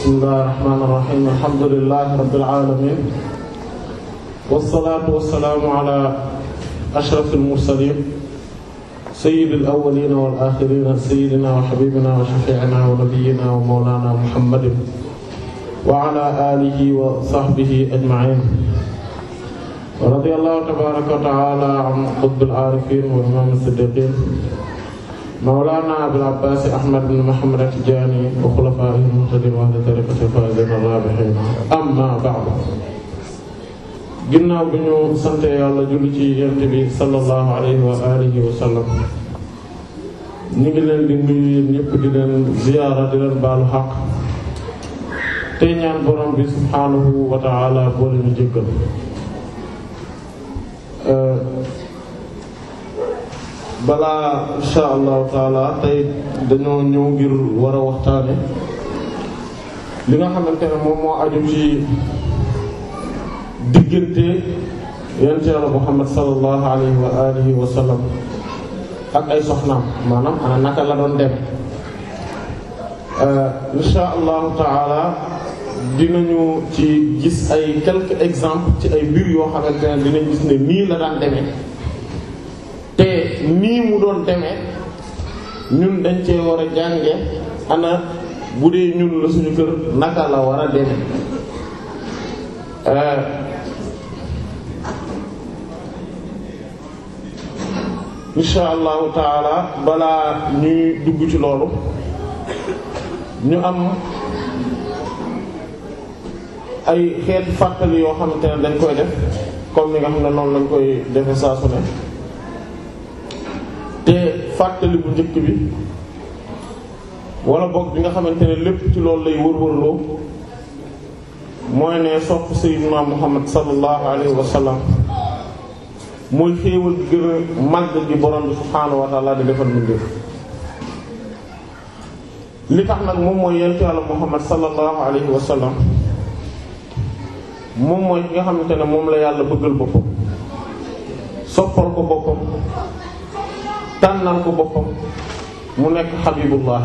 bismillaahi rahmaani rahiim alhamdulillaahi rabbil aalamiin wassalaatu wassalaamu alaa ashrafil mursaliin sayyidil awwaliina wal aaxiriina sayyidinaa wa habiibinaa wa shafii'inaa wa nabiyyinaa wa mawlaanaa muhammadin wa alaa aalihi wa sahbihi ajma'iin radiyallaahu tabaaraka wa ta'aalaa an qutbil aarifiin wa imaamil siddiiqiin mawlana abul abbaas ahmad bin muhammad at-tijaani wa xulafaa'ihi al-muhtadiin wa ahli tariiqatihi al-faa'iziina ar-raabihiin ginnaaw bi ñu sante yàlla julli ci yonent bi sallallahu alayhi wa alihi wa ngi leen di nuyu ñëpp di leen ziyaara di leen baalu xaq tey ñaan borom bi subhaanahu wa ta'ala boo leen jéggal balaa insha allah taala tey dañoo ñëw ngir war a waxtaane li nga xamante ne moom moo aju ci diggante yonent Yàlla Muhammad sallallahu alayhi wa alihi wa sallam ak ay soxnaam maanaam ana naka la doon dem euh, insha allahu taala dinañu ci gis ay quelque exemple ci ay mbir yoo xamante ne dinañ gis ne nii la daan demee nii mu doon demee ñun dañ cee war a jànge ana bu dee ñun la suñu kër naka la war a deme euh, insha allahu taala balaa ñuy dugg ci loolu ñu am ay xeet fàttali yoo xamante ne dañ koy def comme ni nga xam ne noonu lañ koy defe saa su ne te fàttali bu njëkk bi walla boog bi nga xamante ne lépp ci loolu lay wërwërloo mooy ne sopp sayyidina Muhammad sallallahu alayhi wa sallam mooy xéewal gi gën a màgg gi borom bi subhaanahu wa ta'ala di defal mu li tax nag moom mooy ci yàlla Muhammad sallallahu alayhi wa sallam moom mooy ki nga xamante ne moom la yàlla bëggal boppam soppal ko boppam tànnal ko boppam mu nekk xabibullah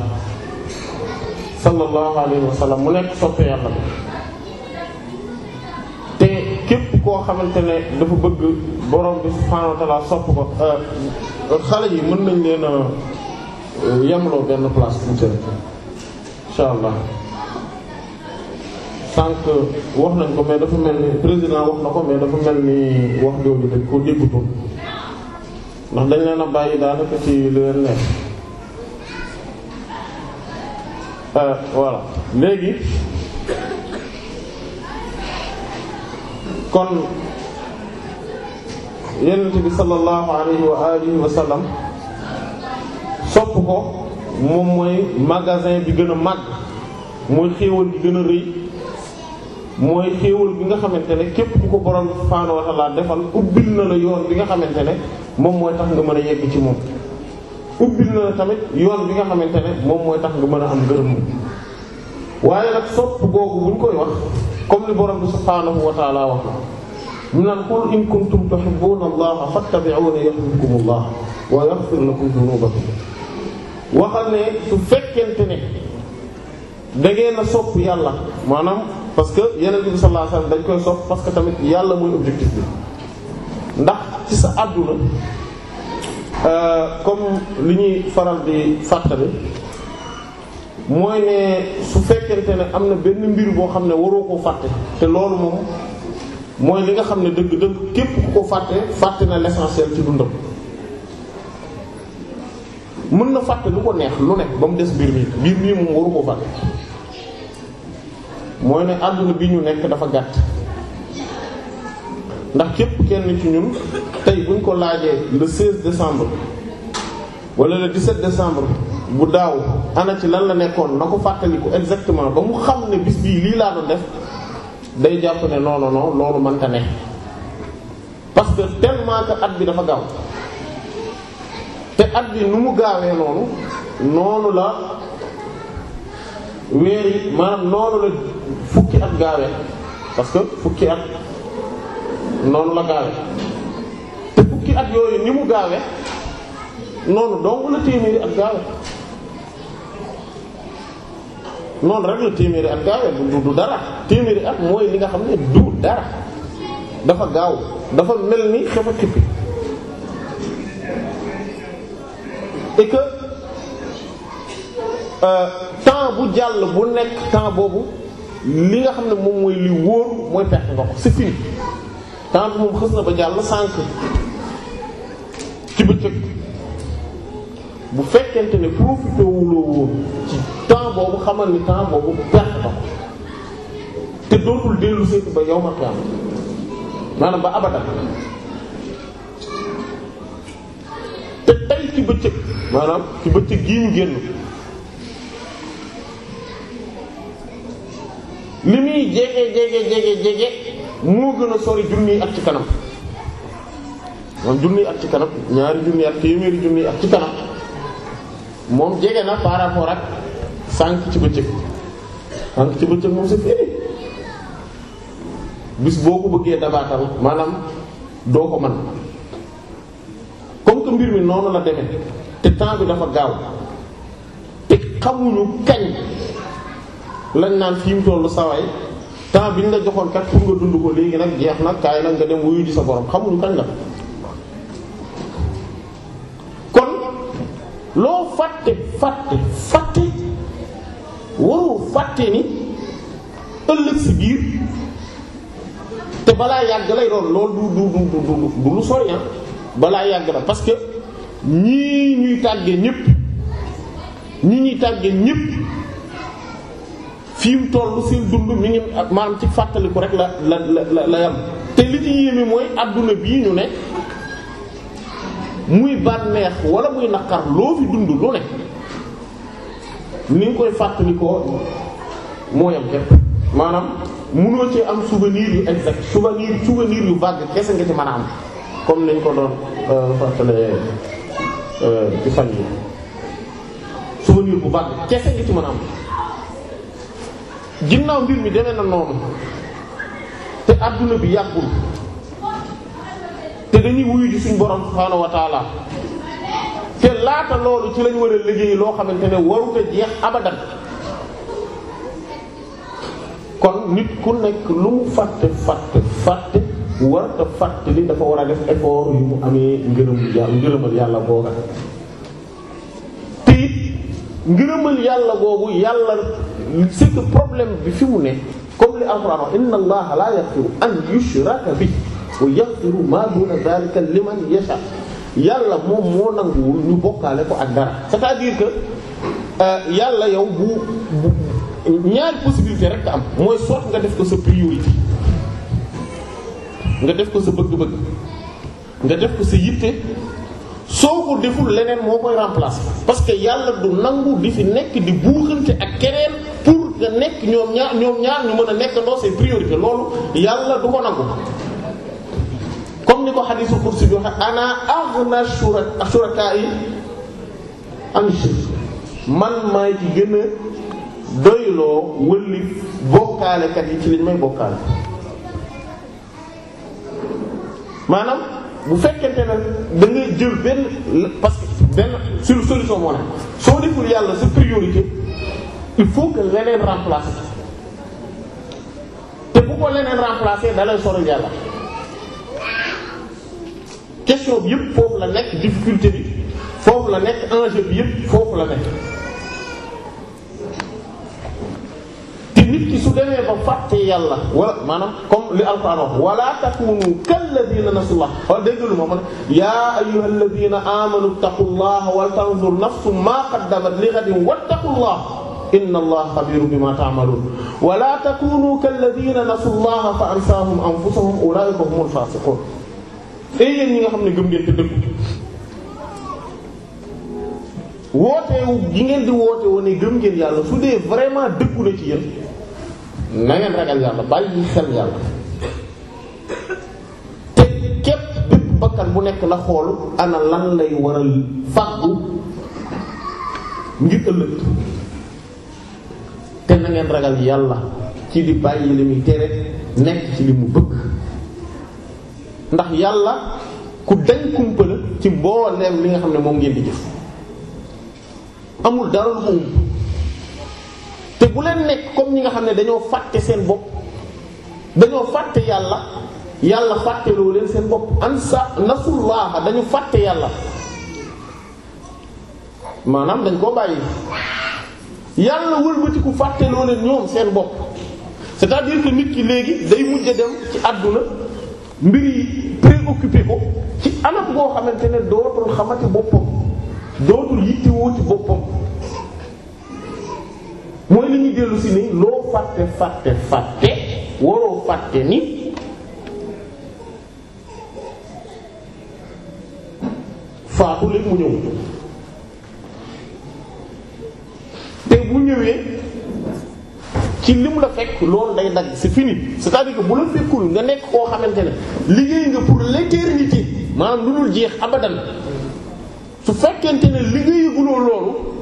sallallahu alayhi wa mu nekk soppe yàlla bi te képp koo xamante ne dafa bëgg borom bi subhaanahu wa ta'ala sopp ko euh, xale yi mën nañ leen a euh, yemloo benn place bu seen insha allah sànq wax nañ ko mais dafa mel ni président wax na ko mais dafa mel ni wax jooju dañ koo déggutoon ndax dañ leen a bàyyi daanaka ci li leen nekk euh, voilà léegi kon yonent bi sallallahu alayhi wa alihi wa sallam sopp ko moom mooy magasin bi gën a màgg mooy xéewal bi gën a rëy mooy xéewal bi nga xamante ne képp bu ko borom subhaanahu wa ta'ala defal ubbil na la yoon bi nga xamante ne moom mooy tax nga mën a yegg ci moom ubbil na la tamit yoon bi nga xamante ne moom mooy tax nga mën a am ngërëm waaye nag sopp googu buñ koy wax comme li borom bi subhaanahu wa taala wax ñu naan qul in kuntum tuhibbuna allaha a yuhibbukum allah wa yaghfir lakum dhunubakum waxal ne su fekkente ne da ngeen a sopp yàlla maanaam parce que yeneen bi sallallahu alayhi wasallam dañ koy sopp parce que tamit yàlla mooy objectif bi ndax ci sa àdduna euh, comme li ñuy faral di fàttali mooy ne su fekkente ne am na benn mbir boo xam ne waroo koo fàtte te loolu moom mooy li nga xam ne dëgg-dëgg képp ku ko fàtte fàtte na l'essentiel ci dundam mën na fàtte lu ko neex lu nekk ba mu des mbir mi mbir mii moom waru koo fàtte mooy ne àdduna bi ñu nekk dafa gàtt ndax képp kenn ci ñun tey buñ ko laajee le 16 décembre wala le 17 décembre bu daaw ana ci lan la nekkoon na ko fàttaliku exactement ba mu xam ne bis bii lii laa doon def day jàpp ne non non non loolu mënta ne parce que tellement at bi dafa gaaw te at bi nu mu gaawee noonu noonu la weer yi maanaam noonu la fukki at gaawee parce que fukki at noonu la gaawe te fukki at yooyu ni mu gaawe noonu dong la téeméeri at gaawe noonu rek la téeméeri at gaawe mooy li nga xam ne du dara dafa gaaw dafa mel ni xefa xippi et que euh, temps bu jàll bu nekk temps boobu li nga xam ne moom mooy li wóor mooy perte nga ko c'est fini tànt moom xës na ba jàll sànk ci bëccëg bu fekkente ne profité wuloo woon ci temps boobu xamal ni temps boobu perte na ko te dootul dellu seeti ba yow ma xiam maanaam ba abadan te tey ci bëccëg maanaam ci bëccëg gii ñu génn li muy jege jege jege jege moo gën a sori junniy at ci kanam moom junniy at ci kanam ñaari junniy at téeméeri junniy at ci kanam moom jege na par ak sànq ci bëccëg sànq ci bëccëg moom c'est fini bis boo ko bëggee dabaatal maanaam doo ko mën comme que mbir mi noonu la demee te temps bi dafa gaaw te xamuñu kañ lañ naan fi mu tollu sawaay temps bi ñu la joxoon kat pour nga dund ko léegi nag jeex nag kaay nag nga dem wuyu ji sa borom xamuñu kañ la kon loo fàtte fàtte fàtte waroo fàtte ni ëllëg si biir te balaa yàgg lay doon loolu du du du du du lu sori ah balaa yàgg la parce que ñii ñuy tàggee ñépp ñi ñuy tàggee ñépp fii mu toll seen dund mi ngi maanaam ci fàttaliku rek la la la la yam te li ci yéeme mooy adduna bii ñu ne muy bànneex wala muy naqar loo fi dund lu ne ni nga koy fàttalikoo moo yam képp maanaam mënoo ci am souvenir yu exact souvenir souvenir yu vague kese nga ci mën a am comme nañ ko doon euh, fàttale euh, ci fan yi souvenir bu vague kese nga ci mën a am ginnaaw mbir mi deme na noonu te adduna bi yàggul te dañuy wuyu ji suñu borom subhaanahu wa te laata loolu ci lañ war a liggéey loo xamante ne warut jeex abadan kon nit ku nekk lu mu fàtte fàtte fàtte warut fàtte li dafa war a def effort yu mu amee ngërëm yàlla ngërëmal yàlla booga te it ngërëmal yàlla boobu yàlla c'est que problème bi fi mu ne comme li alquran wax inna allaha la yaghfiru an yushraka bi wa yaghfiru ma duna dhalika liman yasha yàlla moom moo nanguwul ñu bokkaale ko ak dara c'est-à-dire que euh, yàlla yow bu bu ñaari possibilité rek am mooy soit nga def ko sa priorité nga def ko sa bëgg-bëgg nga def ko sa yitte soo ko deful leneen moo koy remplacer parce que yàlla du nangu di fi nekk di buuxante ak keneen pour nga nekk ñoom ñaar ñoom ñaar ñu mën a nekk ndoo c'est priorité loolu yàlla du ko nangu comme ni ko xadiisu si bi waxe ana aghna shuraka yi an shirk man maay ci gën a doyloo wëlli bokkaalekat yi ci liñ may bokkaale maanaam bu fekkente ne da ngay jël benn parce que benn su solution moo ne soo deful yàlla si priorité il faut que leneen remplacer te bu ko leneen remplacer da lay yàlla question bi yëpp foofu la nekk difficulté bi foofu la nekk enjeu bi yëpp foofu la nekk. nit ki su demee ba fàtte yàlla wala maanaam comme li alquran wax wala takunu kalladina nasullah wala déggalu ma ma ne yaa ayyuhalladina amanu ittaqullaha wal tanzur nafsum ma qaddamat li ghadin wattaqullah inna allaha xabiirun bima ta'malun wala takunu kalladina nasullaha fa ansahum anfusahum ulaika humul fasiqun ay eh, yéen ñi nga xam ne gëm ngeen te dëggu woote gi ngeen di woote woon ne gëm ngeen yàlla su dee vraiment dëggu na ci yéen na ngeen ragal yàlla bàyyi xel yàlla te képp bakkan bu nekk la xool ana lan lay waral fàggu ngir ëllëg te na ngeen ragal yàlla ci di bàyyi li muy tere nekk ci li mu bëgg ndax yàlla ku dañ kumpa la ci mbooleem li nga xam ne moom ngeen di jëf amul dara lu ko te bu leen nekk comme ñi nga xam ne dañoo fàtte seen bopp dañoo fàtte yàlla yàlla fàtteloo leen seen bopp ansa nasullaaha dañu fàtte yàlla maanaam dañ koo bàyyi yàlla wëlbatiku fàtteloo leen ñoom seen bopp c'est-à-dire nit ki léegi day mujj dem ci àdduna mbir yi préoccupé ko ci anam goo xamante ne dootul xamati boppam dootul yittewoo boppam mooy li ñu dellu si ni loo fàtte fàtte fàtte waroo fàtte ni faatu lépp mu ñëw te bu ñëwee ci lim la fekk loolu day dagg c'est fini c'est-à-dire bu la fekkul nga nekk koo xamante ne liggéey nga pour l'éternité maanaam lu dul jeex abadan su fekkente ne liggéeyaguloo loolu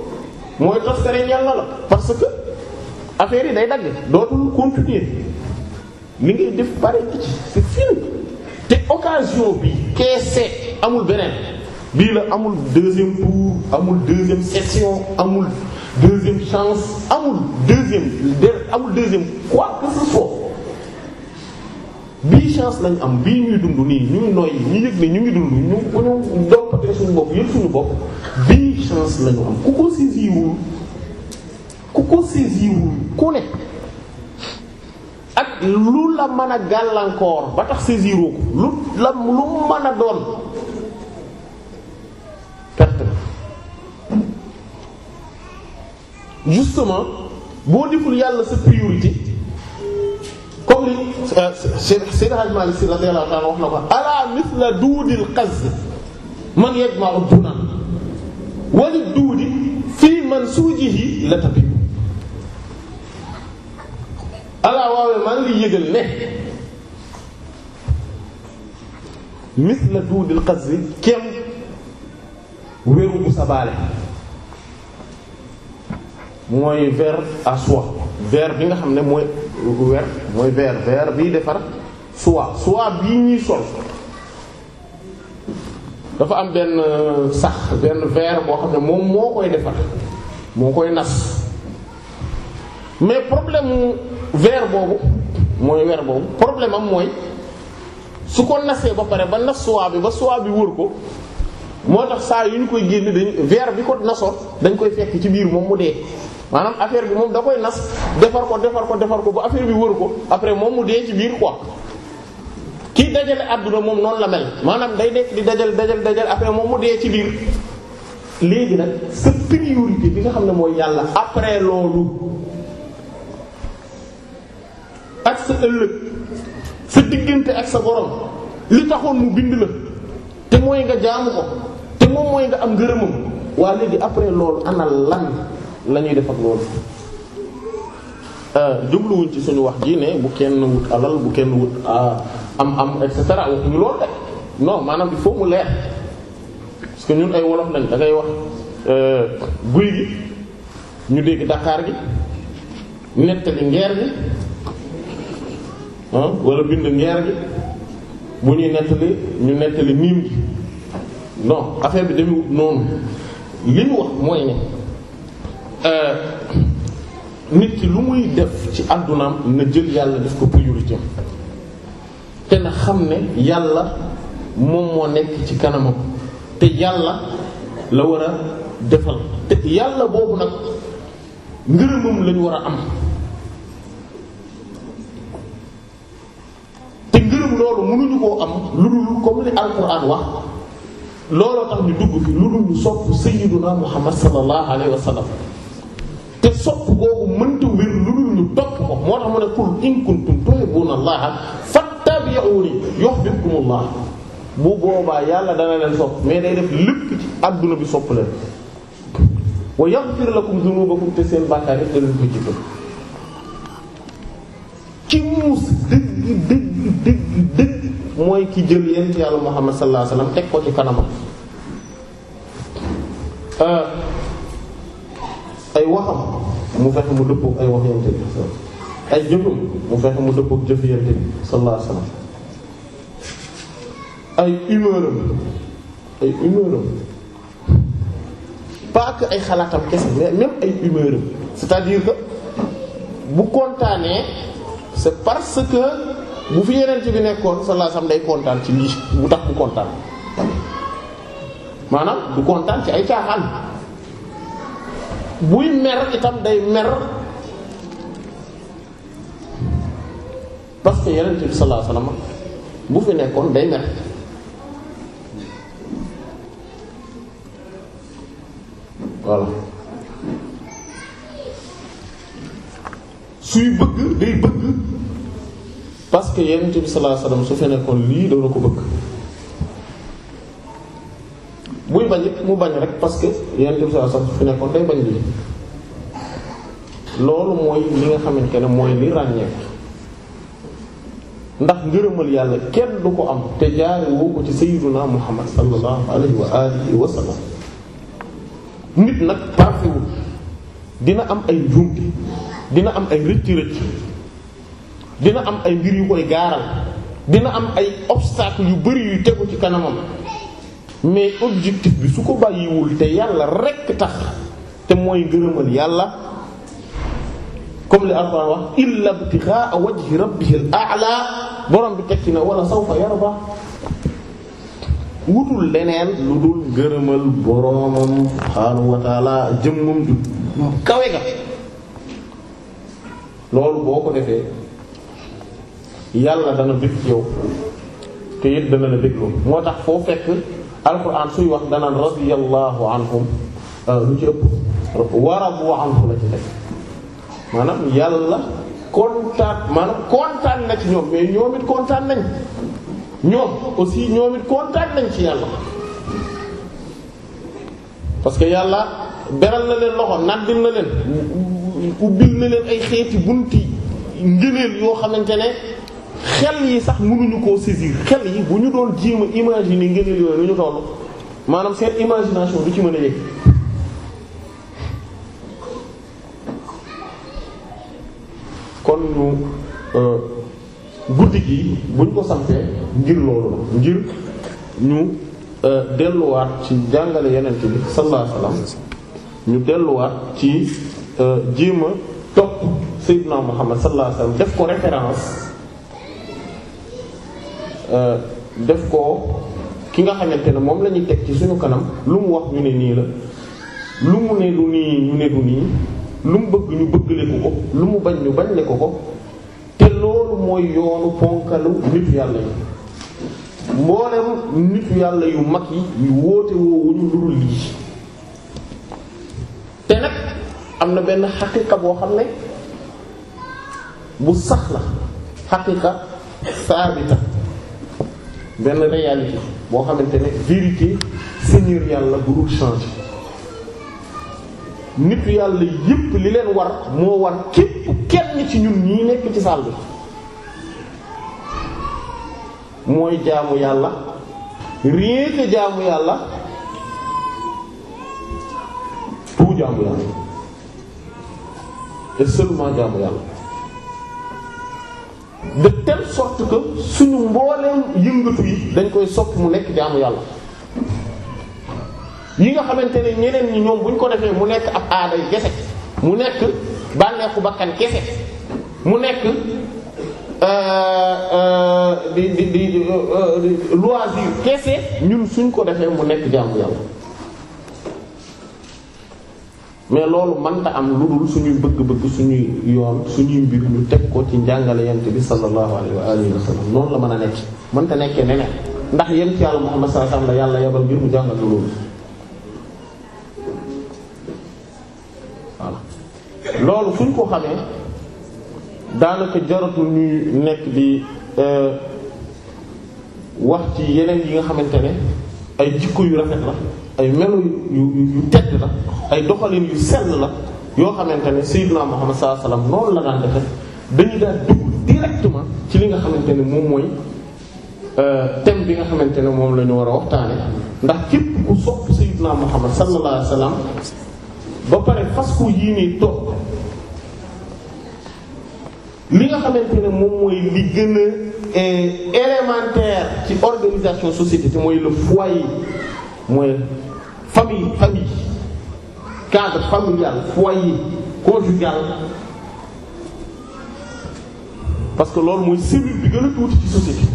mooy toskare ñel na la parce que affaire yi day dagg dootul continuer li ngay def pare ci c'est fini te occasion bi keese amul beneen bii la amul deuxième tour amul deuxième session amul deuxième chance amul deuxième amul deuxième quoi que ce soit bii chance lañ am bii ñuy dund nii ñu ngi ñu yëg ne ñu ngi dund ñu ñu dompatee suñu bopp yëpp suñu bopp chance la ñu ku ko saisirul ku ko saisirul ku ne ak lu la mën a gàllankoor ba tax saisiroo ko lu la lu mën a doon perte justement boo deful yàlla sa priorité comme li Cheikh euh, Hadj Malick Sy radiyallahu ta'ala wax na ko ala mithla duudil qaz man yajma'u dunan wala duudi fii man suujihi la tabib alaa waawe maa ngi yëgal ne misla duudil xasri kem weeru bu sabaale mooy vert à soie vert bi nga xam ne mooy vert euh, mooy vert vert biy defar soie soie bii ñuy sol dafa am benn euh, sax benn verre boo xam ne moom moo koy defar moo koy nas mais problème mu verre boobu mooy verre boobu problème am mooy su ko nasee ba pare ba nas soie bi ba soie bi wër ko moo tax saa yu ñu koy génn dañ verre bi ko nasoon dañ koy fekk ci biir moom mu dee maanaam affaire bi moom da koy nas defar ko defar ko defar ko ba affaire bi wër ko après moom mu dee ci biir quoi kii dajale àdduna moom noonu la mel maanaam day nekk di dajal dajal dajal après moom mu dee ci biir léegi nag sa priorité bi nga xam ne mooy yàlla après loolu ak sa ëllëg sa diggante ak sa borom li taxoon mu bind la te mooy nga jaamu ko te moom mooy nga am ngërëmam waa léegi après loolu ana lan la def ak loolu euh, jubluwuñ ci suñu wax ji ne bu kenn wut alal bu kenn wut ah, am am et cetera waxuñu loolu de maanaam il faut mu leer parce que ñun ay wolof lañ dangay wax euh, guy gi ñu dégg Dakar gi nettali ngeer gi ah wala bind ngeer gi bu ñuy nettali ñu nettali niim gi non affaire bi demewut noonu li ñu wax mooy ne euh, nit ki lu muy def ci àddunaam na jël yàlla def ko priorité te na xam ne yàlla moom moo nekk ci kanamam te yàlla la war a defal te yàlla boobu nag ngërëmam lañu war a am te ngërëm loolu mënuñu koo am lu dul comme li alquran wax looloo tax lu dul ñu muhammad sallallahu alayhi wa te sopp googu mënta wér lu dul ñu topp moo tax mu ne qul in kuntum tuhibbuna allaha tabi'uni yuhibbukumullah bu boobaa yàlla dana leen sopp mais day def lépp ci àdduna bi sopp leen wa yaghfir lakum dhunubakum te seen bàkkaar ko ki muus dëgg dëgg dëgg dëgg mooy ki jël yent yàlla Muhammad sallallahu alayhi wasallam teg ko ci kanamam ah, ay waxam mu fexe mu dëppoo ay wax yent bi ay jëfam mu fexe mu dëppoo jëf yent bi sallallahu alayhi wasallam ay humeur ay humeur am pas ay xalaatam kese mais même ay humeur am c'est-à-dire que bu kontaanee c'est parce que bu fi yeneen ci bi nekkoon sallallahu alayhi wasallam day kontaan ci lii bu tax bu kontaan maanaam du kontaan ci ay caaxaan buy mer itam day mer parce que yeneen ci bi sallallahu alayhi wasallam bu fi nekkoon day mer voilà suy bëgg day bëgg parce que yonent bi sallallahu alayhi wasallam su fi nekkoon lii a ko bëgg buy bañ mu bañ rek parce que yonent bi sallallahu alayhi wasallam su fi nekkoon day bañ lii loolu mooy li nga xamante ne mooy li ràññeeku ndax ngërëmal yàlla kenn du ko am te jaare woo ko ci sayyiduna muhammad sallallahu alayhi wa alihi wa sallam nit nag parfait dina am ay njuumte dina am ay rëcc-rëcc dina am ay mbir yu koy gaaral dina am ay obstacle yu bari yuy tegu ci kanamam mais objectif bi su ko bàyyiwul te yàlla rekk tax te mooy ngërëmal yàlla comme li alxuraan wax illa ibtighaa wajhi rabbihil a'la borom bi tekki na wala sawfa yarda wutul leneen lu dul gërëmal boroomam subhaanahu wa taala jëmmam ju kawe ga loolu boo ko defee yàlla dana bëgg ci yow te it dana la bëgg moo tax foo fekk alxuraan suy wax danaan radiyallahu anhum ah, lu ci ëpp waradu anhu la ci teg maanaam yàlla kontaan maanaam kontaan na ci ñoom mais ñoom it kontaan nañ ñoom aussi ñoom it kontaan nañ ci yàlla parce que yàlla beral na leen loxo naddil na leen ubbil na leen ay xeeti bunti ngëneel yoo xamante ne xel yi sax mënuñu koo saisir xel yi bu ñu doon jéem a imaginer ngëneel yooyu lu ñu tollu maanaam seen imagination du ci mën a yëg guddi gi buñ ko santee ngir loolu ngir ñu euh, delluwaat ci jàngale yeneen bi sallallahu ñu delluwaat ci euh, jéema a topp Seydina Muhammad sallallahu alayhi def ko référence euh, def ko ki nga xamante ne moom lañuy teg ci suñu kanam lu mu wax ñu ne nii la lu mu ne du nii ñu ne du nii lu mu bëgg ñu bëggale ko ko lu mu bañ ñu bañ le ko ko loolu mooy yoonu ponkalu nitu yàlla yi mboolem nitu yàlla yu mag yi yu woote woowuñu lu dul lii te nag am na benn xaqiqa boo xam ne bu sax la xaqiqa saabita benn réalité boo xamante ne vérité seigneur yàlla bu dul changer nit yàlla yépp li leen war moo war képp kenn ci ñun ñii nekk ci saal bi mooy jaamu yàlla rien que jaamu yàlla tout jaamu yàlla et seulement jaamu yàlla de telle sorte que suñu mbooleem yëngatu yi dañ koy sopp mu nekk jaamu yàlla yi nga xamante ne ñeneen ñi ñoom buñ ko defee mu nekk ab aada yi kese mu nekk bànneexu bakkan kese mu nekk Euh, euh, di di di euh, ñun suñ ko defee mu nekk jaamu yàlla mais loolu mënta am lu dul suñuy bëgg-bëgg suñuy yoon suñuy mbir ñu teg ko ci njàngale yent bi sallallahu alayhi wa alihi noonu la mën a nekk mënta nekkee neneen ndax yent yàlla Muhammad sallallahu alayhi wa sallam la yàlla yebal ngir mu jàngal loolu voilà loolu fuñ ko xamee daanaka jaratul ñuy nekk di euh, wax ci yeneen yi nga xamante ne ay jikko yu rafet la ay melo yu yu tedd la ay doxalin yu sell la yoo xamante ne Sayyidina Muhammad sallallahu alayhi wasallam noonu la daan defee dañu daan dugg directement ci li nga xamante ne moom mooy euh, thème bi nga xamante ne moom lañu ñu war a waxtaane ndax képp ku sopp Sayyidina Muhammad sallallahu alayhi wasallam ba pare fas yii nii toog li nga xamante ne moom mooy li gën a eh, élémentaire ci organisation société te mooy le foyer mooy famille famille cadre familial foyer conjugal parce que loolu mooy cellule bi gën a tuuti ci société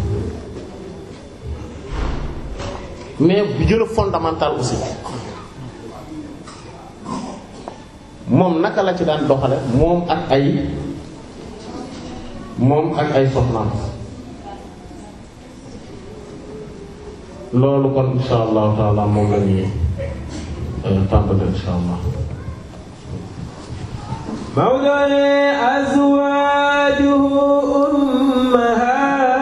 mais bi gën a fondamental aussi moom naka la ci daan doxale moom ak ay moom ak ay soxnaam loolu kon insha allahu taala moom la ñuy euh, tàmbale insha allah mawlana azwajuhu ummahat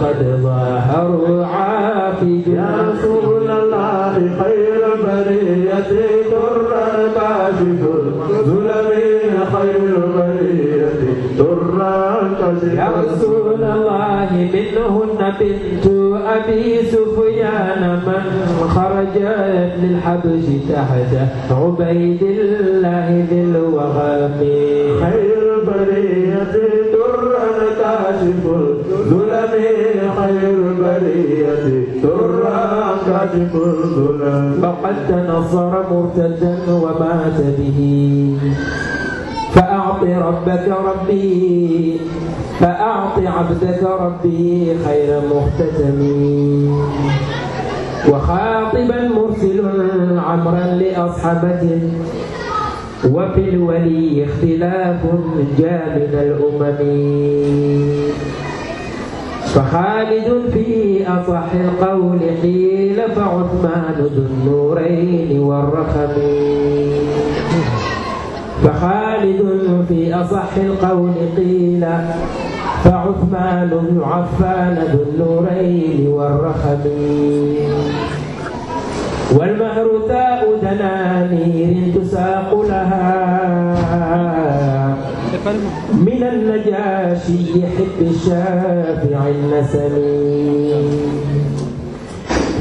قد ظهروا عاقد يا سبل الله خير برية در كاشف الظلم خير برية در كاشف يا رسول الله منهن بنت أبي سفيان من خرجت للحبش تحت عبيد الله ذي الوغم خير برية خير البرية ترى قد منذنا فقد تنصر مرتدا ومات به فأعط ربك ربي فأعط عبدك ربي خير مختتم وخاطبا مرسل عمرا لأصحابته وفي الولي اختلاف جامد الأمم زيد في أفح القول حيل فعثمان ذو النورين والرخم فخالد في أصح القول قيل فعثمان بن عفان ذو النورين والرخم والمهر ثاء دنانير تساق لها من النجاشي حب الشافع النسمي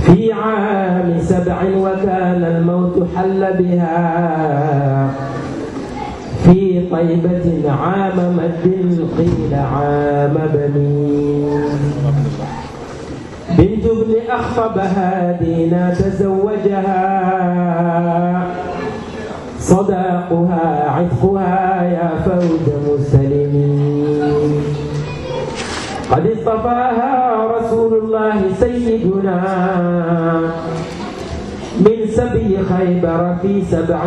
في عام سبع وكان الموت حل بها في طيبة عام مد قيل عام بني بنت ابن أخطب هادينا تزوجها صداقها عتقها يا فوج مسلمين قد اصطفاها رسول الله سيدنا من سبي خيبر في سبع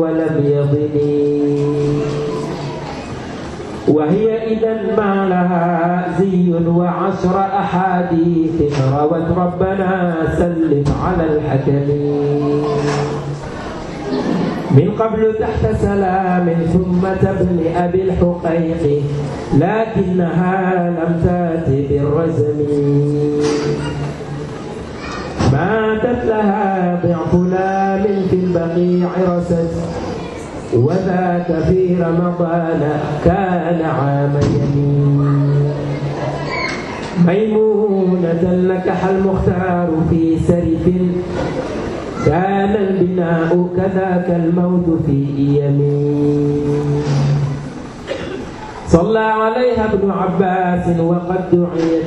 ولم يضني وهي إذا ما لها زي وعشر أحاديث روت ربنا سلم على الحكمين من قبل تحت سلام ثم تبني أبي الحقيق لكنها لم تأت بالرزم ماتت لها ضعف لام في البقيع رست وذاك في رمضان كان عام يمين ميمونة نكح المختار في سرف كان البناء كذاك الموت في يمين صلى عليها ابن عباس وقد دعيت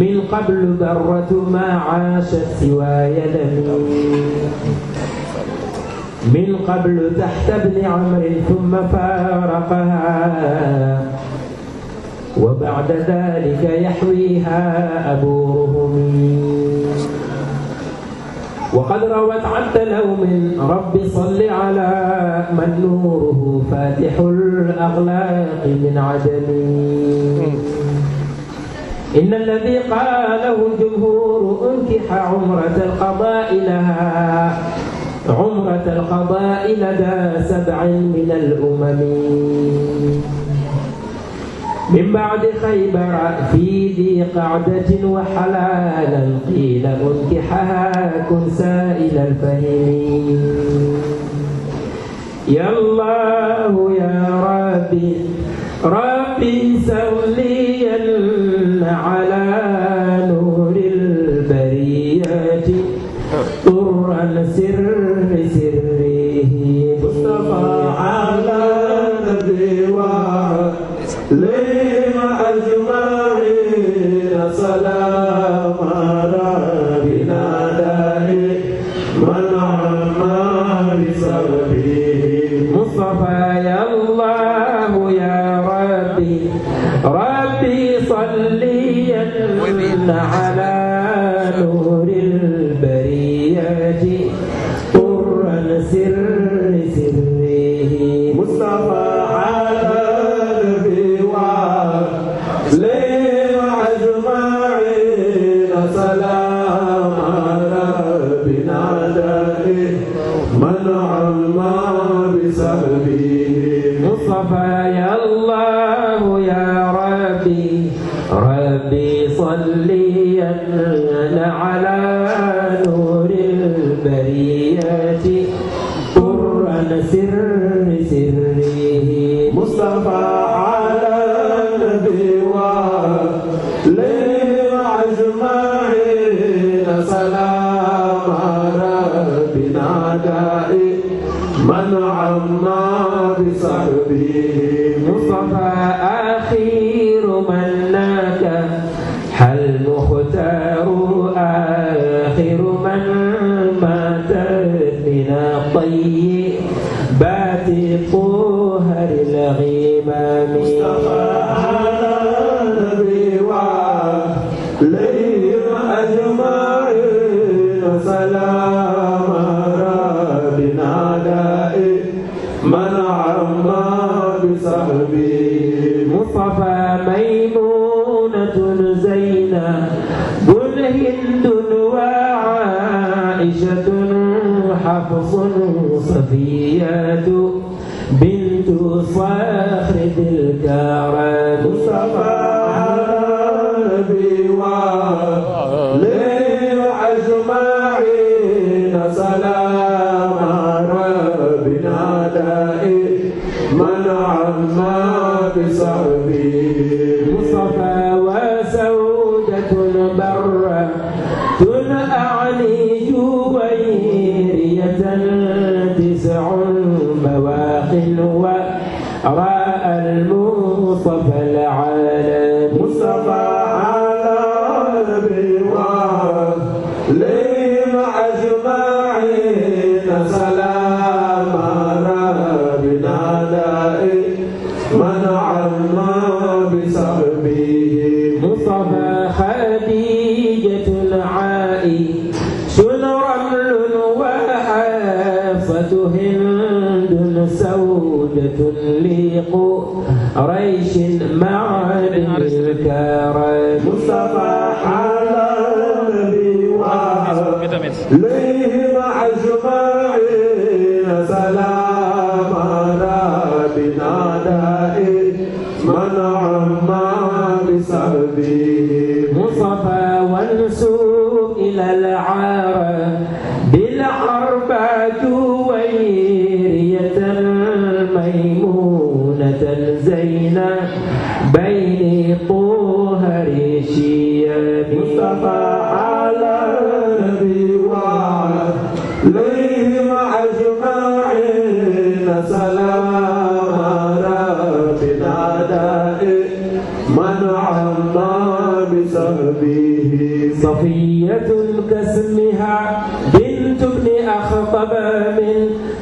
من قبل ذرة ما عاشت سوى يدمي من قبل تحت ابن عمرو ثم فارقها وبعد ذلك يحويها أبو رهم وقد روت عن تلوم رب صل على من نوره فاتح الأغلاق من عدم إن الذي قاله الجمهور أنكح عمرة القضاء لها عمرة القضاء لدى سبع من الأمم من بعد خيبر في ذي قعدة وحلالا قيل منكحها كن سائل الفهم يا الله يا ربي ربي سوليا على نور البريات طرا سر سره مصطفى على نبي ليه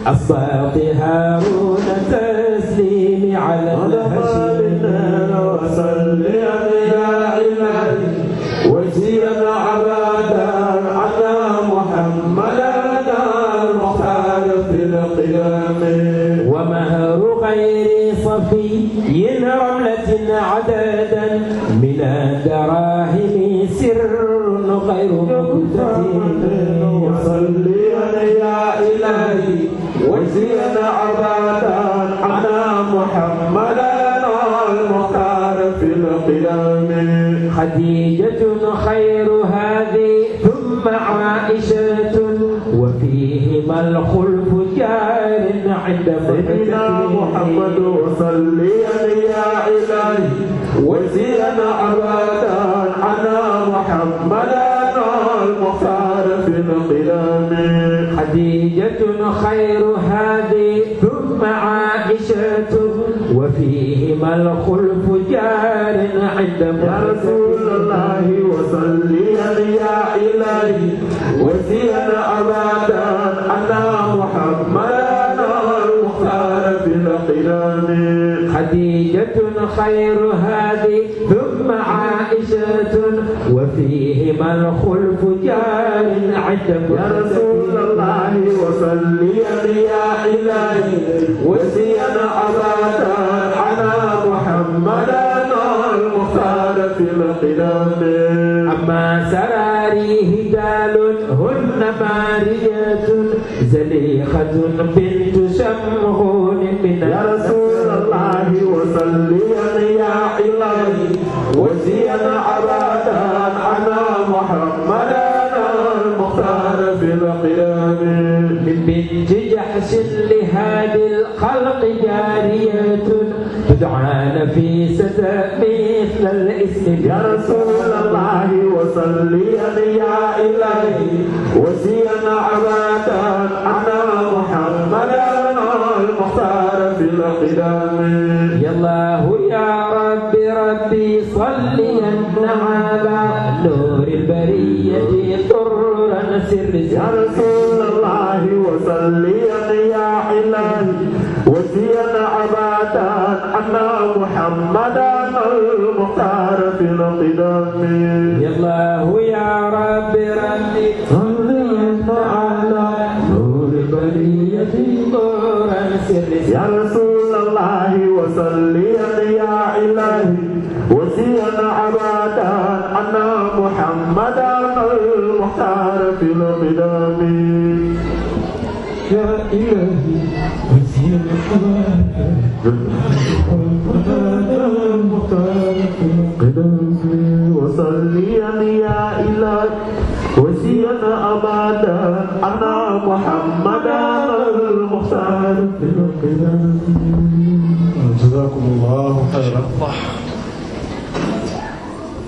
الفاتحة خديجة خير هذه ثم عائشة وفيهما الخلف جار عند سيدنا محمد صلي يا إلهي وزينا أبدا أنا محمدا المختار في القدام خديجة خير هذه ثم عائشة وفيهما الخلف جار عند يا رسول الله وصل يا إلهي وسير أبدا أنا محمد المختار بالقدام خديجة خير هذه ثم عائشة وفيهما الخلف جار عند يا رسول الله وصل يا الله وسينا أبدا على محمد المختار في القدم أما سراري هدال هن مارية زليخة بنت شمغون من يا رسول الله وصلي يا إلهي وسينا رسول الله وصلي يا إلهي وسينا عبادا أنا محمد المختار في القدام يا الله يا رب ربي صلي على نور البرية سرا سر يا رسول الله وصلي يا إلهي زين عبادا أن محمدا المختار في القدم يا الله يا رب ربي صليت على نور بلية نور يا رسول الله وسلم يا إلهي وزين عبادا أن محمدا المختار في القدم يا إلهي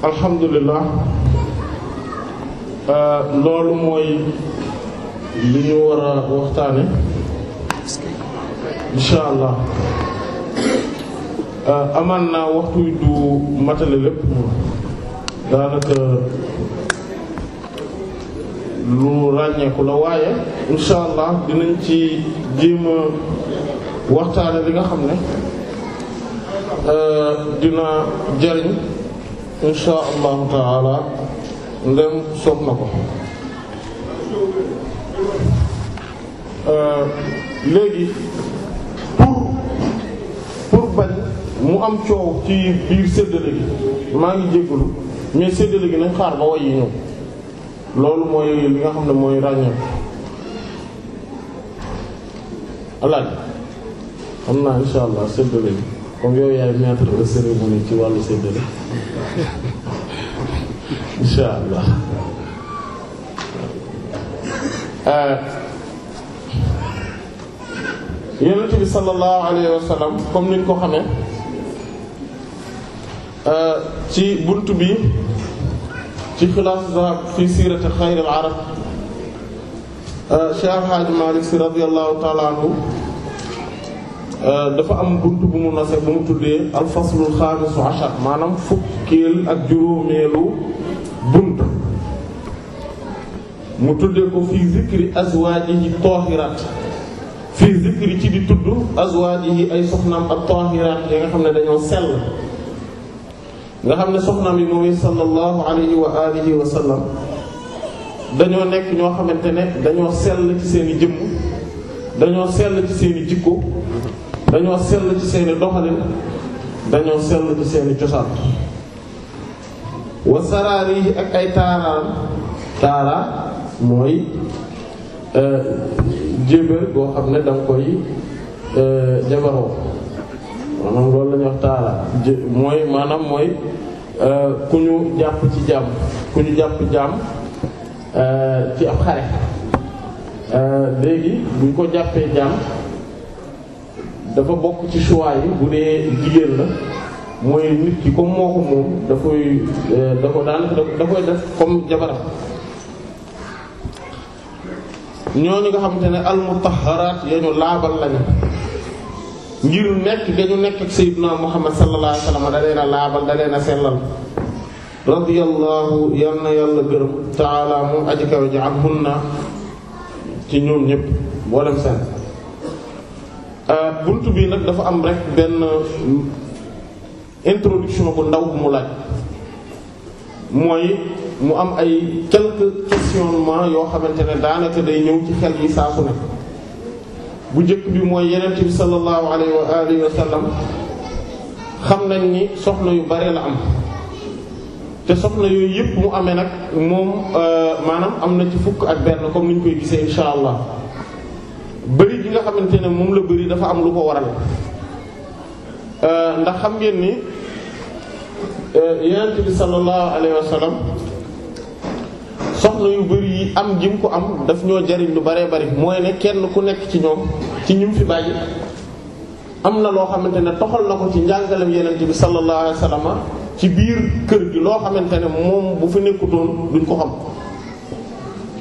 alhamdulilah euh, loolu mooy li ñu war a waxtaane incha allah euh, amaan naa waxtu du matale lépp daanaka lu ràññeeku la waaye incha allah dina ci jéem waxtaane li nga xam ne euh, dina jariñ incha allahu taala ndem soob na ko euh, léegi mu am coow ci biir séddale gi maa ngi jéggalu mais séddale gi nañ xaar ba way yi ñëw loolu mooy li nga xam ne mooy ràññeeku alaaj xam naa insha allah séddale gi comme yow yaay maître de cérémonie ci wàllu séddale insha allah euh, yonent bi sallallahu alayhi wa sallam comme niñ ko xamee Euh, ci bunt bi ci xilaasu zahab fi siirati xayril arab euh, Cheikh Hadji Malick Sy radiyallahu euh, dafa am bunt bu mu nose bu mu tuddee alfaslul xaamisu ashar maanaam fukkeel ak juróomeelu bunt mu tuddee ko fii zikri azwaajihi taahirat fii zikri ci di tudd azwaajihi ay soxnaam ak taahirat yi nga xam ne dañoo sell nga xam ne soxnaam yi moom sallallahu alayhi wa alihi wa dañoo nekk ñoo xamante ne dañoo sell ci seeni i jëmm dañoo sell ci seen jikko dañoo sell ci seeni i doxalin dañoo sell ci seen cosaan wa saraar yi ak ay taaraan taaraa mooy euh, jébal boo xam ne danga koy euh, jabaroo maanaam loolu la wax taala mooy maanaam mooy euh, ku ñu jàpp ci jàmm ku ñu jàpp jàmm euh, ci ab xare euh, léegi buñ ko jàppee jàmm dafa bokk ci choix yi bu dee jigéen la mooy nit ki comme moo ko moom da koy da ko daan da koy def comme jabaram ñooñu nga xamante ne al mutahharat yañu laabal lañu ngir nekk dañu nekk ak sayyidina Muhammad sallallahu alayhi wasallam da leena laabal da leena sellal radiyallahu yal na yàlla gërëm taala moom aji kaw ji na ci ñoom ñëpp mboolem seen euh, bunt bi nag dafa am rek benn introduction bu ndaw bu mu laaj mooy mu am ay quelques questionnements yoo xamante ne daanaka day ñëw ci xel yi saa su bu njëkk bi mooy yenent bi sallallahu alayhi wa alihi wa sallam xam nañ ni soxna yu bare la am te soxna yooyu yëpp mu amee nag moom euh, maanaam am na ci fukk ak benn comme ni ñu koy gisee insha allah bëri bi nga xamante ne moom la bari dafa am lu ko waral euh, ndax xam ngeen ni euh, yenent bi sallallahu alayhi wa sallam soxna yu bari yi am jim ko am daf ñoo jariñ lu baree bari mooy ne kenn ku nekk ci ñoom ci ñim fi bàyyi am na loo xamante ne toxal na ko ci njàngalem yenente bi sallallahu alayhi wasallam ci biir kër gi loo xamante ne moom bu fi nekkutoon duñ ko xam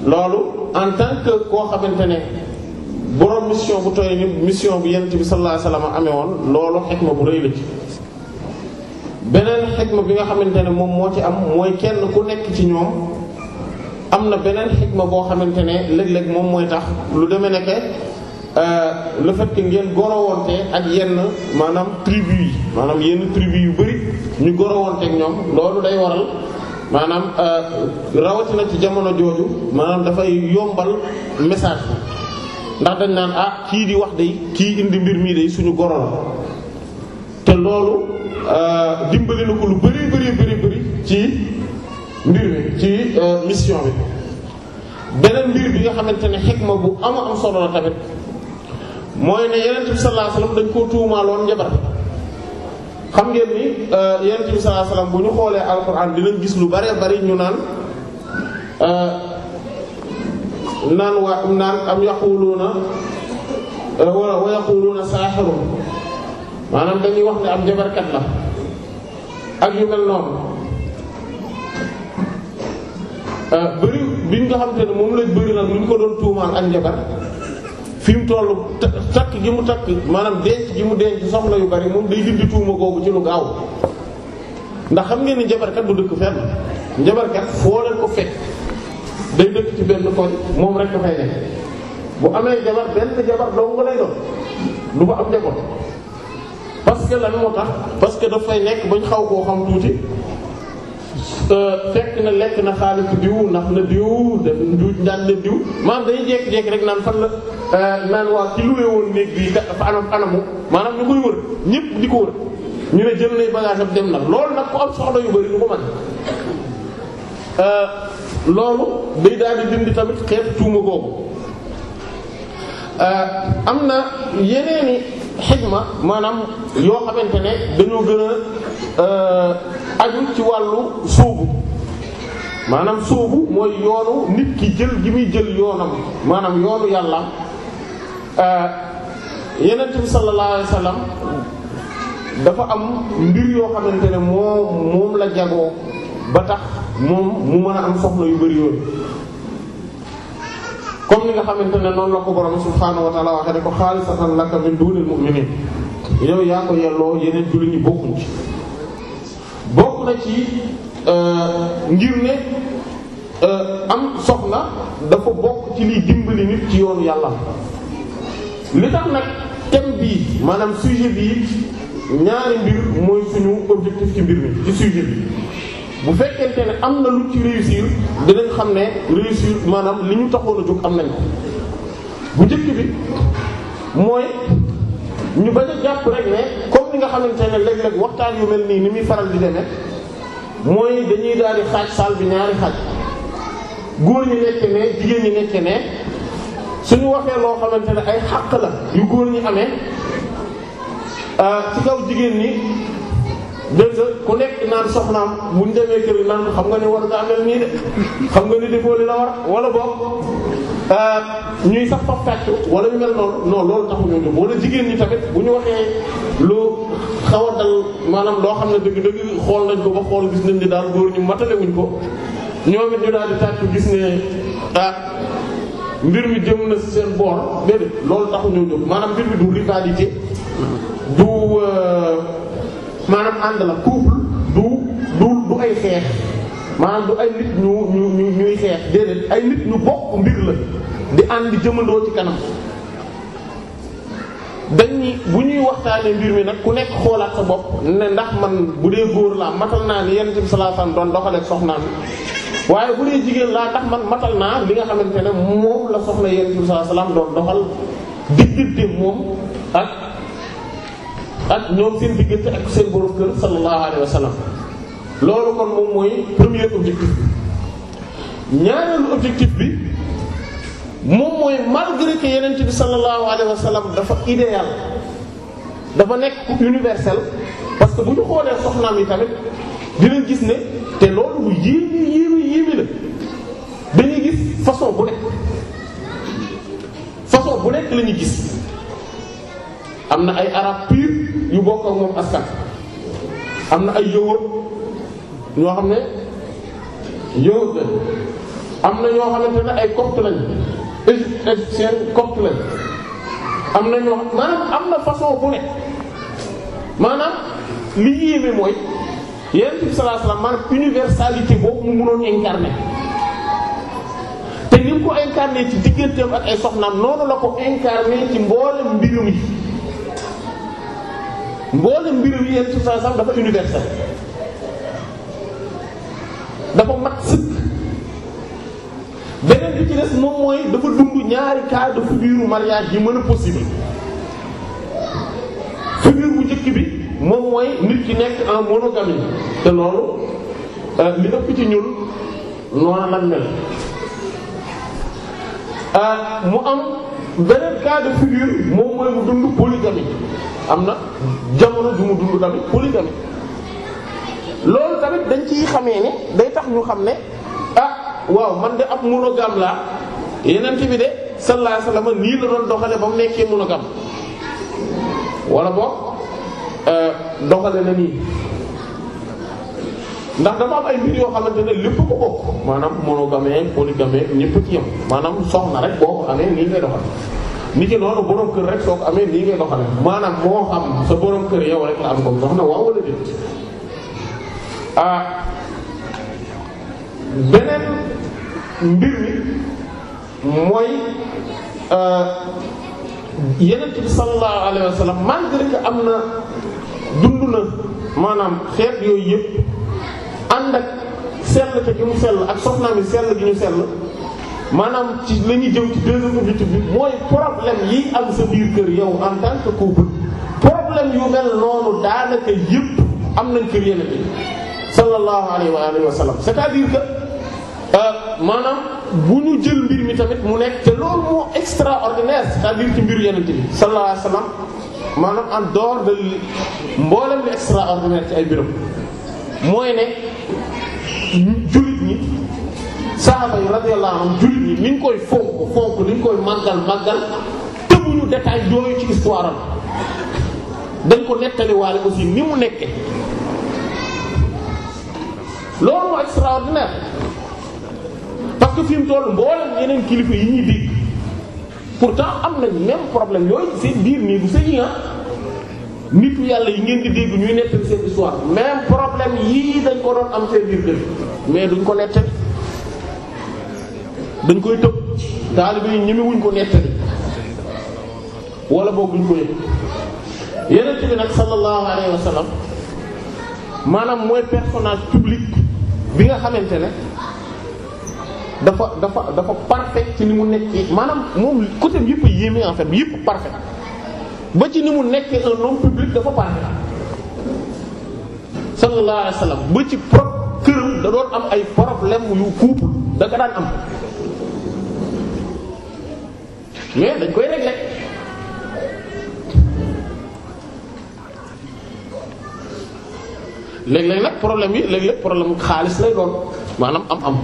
loolu en tant que koo xamante ne borom mission bu toy ni mission bu yenente bi sallallahu alayhi wasallam amee woon loolu xikma bu rëy la ci beneen xikma bi nga xamante ne moom moo ci am mooy kenn ku nekk ci ño am na beneen xikma boo xamante ne léeg-léeg moom mooy tax lu deme ne euh, le fait que ngeen gorowonte ak yenn maanaam tribu yi maanaam yenn tribu yu bëri ñu gorowonte ak ñoom loolu day waral maanaam euh, rawatina ci jamono jooju maanaam dafay yombal message ndax dañ naan ah kii di wax day kii indi mbir mii day suñu goro la te loolu euh, dimbali na ko lu bari bari bari bari ci mbir mi ci euh, mission bi beneen mbir bi nga xamante ne xikma bu ama am la tamit mooy ne yenent bi sallallahu alayhi dañ koo tuumaaloon njabar xam ngeen ni euh, yenent bi sallallahu alayhi wasallam bu ñu xoolee alquran dinañ gis lu bari bari ñu naan euh, naan waa naan am yaquluuna wala wa yaquluuna saaxirun maanaam dañuy wax ne am jabarkat la ak yu mel noonu Euh, bëri bi nga xam te ne moom lañ bëri nag lu ñu ko doon tuumaal ak njabar fi mu toll takk gi mu takk maanaam denc gi mu denc soxna yu bari moom day dindi tuuma googu ci lu gaaw ndax xam ngeen ni njabarkat bu dëkk fenn njabarkat foo leen ko fekk day dëkk ci benn koñ moom rek dafay nekk bu amee jabar benn jabar ko lay doon du fa am njaboot parce que lan moo tax parce que daf fay nekk xaw koo xam tuuti fekk na lekk na xaalis diw nax na diw njuuj njaaj na diw maanaam dañuy jékki-jékki rek naan fan la euh, naan waa ci luwe woon néeg bi fa anam anamu maanaam ñu koy wër ñëpp di ko wër ñu ne jël nay bagage am dem nag loolu nag ku am soxla yu bari du ko mën euh, loolu day daal dindi tamit xeet tuuma googu euh, am na yeneeni xijma maanaam yoo xamante ne dañoo gën a euh, aju ci wàllu suubu maanaam suubu mooy yoonu nit ki jël gi muy jël yoonam maanaam yoonu yàlla euh, yenent bi sallallahu dafa am mbir yoo xamante ne moom moom la jagoo ba tax moom mu mën a am soxna yu bari yoon comme ni nga xamante ne noonu la ko borom subhaanahu wa ta'aala waxee ne ko xaalisatan laka min duunil mu'miniin yow yaa ko yelloo yeneen jullit ñi bokkuñ bokk na ci euh, ngir ne euh, am soxna dafa bokk ci liy dimbali nit ci yoonu yàlla li tax nag thème bii maanaam sujet bii ñaari mbir mooy suñu objectif ci mbir mi ci sujet bi bu fekkente ne am na lu ci réussir dinañ xam ne réussir maanaam li ñu taxoon a jóg am nañ ko bu njëkk bi mooy ñu bañ a jàpp rek ne comme ni nga xamante ne léeg-léeg waxtaan yu mel nii ni muy faral di demee mooy dañuy daal di xaaj saal bi ñaari xaaj góor ñi nekk ne jigéen ñi nekk ne suñu waxee loo xamante ne ay xàq la yu góor ñi amee ah, ci kaw jigéen ñi. dégg ku nekk naan soxnaam bu ñu demee kër naan xam nga ne war nga amel xam nga ni defoo li la war wala boog euh, ñuy sax faf tàccu wala ñu mel noonu non loolu taxuñu jóg jigéen ñi tamit bu ñu waxee lu xaw maanaam loo xam ne dëgg xool nañ ko xool gis nañ ni daal ñu matale wuñ ko ñoom it ñu daal tàccu gis ne ah mbir mi jëm na seen boor déedéet loolu taxuñu jóg maanaam mbir mi du rivalité du. Euh, maanaam ànd la couple du du ay xeex maanaam du ay nit ñu ñu ñuy xeex déedéet ay nit ñu bokk mbir la di ànd jëmandoo ci kanam dañ bu ñuy waxtaanee mbir mi nag ku nekk xoolaat sa bopp ne ndax man bu dee góor laa matal naa ni Yonent bi sallallahu alayhi wasallam doon doxalee soxnaam waaye bu dee jigéen laa tax man matal naa li nga xamante ne moom la soxla Yonent bi sallallahu alayhi wasallam doon doxal diggante moom ak. ak ñoom seen diggante ak seen borom kër sallallahu alayhi wa sallam loolu kon moom mooy premier objectif bi ñaareelu objectif bi moom mooy malgré que yenent bi sallallahu alayhi wa sallam dafa idéal dafa nekk universel parce que bu ñu xoolee soxnaam yi tamit dinañ gis ne te loolu bu yéemi yéemi yéemi la dañuy gis façon bu nekk façon bu nekk la ñuy gis am na ay arab pur yu bokk moom askan am na ay yëwër ñoo xam ne yëwër lañ am na ñoo xamante ne ay copte lañ égyptien copte lañ am na ñoo maanaam am na façon bu ne maanaam li yéeme mooy yonent bi sallallahu alayhi wasallam maanaam universalité boobu mu mënoon incarner te nit ko incarner ci digganteem ak ay soxnaam noonu la ko incarner ci mboolem mbirum yi mboolem mbirum yéen su sax dafa universel dafa mat sëkk beneen bi ci des moom mooy dafa dund ñaari kaada de figure mariage yi mën a possible figure bu njëkk bi moom mooy nit ki nekk en monogamie te loolu euh, li ëpp ci ñuul noonu lan mel euh, mu am beneen kaada de figure moom mooy mu dund polygamie am na jamono ju mu dund tamit polygamie loolu tamit dañ ci xamee ne day tax ñu xam ne ah waaw man de ab monogame laa yenent bi de sallallahu alayhi wasallam nii la doon doxale ba mu nekkee monogame wala boog euh, doxale na nii ndax dama am ay mbir yoo xamante ne lépp ko bokk maanaam monogame polygamie ñépp ci yam maanaam soxna rek boo ko amee nii ngay doxal ni ki noonu borom kër rek soo ko amee lii ngay doxale maanaam moo xam sa borom kër yow rek la am comme soxna waaw wala déet ah, beneen mbir mi mooy euh, yeneen bi sallallahu alayhi wa sallam malgré que am na dund na maanaam xeet yooyu yëpp ànd ak sell te gi mu sell ak soxnaam yi sell gi ñu sell maanaam ci la ñuy jëm ci deuxième objectif bi mooy problème yi am sa biir kër yow en tant que couple problème yu mel noonu daanaka yëpp am nañ kër yeneen bi sallallahu alayhi wa alihi wa sallam c'est-à-dire que euh, maanaam bu ñu jël mbir mi tamit mu nekk te loolu moo extraordinaire cest à ci mbir yeneen bi sallallahu alayhi wa sallam maanaam en dehors de mboolem li extraordinaire ci ay biram mooy ne. saxaaba yi radiyallahu anhum jullit yi ni ñu koy fonk fonk ni ñu koy màggal màggal tëbuñu détail yooyu ci histoire am dañ ko nettaliwaale aussi ni mu nekke loolu moo extraordinaire parce que fi mu toll mboolem yeneen kilifa yi ñuy dégg pourtant am nañ même problème yooyu seen biir nii bu sëñi ah nitu yàlla yi ngeen di dégg ñuy nettali seen histoire même problème yii dañ ko doon am seen biir dëkk mais duñ ko nettali dañ koy tëb taalibe yi ñemewuñ ko nettali wala boog duñ ko yëg yeneen bi nag sallallahu alayhi wa maanaam mooy personnage public bi nga xamante ne dafa dafa dafa parfait ci ni mu nekk maanaam moom côté yëpp a yéeme yëpp parfait ba ci ni mu nekk un homme public dafa parfait sallallahu alayhi wa ba ci propre këram da doon am ay problème yu couple da daan am. mais dañ koy régler léeg-léeg nag problème yi léeg-léeg problème xaalis lay doon maanaam am am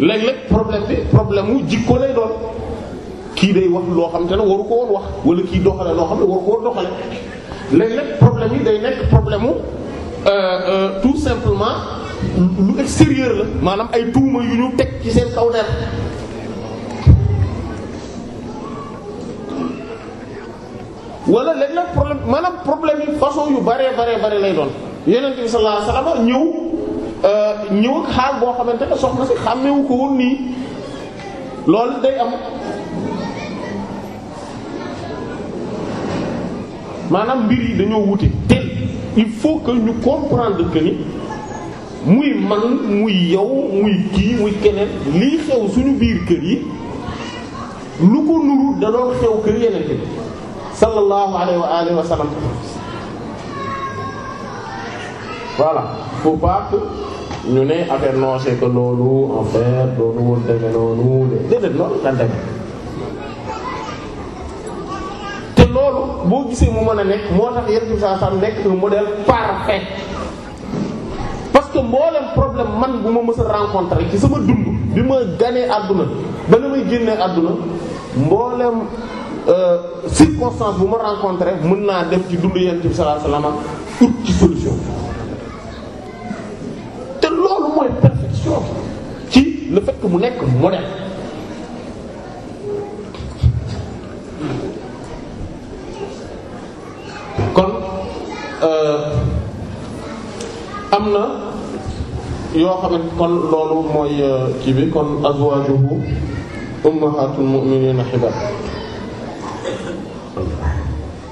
léeg-léeg problème bi problème mu jikko lay doon kii day wax loo xam te ne waru ko wax wala kii doxale loo xam ne waru koo woon doxale léeg-léeg problème yi day nekk problème mu euh, euh, tout simplement lu extérieur la maanaam ay tuuma yu ñu teg ci seen kaw der wala léeg-léeg problème maanaam problème yu baree baree bare lay doon yonent bi sallallahu alayhi wasallam ñëw euh, ñëw ak xaal boo xamante ne soxna si xàmmewu ko woon nii loolu day am maanaam mbir yi dañoo wute te il faut que ñu comprendre que muy man muy yow muy kii muy keneen lii xew suñu biir kër yi lu ko nuru da doon xew kër yeneen bi sallallahu alayhi wa alihi wa sallam voilà ñu ne affaire non c'est loolu en fait loolu woon deme noonu déedéet loolu lan deme te loolu boo gisee mu mën a nekk moo tax yenn saa saa nekk un modèle parfait parce que mboolem problème man bu ma mësa a ci sama dund bi ma ganee àdduna ba na may génnee àdduna mboolem Euh, circonstance bu ma rencontré mën naa dem ci dundu yonent bi sallallahu alayhi wasallam ci solution te loolu mooy perfection ci le fait que mu nekk modèle kon euh, am na yoo xamante kon loolu mooy euh, kii bi kon azwaajuhu ummahatul mu'minina xibaar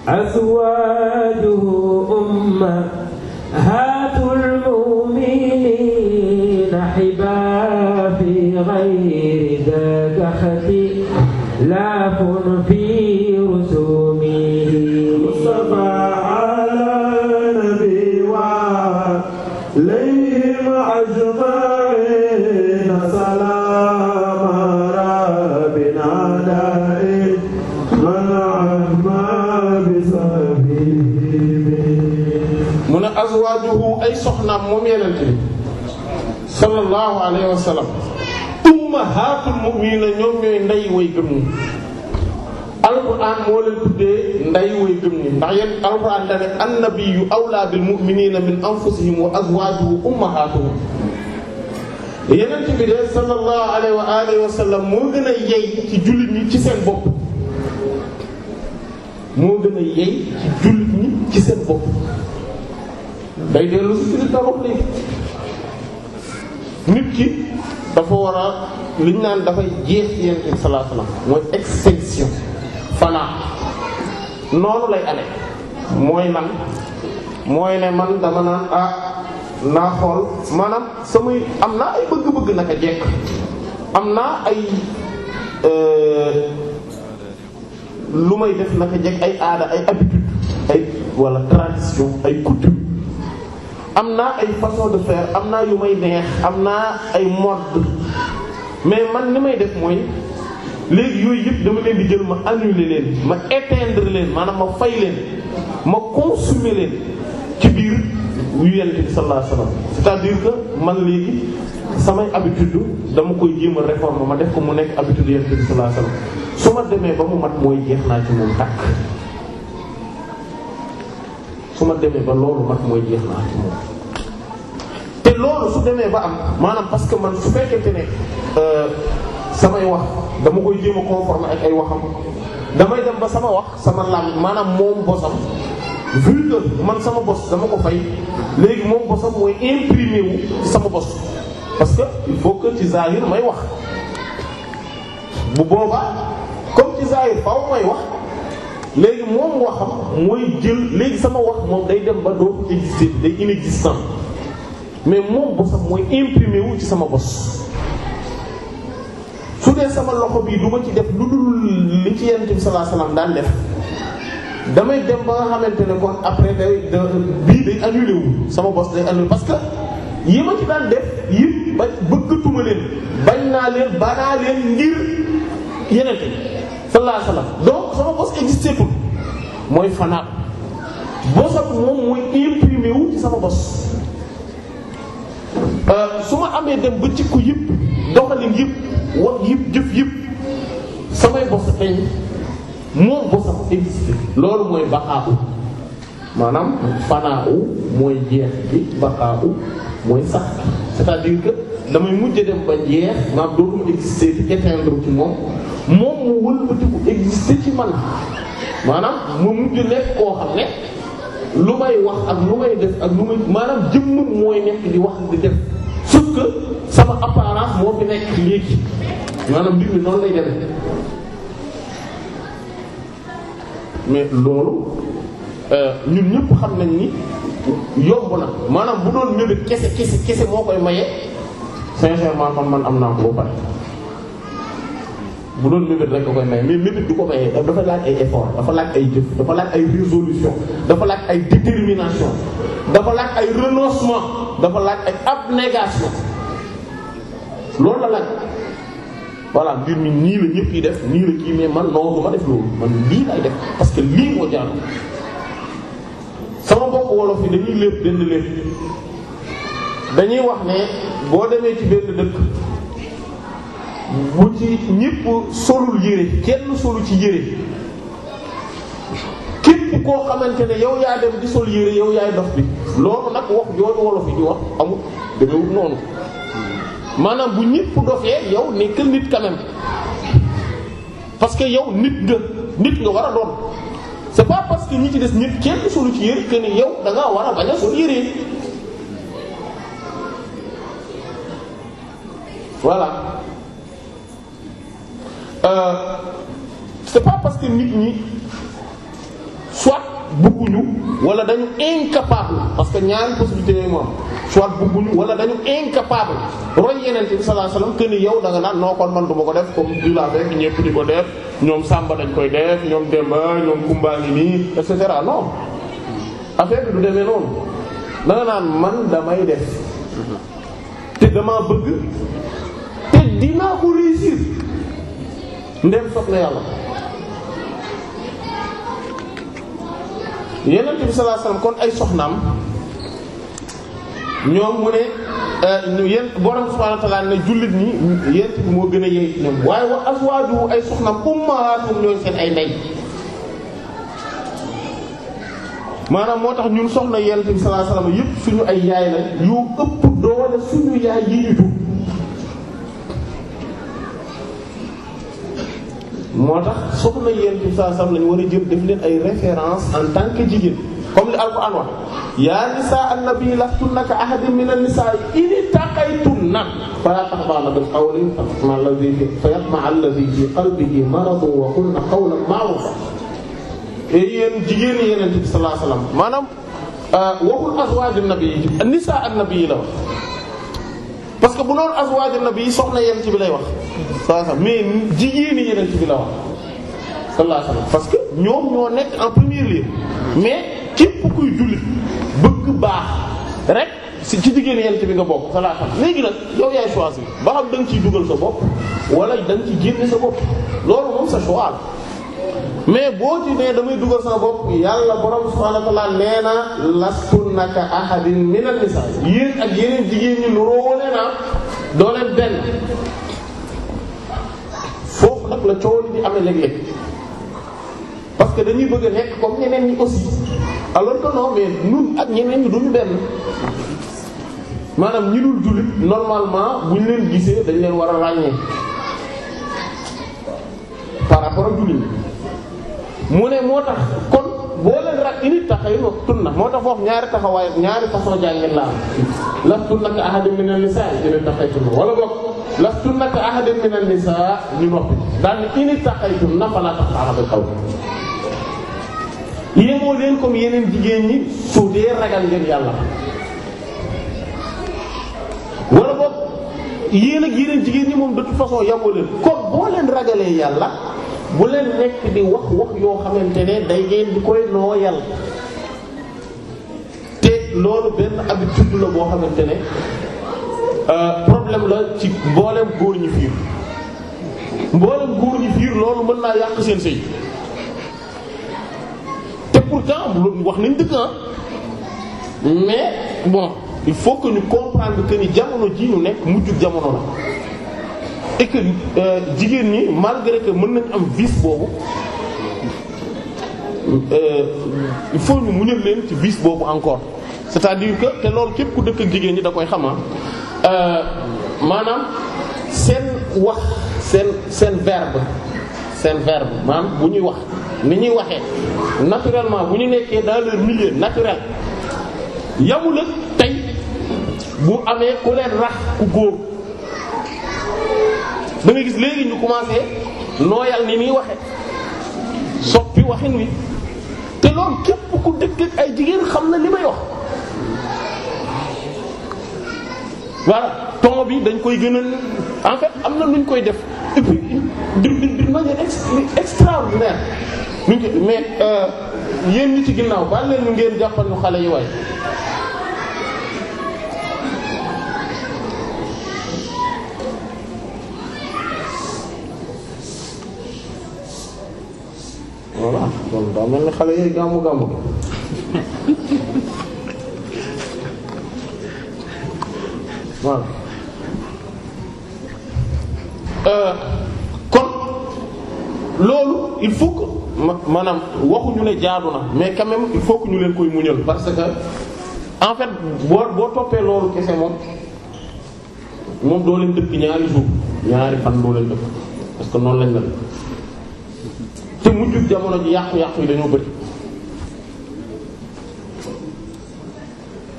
أزواجه أمهات المؤمنين حبا في غير ذاك خطي لاف في رسومي soxnaam moom yenente bi sallallahu alayhi wa sallam ummahatul mu'minina ñoom ñooy ndey way gëm ñi alquran moo leen tuddee nday way gëm ñi ndax yéen alquran dane annabiyyu awla bil mu'minina min anfusihim wa azwajuhu ummahatuhum yenent bi de sallallahu alayhi wa moo gën a yey ci jullit ñi ci seen bopp moo gën a yey ci jullit ñi ci seen bopp day dellu si li tax wax nit ki dafa war a li ñu naan dafay jeex yent bi sallallahu mooy extinction fanaa noonu lay ame mooy man mooy ne man dama naan ah naa xool maanaam samay am naa ay bëgg-bëgg naka jekk am naa ay euh, lu may def naka jekk ay aada ay habitude ay wala tradition ay coutume am naa ay façon de fer am naa yu may neex am naa ay mode mais man li may def mooy léegi yooyu yëpp dama leen di jël ma annuler leen ma éteindre leen maanaam ma fay leen ma consumer leen ci biir yu yent bi sallallahu alayhi wasallam cest que man léegi samay habitude dama koy jéem a réformer ma def ko mu nekk habitude yent bi sallallahu su ma demee ba mu mat mooy jeex naa ci moom takk su ma demee ba loolu mat mooy jeex naa ci moom te loolu su demee ba am maanaam parce que man su fekkente ne euh, samay wax dama koy jéem a conformer ay waxam damay dem ba sama wax sama lam maanaam moom bosam vu man sama bos dama ko fay léegi moom bosam mooy imprimer wu sama bos parce que il faut que ci zahir may wax bu boobaa comme ci zahir faaw may wax léegi moom waxam mooy jël léegi sama wax moom day dem ba doo exister day inexistant mais moom bosam mooy imprimé wu ci sama bos su dee sama loxo bii du ma ci def lu dul li ci yonent bi sallallahu alayhi wasallam daan def damay dem ba nga xamante ne kon après day bii day annulé wu sama bos day annulé parce que yi ma ci daan def yëpp ba bëggatuma leen bañ naa leen banaa leen ngir yeneen sallallahu alayhi wasallam donc sama bos euh, su ma amee dem ba jikko yëpp doxalin yëpp wax yëpp jëf yëpp samay bos feeñ moom bosam existé loolu mooy baxaabu maanaam fanaa u mooy jeex bi baxaabu mooy sax c'est-à-dire que damay mujj dem ba jeex maam dootuma exister di éteindre ci moom moom mu wëlbatiku exister ci man maanaam mu mujj nekk koo xam ne lu may wax ak lu may def ak lu may maanaam jëmmam mooy nekk di wax di def sauf sama apparence moo fi nekk léegi maanaam mbir mi noonu lay deme mais loolu euh, ñun ñëpp xam nañ ni yomb na maanaam bu doon mébét kese kese kese moo koy maye sincèrement kon man am naa ko ba bu doon mébét rek da koy maye mais mébét du ko maye dafa laaj ay effort dafa laaj ay jëf dafa laaj ay résolution dafa laaj ay détermination dafa laaj ay renoncement dafa laaj ay abnégation loolu la laaj voilà mbir mi nii la ñëpp def nii la kii mais man non du ma def loolu man lii lay def parce que lii moo jaadu. sama mbokk wolof yi dañuy lépp benn lépp dañuy wax ne boo demee ci benn dëkk bu ci ñëpp solul yére kenn solu ci yére képp koo xamante ne yow yaa dem di sol yére yow yaay dox bi loolu nag wax yoonu wolof yi di wax amul demewul noonu maanaam bu ñëpp dofee yow nekk nit quand même parce que yow nit nga nit nga war a doon c'est pas que ñi ci des ñëpp kenn du solu yow da war a bañ a yére voilà euh, c'est pas parce que nit ñi soit bëgguñu wala dañu incapable parce que ñaari possibilité yooyu moom soit bëgguñu wala dañu incapable roy yenente bi sallallahu alayhi yow da naan noo kon man du ko def comme du la fekk ñépp di ko def ñoom Samba dañ koy def ñoom Demba ñoom Kumba nii et cetera non bi du demee noonu da nga naan man damay def te damaa bëgg te dinaa ko réussir ndem soog na yàlla yenente bi sallallahu alayhi wasallam kon ay soxnaam ñoom mu ne euh, ñu yéen borom subhaanahu wa ta'aala ne jullit ñi yéen bi moo gën a yey ñoom waaye wa azwaaju ay soxnaam ummahaatum ñooy seen ay ndey maanaam moo tax ñun soxna yonent bi sallallahu alayhi yëpp suñu ay yaay la yu ëpp doole suñu yaay yi ñu dugg moo tax soxna yonent bi sallallahu lañu war a jël def leen ay référence en tant que jigéen. comme li alquran wax yaa nisaa annabi lastunna ka ahadin min an-nisaa in ittaqaytunna fala taxda'na bil qawli fa yatma'a alladhi fi qalbihi maradun wa qulna qawlan ma'rufa yéen jigéen ñi Yonent bi sallallahu alayhi wasallam maanaam euh, waxul azwaaju nabi nisaa annabi la wax parce que bu noonu azwaaju nabi soxna Yonent bi lay wax sallallahu alayhi wasallam mais jigéen ñi Yonent bi la wax sallallahu alayhi wasallam parce que ñoom ñoo nekk en premier lieu mais képp kuy jullit bëgg baax rek si ci jigéen yent bi nga bokk salaata léegi nag yow yaay choisir ba xam da ciy dugal sa bopp wala da nga ciy génne sa bopp loolu moom sa choix mais boo ci nee damay dugal sama bopp yàlla borom subhaanahu wa ta'aala nee na lastunna ka ahadin minan nisaa yéen ak yeneen jigéen ñi loroo nee na ah, doo leen benn foofu nag la coow li di amee léeg-léeg parce que dañuy bëgg a nekk comme ñeneen ñi aussi. alors que non ak ñeneen ñi duñu benn maanaam ñi dul jullit normalement buñ leen gisee dañ leen war a ràññee par rapport ak jullit mu ne moo tax kon boo leen rak ini taxayu wa tunna moo tax foofu ñaari taxawaay ñaari façon jàngin la am las tunnaka ahadin min an-nisa dina taxaytun wala boog las tunnaka ahadin min an-nisa ñu noppi daal ni ay taxaytun na fa laa tax yemoo leen comme yeneen jigéen ñi su dee ragal ngeen yàlla wala boog yéen ak yeneen jigéen ñi moom de toute façon yemoo leen comme boo leen ragalee yàlla bu leen nekk di wax wax yoo xamante ne day ngeen di koy nooyal te loolu benn habitude la boo xamante ne euh, problème la ci mboolem góor ñi fiir mboolem góor ñi fiir loolu mën naa yàq seen sëy te pourtant loolu wax nañ dëgg ah. mais bon il faut que ni comprendre que ni jamono ji ñu nekk mujjug jamono la et euh, jigéen ñi malgré que mën nañ am vice boobu euh, il faut ñu muñal leen ci vice boobu encore c'est-à-dire que te loolu képp ku dëkk ak jigéen ñi da koy xama ah. euh, maanaam seen wax seen seen verbe seen verbe maanaam bu ñuy wax ni ñuy waxee naturellement bu ñu nekkee daal leur milieu naturel yamul ak tey bu amee ku leen rax ku góor da nga gis léegi ñu commencé nooyal ni muy waxe soppi waxin wi te loolu képp ku dëkk ak ay jigéen xam na li may wax voilà ton bi dañ koy gën a en fait am na luñ koy def d'une d'une manière extraordinaire lu ngi mais euh, yéen ñi ci ginnaaw baal leen ngeen jàppal ñu xale yi waay voilà kon daa mel ni xale yooyu gàmmu gàmmu euh, loolu il faut que ma maanaam waxuñu ne jaadu na mais quand il faut ñu leen koy muñal parce que en fait boo boo toppee loolu kese moom moom doo leen dëkk ñaari jour ñaari fan doo leen dëkk parce que noonu lañ la te mujj jamono ji yàqu-yàqu yi dañoo bëri.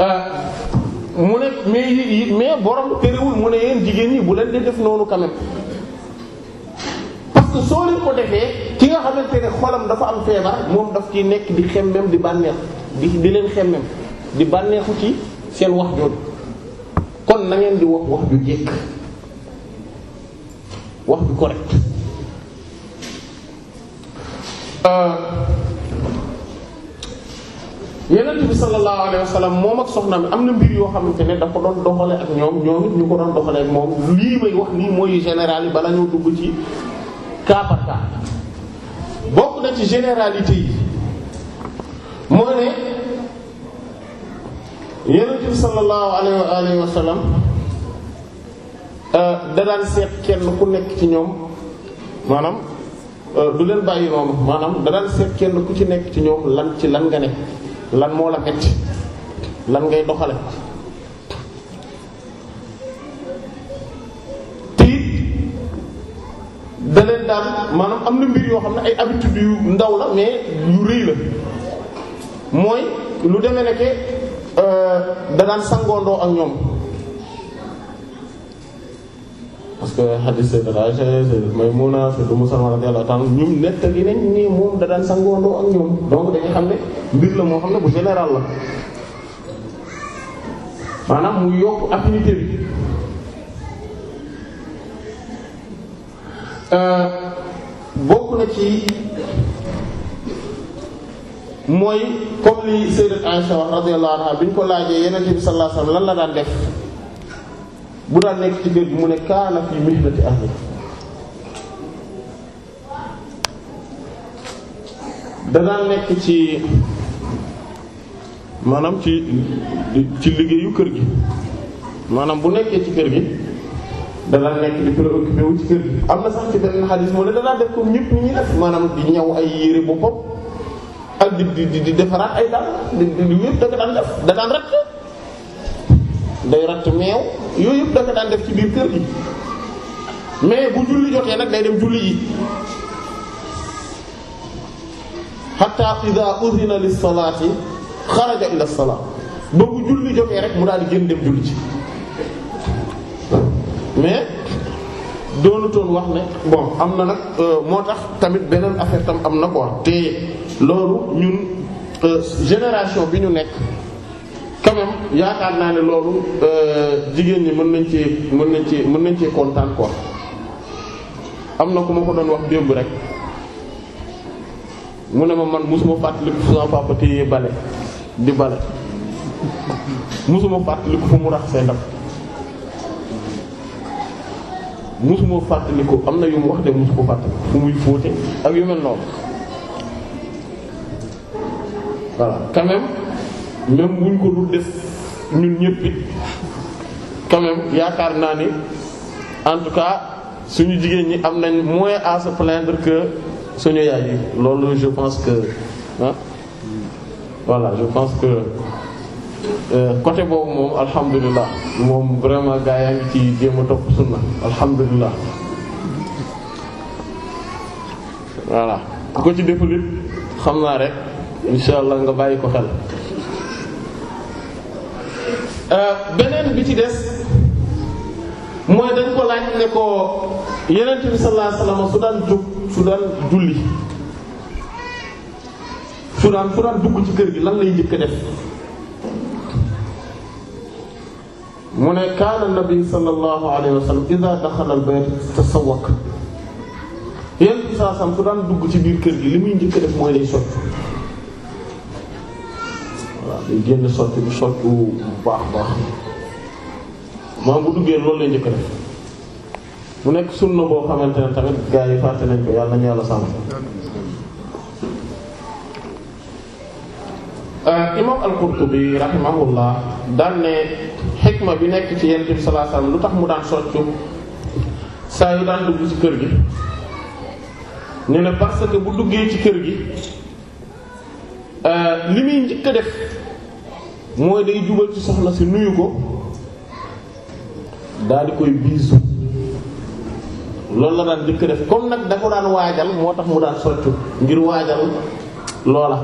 Euh, mu ne mais mais borom terewul mu ne yéen jigéen yi bu leen di def noonu quand parce soo leen ko defee ki nga xamante ne xolam dafa am feebar moom daf ci nekk di xemmem di bànneex di di leen xemmem di bànneexu ci seen wax jooju kon na di wax wax ju jekk wax ju correct euh, yeneen bi sallallahu alayhi moom ak soxna mi am na mbir yoo xamante ne dafa doon doxale ak ñoom ñoo it ñu ko doon doxale ak moom lii may wax nii mooy général yi bala ñoo dugg ci cas par bokk na ci généralité yi moo ne yonent bi sallallahu wa alihi wa sallam euh, da daan seet kenn ku nekk ci ñoom maanaam euh, du leen bàyyi noonu maanaam da daan seet kenn ku ci nekk ci ñoom lan ci lan nga ne lan moo la metti lan ngay doxale da leen daan maanaam am na mbir yoo xam ne ay habitudes yu ndaw la mais yu rëy la mooy lu demee ne euh, da daan sangoondoo ak ñoom. parce que hadith Sayyidat Aisha Sayyidat Maymuna Sayyidat Umm Salama radiyallahu ta'ala ñun nettali nañ ni moom da daan sangoondoo ak ñoom donc dañuy xam ne mbir la moo xam ne bu général la maanaam mu yokk affinité bi. Euh, bokk na ci mooy comme li sayyidat Aisha wax radiyallahu anha bi ñu ko laajee yeneen bi sallallahu alayhi lan la daan def bu daan nekk ci biir bi mu ne kaana fi mihnati ahli da daan nekk ci maanaam ci ci liggéeyu kër gi maanaam bu nekkee ci kër gi dana nekk di préoccupé wu ci kër gi am na sax ci benn xadis mu ne danaa def comme ñëpp ñi ñuy def maanaam di ñaw ay yére boppam ak di di di defaraat ay dàll di di yëpp da nga daan da daan day ratt meew yooyu yëpp da nga def ci biir kër gi mais bu julli jotee nag day dem julli yi hatta idha udhina lis salati xaraja ila salat ba bu julli jotee rek mu daal di génn dem julli ci mais doonutoon wax ne bon am na nag euh, moo tax tamit beneen affaire tam am na quoi te loolu ñun euh, génération bi ñu nekk quand même yaakaar naa ne loolu euh, jigéen ñi mën nañ ci mën nañ ci mën nañ ci kontaan quoi am na ku ma ko doon wax démb rek mu ne ma man mosuma fàttaliku sama papa téye bale di bale mosuma fàttaliku fu mu rax see ndab mosuma fàttaliku am na yu mu wax de mosu ko fàttali fu muy fóote ak yu mel noonu voilà quand même même ko dul def ñun ñëpp it yaakaar naa ni en tout cas suñu jigéen ñi am nañ moins à se plaindre que suñu yaay yi loolu je pense que ah voilà je pense que. Euh, côté boobu moom alhamdulilah moom vraiment gaa yaa ngi ci jéem a topp sunna alhamdulilah voilà ku ko ci deful xam naa rek insha allah nga bàyyi ko xel euh, beneen bi ci des mooy dañ ko laaj ne ko yenent bi sallallahu alayhi wasallam su daan jóg su daan julli su daan su daan dugg ci kër gi lan lay njëkk def mu ne a nabi sallallahu alayhi wa sallam iza daxala al bayt tasawwak yéen bi su daan dugg ci biir kër gi li muy njëkk def mooy day sotti waaw bu sotti baax baax maa bu duggee loolu lay njëkk def mu nekk sunna boo xamante ne tamit gaa yi fàtte nañ ko yàlla nañu yàlla sàmm euh, imam al-Qurtubi rahimahullah ne xikma bi nekk ci yonent bi sallallahu lu tax mu daan soccu saa yu daan dugg ci kër gi nee na parce que bu duggee ci kër gi euh, li muy njëkk a def mooy day jubal ci soxna si nuyu ko daal di koy biisu loolu la daan njëkk a def comme nag da ko daan waajal moo tax mu daan soccu ngir waajal loola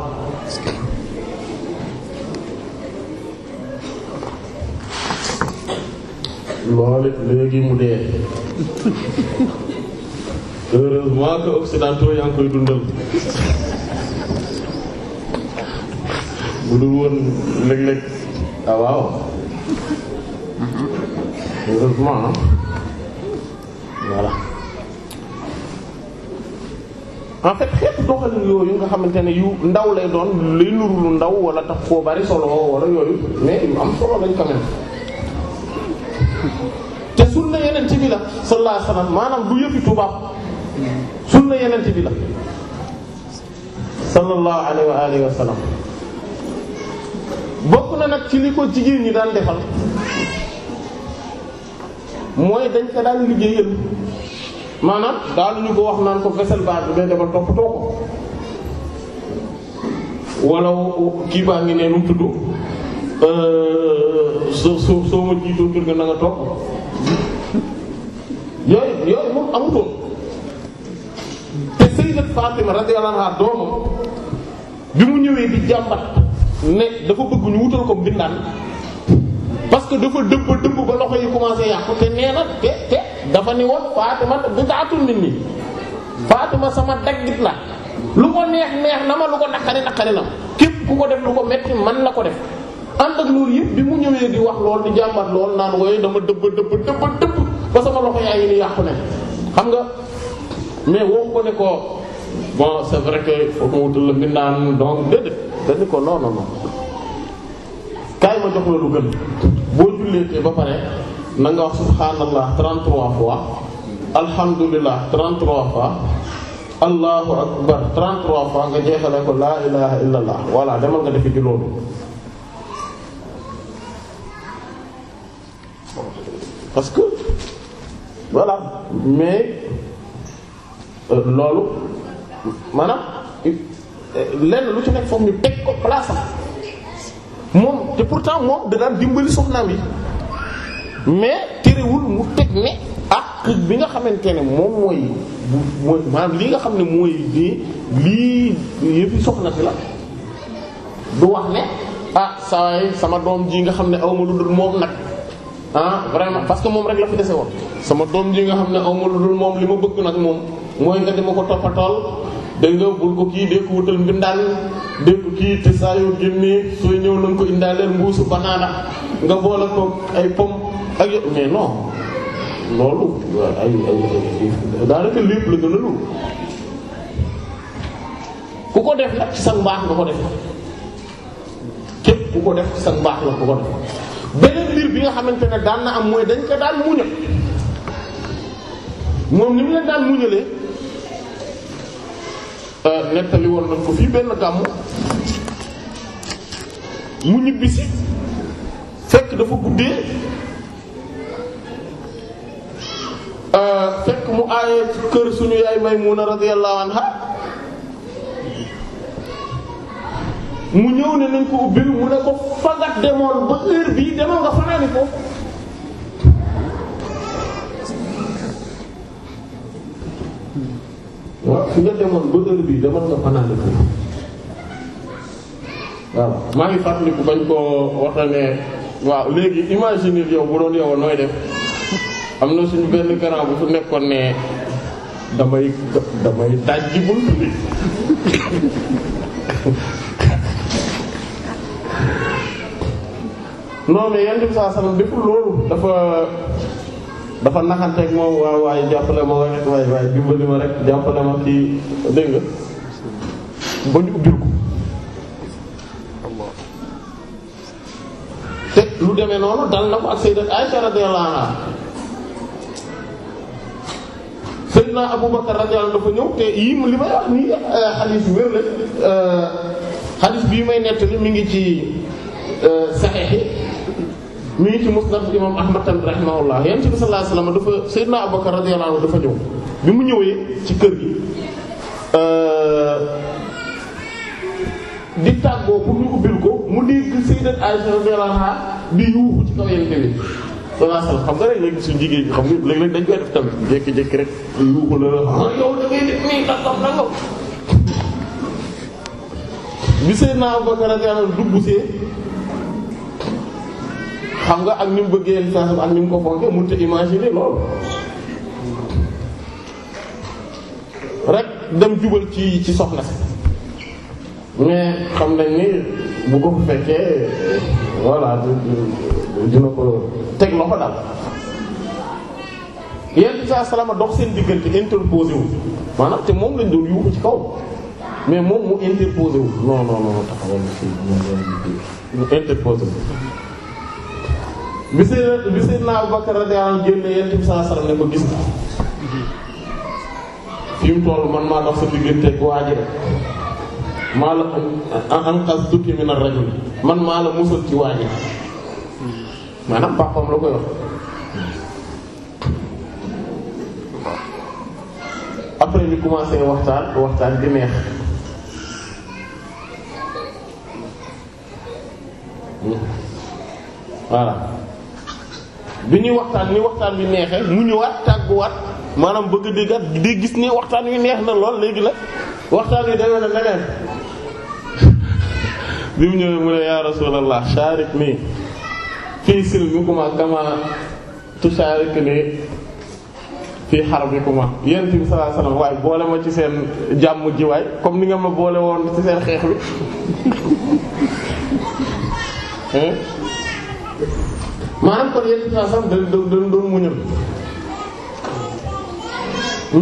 loolu léegi mu dee heureusement que occidentaux yaa ngi koy dundal bu dul woon léeg-léeg ah, waaw heureusement ah. voilà en fait xeetu doxalin yooyu nga xamante ne yu ndaw lay doon lay nuru lu ndaw wala tax koo bari solo wala yooyu mais yu am solo lañ quand même te sunna yeneen ci bi la sallallahu alayhi wasallam maanaam du yëfi tubaab sunna yeneen ci bi la sallallahu alayhi wa alihi wa sallam bokk na nag ci li ko jigéen ñi daan defal mooy dañ ko daan liggéeyal maanaam daal ñu ko wax naan ko vesel baa bi day demal toppatoo ko wala kii baa ngi ne nu tudd Euh, soo soo soo ma jiitoon kër ga na nga toog yooyu yooyu moom amutoon te sayyidat Fatima radiyallahu anha doomam bi mu ñëwee bi jàmbat ne dafa bëgg ñu wutal ko mbindaan parce que dafa dëbb dëbb ba loxo yi commencé yàqu te nee na te te dafa ni woon Fatima bi daatul nit ñi Fatima sama daggit la lu ko neex neex na ma lu ko naqari naqari na képp ku ko def lu ko metti man la ko def ànd ak loolu yëpp bi mu ñëwee di wax lool di jàmbat lool naan wooye dama dëbb dëbb dëbb dëbb ba sama loxo yaa ngi ni yàqu ne xam nga mais woo ko ne ko bon c'est vrai que foo ko wutal la ko non non non kaay lu gën boo julleetee ba pare na nga wax subhaanallah 33 fois alhamdulillah 33 fois allahu akbar 33 fois nga jeexale ko laa ilaha illallah voilà demal nga defi ci loolu parce que voilà mais euh, loolu maanaam lenn lu ci nekk foofu ñu teg ko place am moom te pourtant moom da dimbali soxnaam yi mais terewul mu teg ne ak bi nga xamante ne moom mooy maanaam li nga xam ne mooy nii lii yëpp soxna si la du wax ne ah saa sama doom jii nga xam ne awma lu dul moom nag. ah vraiment parce que moom rek la fi dese woon sama doom ji nga xam ne awma lu dul moom li ma bëgg nag moom mooy nga dima ko toppatool dégg nga bul ko kii dee ko wutal mbindaan dee kii te saa yoo génnee sooy ñëw lañ ko indaaleel mbuusu banaana nga boole ko ay pom ak yo mais non loolu ay ay daanaka lépp la gën a lul ku ko def nag ci sa nga ko def képp ku ko def ci sa mbaax la ko ko def beneen mbir bi nga xamante ne daan na am mooy dañ ko daan muñal moom ni mu la daan muñalee euh, nettali woon nañ ko fii benn gàmm mu ñibbisi fekk dafa guddee euh, fekk mu aaye kër suñu yaay Maymuna radiyallahu anha mu ñëw ne nañ ko ubbil mu ne ko bii demoon fanaani ba heure bii demoon nga fanaani ko waaw maa ngi fàttaliku bañ ko wax ne waaw léegi imaginer yow bu doon yow nooy def am na suñu benn garant bu fu nekkoon ne damay damay daj ji bunt non mais yonent bi sallallahu alayhi wasallam deful loolu dafa dafa naxanteeg moom waaw waaye jàppale ma rek waaye waaye dimbali ma rek jàppale ma ci dégg ba ñu ubbil te lu demee noonu dal na ko ak sayyidat Aisha radiyallahu anha sayyidna Abu Bakar radiyallahu anhu dafa ñëw te yii li may wax nii euh, xadiis wér la euh, xadiis bii may nettali mi ngi ci euh, saxiix mi ngi ci musnad imam ahmad tam rahimahullah yonent bi sallallahu alayhi wasallam dafa sayyidna abubakar radiyallahu anhu dafa ñëw bi mu ñëwee ci kër gi euh, di tàggoo pour ubbil ko mu dégg sayyidat Aisha di yuuxu ci kaw yonent bi jigéen ñi xam koy def tamit jékki rek yuuxu la dugg see xam nga ak ni mu bëggee yenn ak ni mu ko fonkee mënut a imaginer loolu rek dem jubal ci ci soxna mais xam nañ ni bu ko fekkee voilà dina ko teg loxo daal. yenn saa salaama dox seen diggante interposé maanaam te moom lañ doon yuuxu ci kaw mais moom mu interposé wu non non mu interposé bi Seydina bi Seydina Abubakar radiyallahu anhu génne yent bi ne ko gis nga fi mu toll man maa dox sa digganteeg waa rek maa la anqastuki min ar-rajul man maa la musal ci waa ji maanaam papaam la koy wax après ñu commencé waxtaan waxtaan di neex voilà bi ñuy waxtaan ni waxtaan bi neexee mu ñëwaat tàgguwaat maanaam bëgg a déggaat di gis ni waxtaan wi neex na lool léegi la waxtaan wi demee na leneen bi mu ñëwee mu ne yaa rasulallah sharik nii fii silmikuma kama tusharik nii fii xarbikuma yéen bi sallallahu waaye boole ma ci seen jàmm ji waay comme ni nga ma boole woon ci seen xeex maanaam kon yenn saa sax doon muñal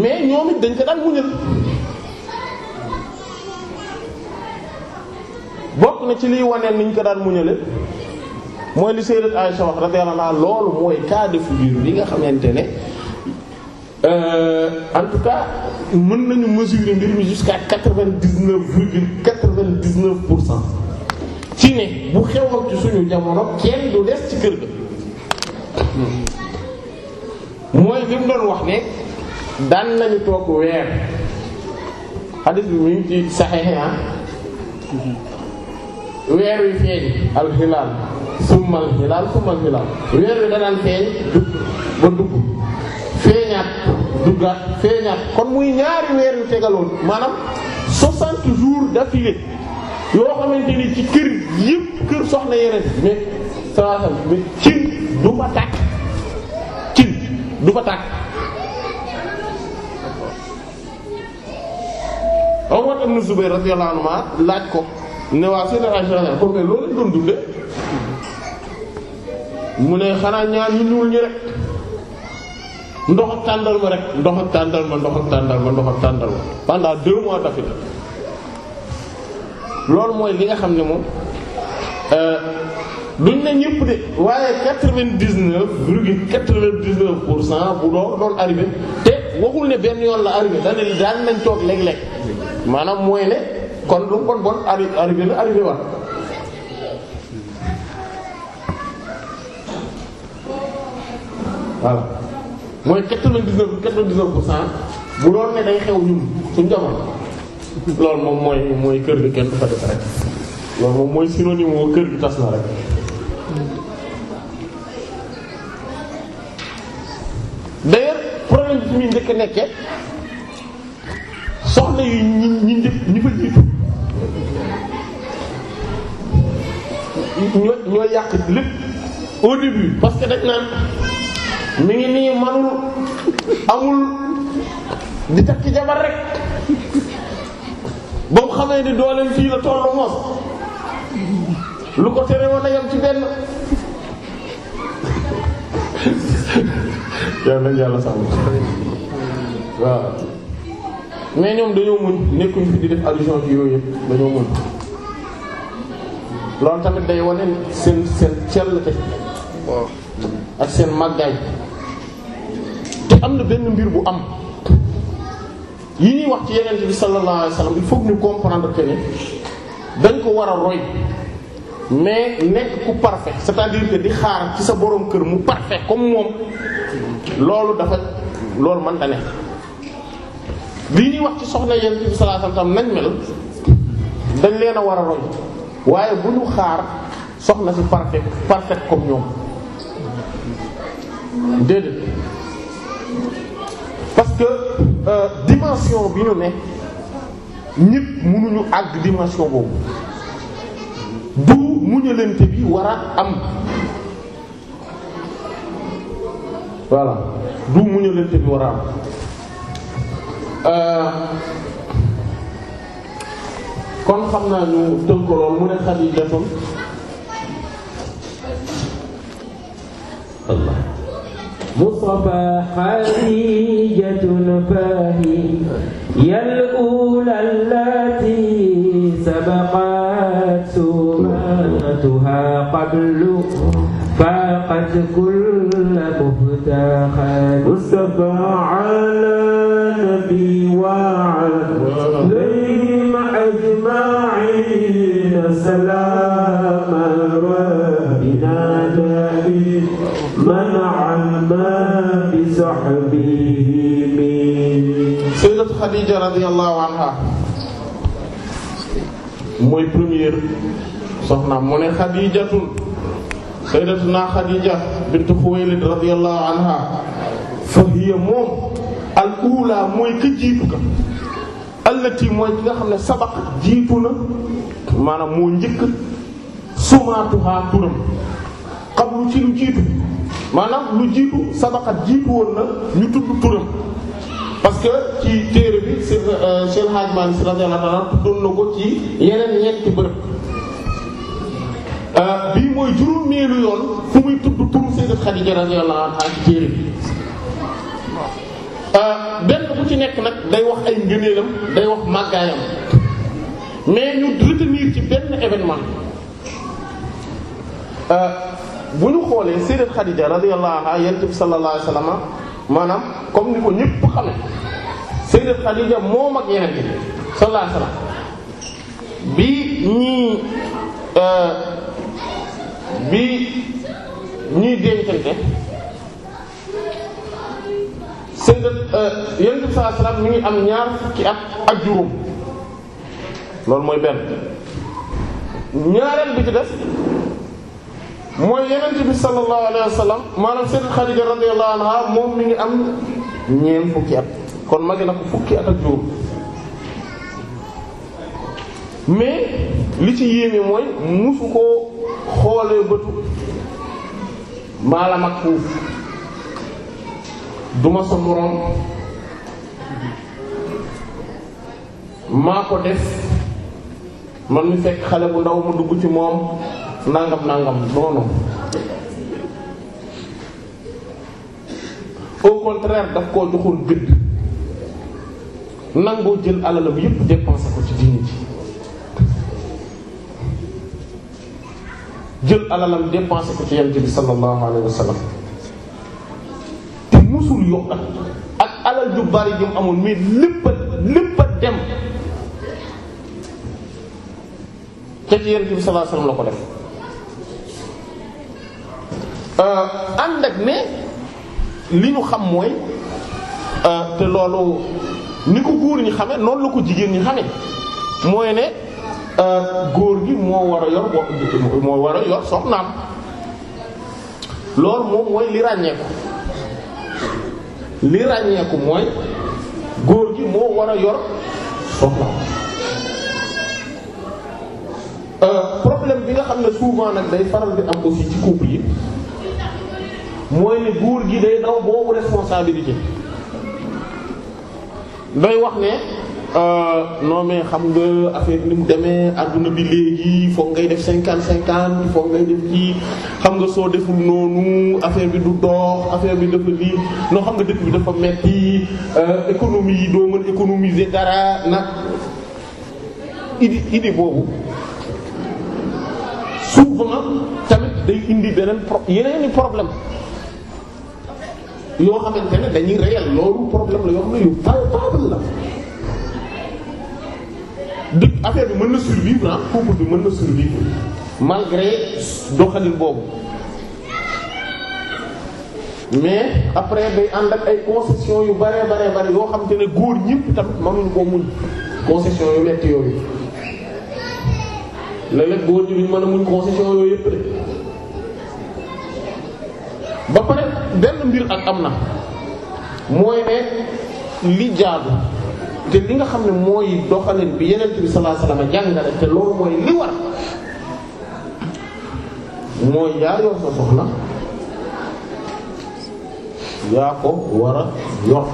mais ñoom it dañ ko daan muñal bokk na ci liy waneel ni ko daan muñale mooy li sayyidat Aisha wax radiyallahu anha loolu mooy cas de figure bi nga xamante ne euh, en tout cas mën nañu mesurer mbir mi jusqu'à quatre-vingt-dix-neuf virgule quatre-vingt-dix-neuf pour cent ci ne bu xewoon ci suñu jamono kenn du des ci kër ga. mooy li doon wax ne daan nañu toog weer xadis bi mu ngi ci saxexe ah weer wi feeñ alxilaal summa alxilaal weer wi danaan feeñ dugg ba dugg feeñaat duggaat feeñaat kon muy ñaari weer yu tegaloon maanaam 60 jours d'affilée yoo xamante ni ci kër yëpp kër soxna yeneen mais salaasa mais ci du fa tàkk cin du fa tàkk Umar ibn Zubayr radiyallahu anhu laaj ko ne waa seen agent ko mais loolu lañ doon mu ne xanaa ñaar ñu ñuul ñi rek ndox ak tàndal ma rek ndox ak tàndal ma ndox ak tàndal ma ndox ak tàndal ma pendant deux mois d'affilée loolu mooy li nga xam ne moom euh, duñ ne ñëpp de waaye quatre-vingt-dix-neuf quatre vingt dix pour cent bu doo doon arrivé te waxul ne benn yoon la arrivé daan daan nañ toog léeg-léeg maanaam mooy ne kon lu bon quatre vingt dix quatre vingt dix pour cent bu doon ne day xew ñun suñ jamono loolu moom mooy mooy kër gi kenn du fa def rek loolu moom mooy synonyme woo kër gi tas na rek. Hmm. d'ailleurs problème bi fi muy njëkk nekkee soxna yi ñu ñu njëkk ñu fa jiitu ñoo ñoo yàq lépp au début parce que dañ naan mi ngi nii manul amul di takki jabar rek ba mu xamee ni dooleen fii la tollu moos lu ko tere woon yam ci benn yow yàlla sàmm waaw mais ñoom dañoo mën nekkuñu fi di def allusion ci yooyu dañoo mën loolu tamit day wane seen seen cellte ak seen màggaay te am na benn mbir bu am yi ñuy wax ci yeneen bi sallallahu alayhi wasallam il faut ñu comprendre que ne dañ ko war a roy mais nekk ku parfait cest à di xaar ci sa borom kër mu parfait comme moom loolu dafa loolu man ta ne lii ñuy wax ci soxna yéen ci sallallahu alayhi wasallam nañ mel dañ leen a war a roy waaye bu ñu xaar soxna si parfait parfait comme ñoom déedéet parce que euh, dimension bi ñu ne ñépp mënuñu àgg dimension boobu. muñalante bi war a am voilà du muñalante bi war a am euh, kon xam naa ñu tënk lool mu ne Xadiijatun Allah مصطفى حجة فاهي يا الأولى التي سبقت أتتها قبل فاقت كل مفتاحا مصطفى على نبي وعليهم أجمعين سلام ربنا نبي من عما بصحبه من سيدة خديجة رضي الله عنها mooy première soxnaam mu ne xadijatun sayyidatuna xadija bint xuwaylid radiyallahu anha fa hiya moom al mooy ka jiitu ka allati mooy nga xam ne sabaq jiitu na maanaam moo njëkk sumaatuha turam qablu ci lu jiitu maanaam lu jiitu sabaqat jiitu woon na ñu tudd turam parce que ci téere bi Cheikh euh, Hadj Malick radiyallahu anhu tuddoon na ko ci yeneen ñeenti bërëb Euh, bii mooy juróom-ñeelu yoon fu muy tudd turu Sayyidat Khadija radiyallahu anha ci téere bi euh, benn bu ci nekk nag day wax ay ngëneelam day wax màggaayam mais ñu retenir ci benn événement euh, bu ñu xoolee Sayyidat Khadija radiyallahu anha yonent bi maanaam comme ni ko ñëpp xame Sayyidat Khadija moom ak yonent bi sallallahu alayhi wasallam bi ñii bi ñuy dencante sayyidat euh, Yonent bi sallallahu alayhi wasallam mi ngi am ñaar fukki at ak juróom loolu mooy benn ñaareel bi ci def mooy Yonent bi sallallahu alayhi wasallam maanaam sayyidat Xadiija radiyallahu anha moom mi ngi am ñeent fukki at kon magi ko fukki at ak juróom mais li ci yéeme mooy musu ko xoolee bëtu maa la mag fuuf duma sa moroom maa ko def man mi fekk xale bu ndaw ma dugg ci moom nangam nangam noonu au contraire daf koo joxoon gëdd nangoo jël alalam yépp dépensé ko ci diine jël alalam dépensé ko ci yonent bi sallallahu alayhi wa sallam te musul yokkat ak alal ju bari ju amoon mais lépp a lépp a dem te ci yonent bi sallallahu alayhi la ko def euh, ànd ak ne li ñu xam mooy euh, te loolu ni ko góor ñu xame noonu la ko jigéen ñi xame mooy ne Euh, góor gi moo war a yor moo war a yor soxnaam loolu moom mooy li ràññeeku li ràññeeku mooy góor gi moo war a yor soxnaam euh, problème bi nga xam ne souvent nag day faral di am aussi ci couple yi mooy ne góor gi day daw boobu responsabilité day wax ne Euh, non mais xam nga affaire ni mu demee àdduna bi léegi foog ngay def cinquante cinquante foog ngay def kii xam nga soo deful noonu affaire bi du dox affaire bi dafa lii noo xam nga dëkk bi dafa metti euh, économie yi doo mën économiser dara nag idée idée boobu souvent tamit day indi beneen pro problème yoo xamante ne dañuy réel loolu problème la yoo xam ne yu palpable la dë affaire bi mën na survivre ah couple bi mën na survivre malgré doxalin boobu mais après day ànd ak ay concessions yu bare bare bare yoo xam ne góor ñëpp tamit mënuñu koo muñ concession yu metti yooyu léeg-léeg góor ñi duñ a muñ concession yooyu yëpp ba pare benn mbir ak am na mooy ne li jaadu te li nga xam ne mooy doxalin bi yeneen bi sallallahu alayhi wasallam jàngale te loolu mooy li war mooy yaa yor sa soxna yaa ko war a yor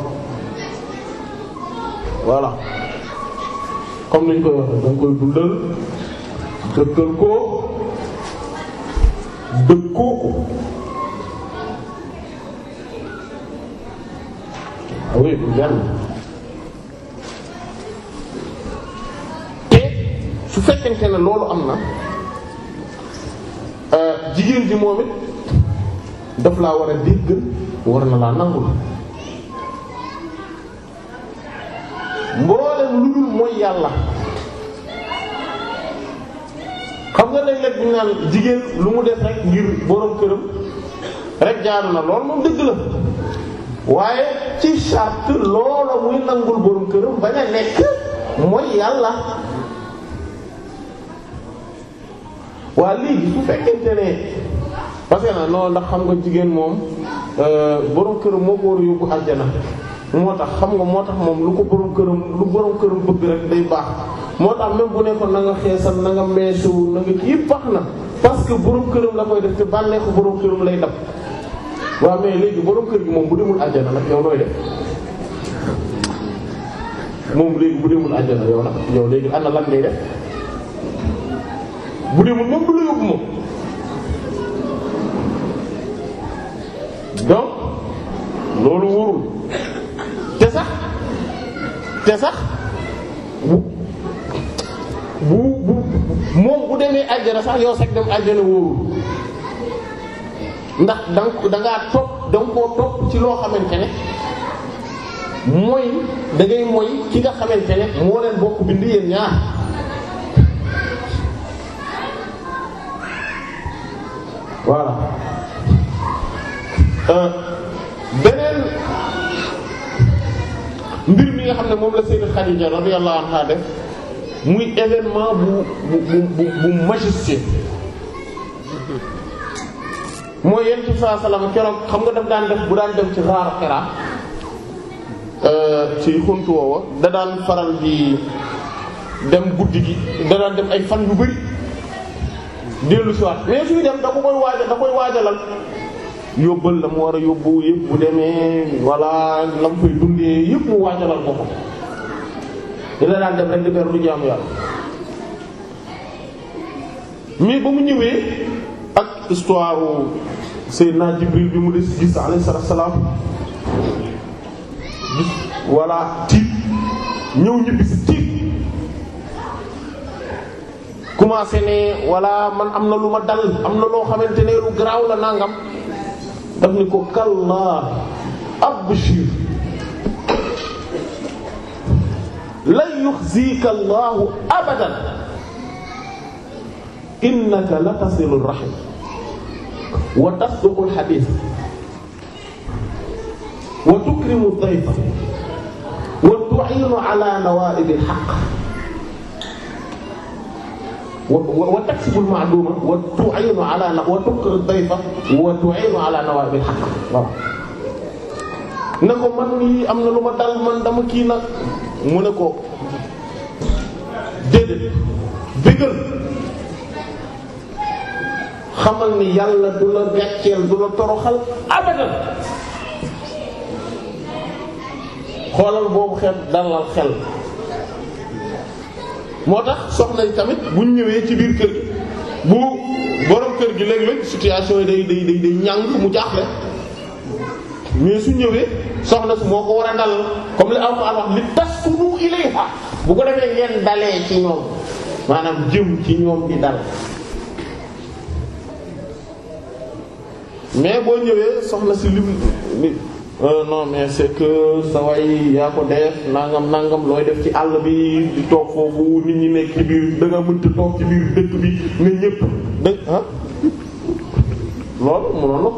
voilà comme niñ koy waxee da nga koy dundal dëkkal ko dëkkoo ko ah oui benn. su fekkente ne loolu am na euh, jigéen ji moom it daf laa war a dégg war na laa nangul mboolem lu dul mooy yàlla xam nga léeg-léeg ñu jigéen lu mu def rek ngir borom këram rek jaadu na lool moom dëgg la waaye ci charte loola muy nangul borom këram bañ a nekk mooy yàlla waa léegi bu fekkente ne parce que nag noonu ndax xam nga jigéen moom euh, borom këram moo ko war a yóbbu àjjana moo tax xam nga moo tax moom lu ko borom lu borom këram bëgg baax moo tax même nekkoon na nga xeesal na nga meesu na nga kii baax la koy def te bànneexu borom lay dab waaw borom kër gi moom bu demul àjjana nag yow nooy def moom léegi bu demul àjjana yow nag yow léegi ana lan lay def. bu demul moom du la yóbbu moom donc loolu wóorul te sax te sax bu bu bu moom bu demee àjjana sax yow sax dem àjjana wóorul ndax da nga da ngaa topp da koo topp ci loo xamante ne mooy da mooy ki nga xamante ne moo leen bokk bind yéen ñaar voilà euh, beneen mbir mi nga xam ne moom la Sayyidat Khadija radiyallahu anha def muy événement bu bu bu bu majesté mooy yéen ci salaam keroog xam nga daf daan def bu daan dem ci raaru Hira euh, ci xuntu woowa da daan faral di dem guddi gi da daan dem ay fan yu bari dellu si waat mais suy dem da koy waaja da koy waajalal yóbbal la mu war a yóbbu yëpp bu demee walla la mu koy dundee yëpp mu waajalal ko ko dina daan dem rek di beru jaamu yàlla mais ba mu ñëwee ak histoire Seydina Jibril bi mu des gis alayhi salaatu salaam walla tiit ñëw ñibbisi commencé ne walla man am na lu ma dal am na loo xamante ne lu garaaw la nangam daf ni ko kallaa abshir lan yuxzika allahu abadan innaka la tasilu rahim wa tasduqu alhadith wa tukrimu dayfa wa tu'inu ala nawa'ib alhaq wa taksibul ma'luma wa tu'inu ala wa tukr dayfa wa ko man yi am na lu ma dal man dama kii nag mu ne ko déedéet bégal xamal ni yàlla du la gàcceel du la toroxal abadan xoolal boobu xel dalal xel moo tax soxna yi tamit buñ ñëwee ci biir kër bu borom kër gi léeg-léeg situation yi day day day day ñàng mu jaaxle mais su ñëwee soxna si moo ko war a nal comme li Alxuraan wax li taskunu ilayha bu ko demee ngeen dalee ci ñoom maanaam jëm ci ñoom di dal mais boo ñëwee soxna si lim Euh, no mais c'est sa way yaa ko def nangam nangam looy def ci àll bi di toog foofu nit ñi nekk ci biir da nga mënta toog ci biir dëkk bi nit ñëpp dëkk ah. loolu na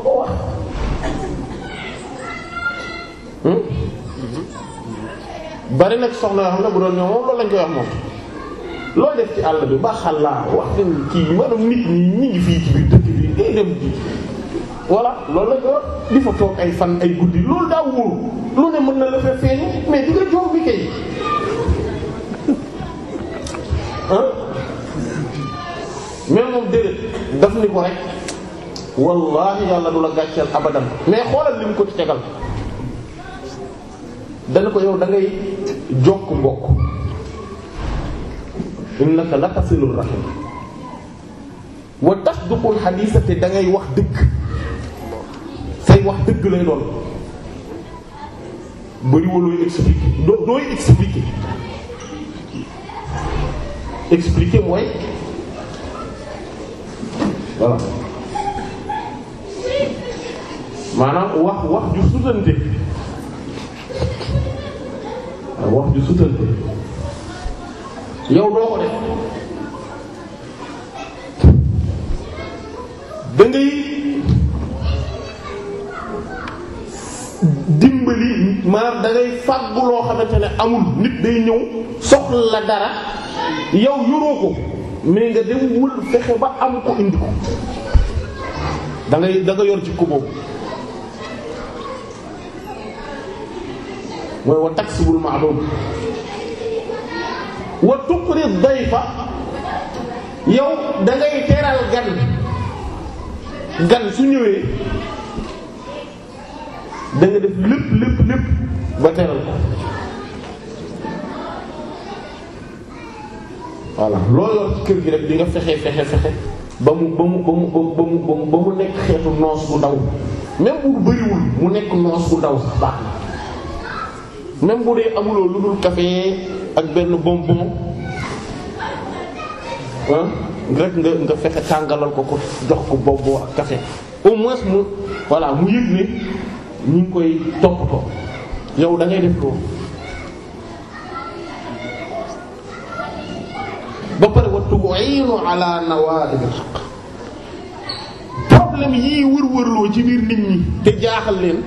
hmm? soxna yoo xam ne moom loolu lañ koy wax moom looy def ci àll bi baaxal laa wax kii maanaam nit ñi ñu ngi fii ci biir dëkk bi day dem voilà loolu la ñu di fa toog ay fan ay guddi loolu daa wóor lu ne mën na la fa feeñ mais di nga jox bi kay mais moom déedéet daf ni ko rek wallahi yàlla du la gàcceel abadan mais xoolal li ko ci tegal dana ko yow dangay ngay jokk mbokk innaka la tasilur rahim wa tasduqul hadisa te da wax dëgg say wax dëgg lay doon bëriwul looy doo dooy expliquer expliquer mooy voilà maanaam wax wax ju sutante wax ju sutante yow doo ko def da dimbali maanaam da ngay fàggu loo xamante ne amul nit day ñëw soxla dara yow yoroo ko mais nga dem wul fexe ba am ko indi ko da ngay yor ci ko boobu mooy wa taksibul ma'lum wa tuqri dayfa yow da ngay teral gan gan su ñëwee da nga def lépp lépp lépp ba teral ko voilà loo yor kër gi rek di nga fexe fexe fexe ba mu ba mu ba mu ba mu ba mu nekk xeetu noos bu ndaw même bu bariwul mu nekk noos bu ndaw sax baax na amuloo lu dul ak benn bonbon ah rek nga nga fexe tàngalal ko ko jox ko bonbon ak café au moins mu voilà mu yëg ne. ñu ngi koy toppatoo yow dangay ngay def loolu ba pare wattu aynu ala nawaalib al haqq yii wër-wërloo ci biir nit ñi te jaaxal leen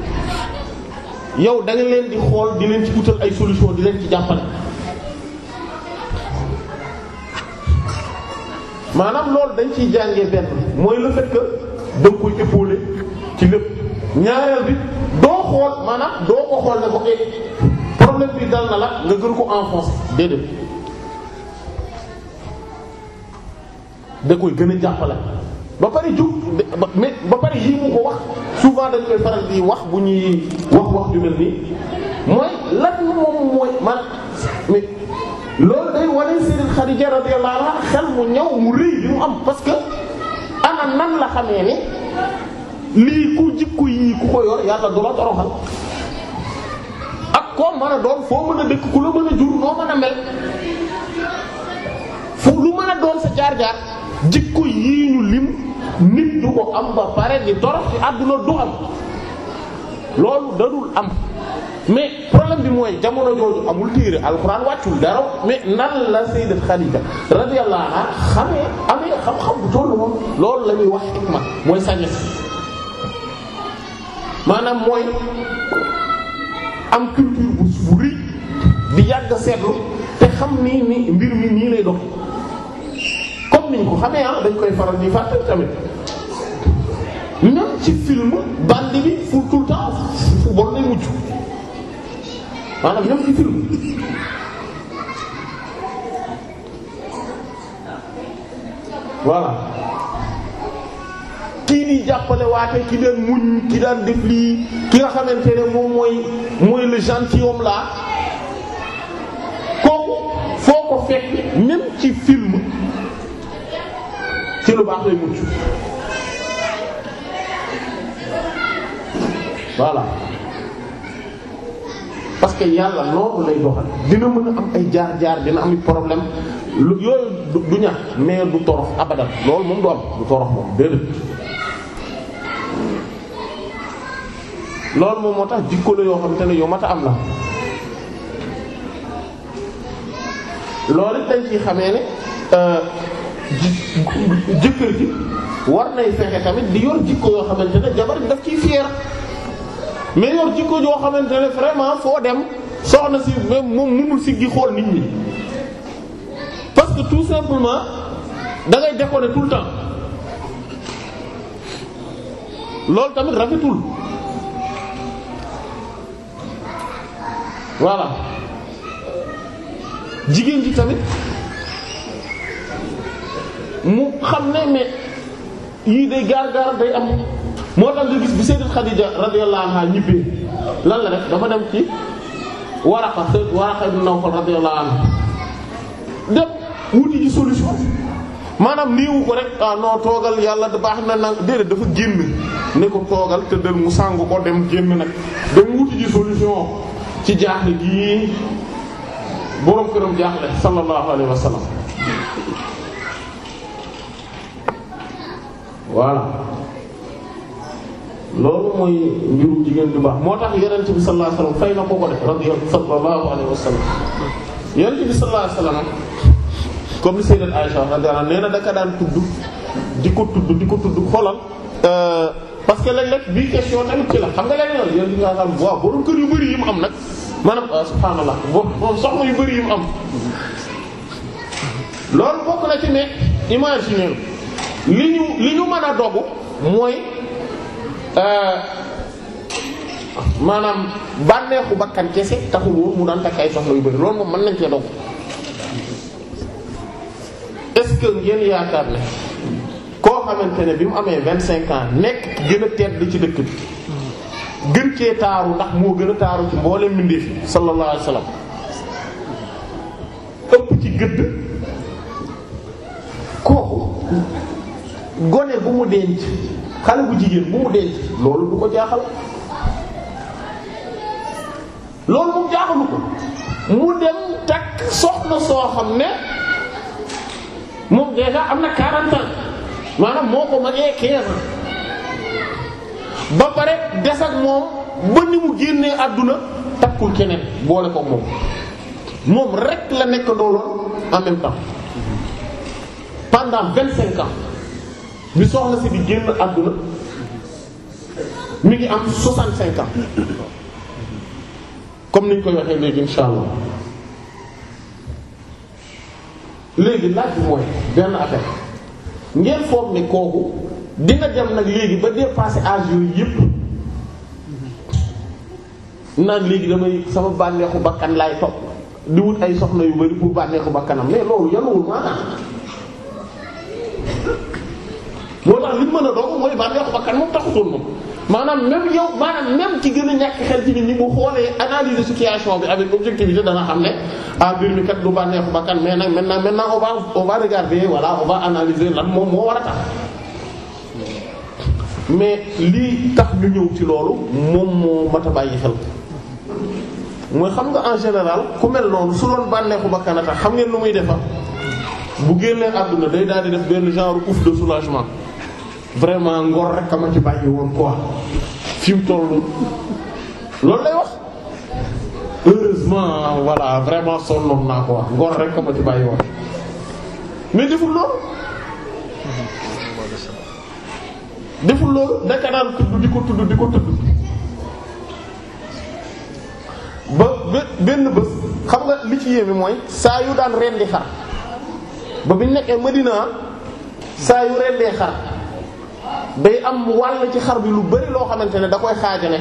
yow danga leen di xool di leen ci utal ay solution di leen ci jàppale maanaam loolu dañ ciy jàngee benn mooy le fait que da nga koy ci lépp ñaareel bi doo xool maanaam doo ko xool ne ko eh, problème bi dal na la nga gën ko enfoncer déedéet da koy gën a jàppale ba pare jug ba pare yii mu ko wax souvent dañ koy faral di wax bu ñuy wax wax ju mel nii mooy lan moom mooy man loolu day wane Sayyida Khadija radiyallahu anha xel mu ñaw mu rëy bi mu am parce que a nan la xamee ni lii ku jikko yii ku ko yor yàlla du la toroxal ak koo mën a doon foo mën a dëkk ku la mën a jur noo mën a mel fu lu mën a doon sa jaar jikko yii ñu lim nit du ko am ba pare di torox ci àdduna du am loolu dadul am mais problème bi mooy jamono jooju amul téere alxuraan wàccul dara mais nan la sayyidat Xadiija radiyallahu anha amee xam-xam bu tollu moom loolu lañuy ñuy wax xikma mooy sañes maanaam mooy am culture bu bu rëy di yàgg seetlu te xam nii ni mbir mi nii lay dox comme niñ ko xamee ah dañ koy faral di fàttali tamit même ci film bandi bi fu tout le fu bon lay mujj maanaam même ci film voilà kii di jàppale waate ki daan muñ ki daan def lii ki nga xamante ne moom mooy mooy le gentilhomme là kooku foo ko fekk même ci film ci lu baax lay mucc voilà parce que yàlla loolu lay doxal dina mën a am ay jaar-jaar dina am problème lu yooyu du ñax mais du torox abadan loolu moom du am du torox moom déedéet loolu moom moo tax jikko la yoo xamante ne yow mat a am la loolu dañ ciy xamee ne euh, jëkkër ji war nay fexe tamit di yor jikko yoo xamante ne jabar daf ciy fier mais yor jikko yoo xamante ne vraiment foo dem soxna si même moom mënul siggi xool nit ñi parce que tout simplement da ngay déconner tout le temps loolu tamit rafetul. waaw jigéen ji tamit mu xam ne mais yii day gaar-gaar day am moo tax nga gis bi sayyidat Khadija radiyallahu anha ñibbee lan la def dafa dem ci Waraqa sayyidat Waraqa ibn Nawfal radiyallahu dem wuti ji solution maanaam néewu ko rek ah non toogal yàlla da baax na nag déedéet dafa génn ne ko toogal te mu sàng ko dem génn nag dem wuti ji solution ci jaaxle gii boroom këram jaaxle sallallahu alayhi wa sallam loolu mooy mbirum jigéen du baax moo tax yonent bi sallallahu alayhi wa sallam fay na ko ko def radiyallahu sallallahu alayhi wa sallam yonent bi sallallahu comme li sayyidat Aisha radiyallahu anha nee na daka daan tudd di ko tudd di ko tudd xoolal euh, parce que léeg-léeg bii question tamit ci la xam nga léeg-léeg waaw borom kër yu bëri yi mu am nag maanaam ah, subhaanallah bo moom soxna yu bëri yi mu am loolu bokk na ci ne imaginer li ñu li ñu mën a dogu mooy euh, maanaam bànneexu bakkan kese taxul woon mu naan takk ay soxna yu bëri loolu moom mën nañ cee dogu est-ce que ngeen yaakaar ne koo xamante ne bi mu amee vingt cinq ans nekk gën a tedd ci dëkk bi gën cee taaru ndax moo gën a taaru ci mboolem mbindeef yi sallallahu alayhi wasallam ëpp ci gëdd kooku gone bu mu denc xale bu jigéen bu mu denc loolu du ko jaaxal loolu moom jaaxalu ko mu dem takk soxna soo xam ne moom déjà am na 40 maanaam moo ko magee 15 ans ba pare des ak moom ba ni mu génnee àdduna takkul keneen boole ko moom moom rek la nekk dooloon en même temps pendant 25 ans bi soxna si di génn àdduna mu ngi am 65 ans comme niñ koy waxee léegi insha allah léegi laaj mooy benn affaire. ngeen foog ni kooku dina dem nag léegi ba dépasser âge yooyu yépp naan léegi damay sama bànneexu bakkan laay topp di wut ay soxla yu bari pour bànneexu bakkanam mais loolu yanuwul maanaam moo tax li mën a doog mooy bànneexu bakkan moom taxutoon moom. maanaam même yow maanaam même ci gën a ñàkk xel ci nit ñi xoolee analyser situation bi avec objectivité dana xam ne ah mbir mi kat du bànneexu bakkan mais nag maintenant maintenant on va on va regarder voilà on lan moom moo war a tax mais lii tax ñu ñëw ci loolu moom moo mat a xel mooy xam nga en général ku mel noonu su doon bànneexu bakkan a tax xam ngeen lu muy defa bu génnee àdduna day daal di def benn genre ouf de soulagement vraiment ngor rek ma ci bàyyi woon quoi fi mu tollu loolu lay wax heureusement voilà vraiment sonnoon naa quoi ngor rek ma ci bàyyi woon mais deful loolu. deful loolu daan tudd di ko tudd di ko tudd ba benn bés xam nga li ci yéeme mooy saa yu daan rendi xar ba biñ nekkee Medina saa yu rendee xar. day am wàll ci xar bi lu bari loo xamante ne da koy xaajale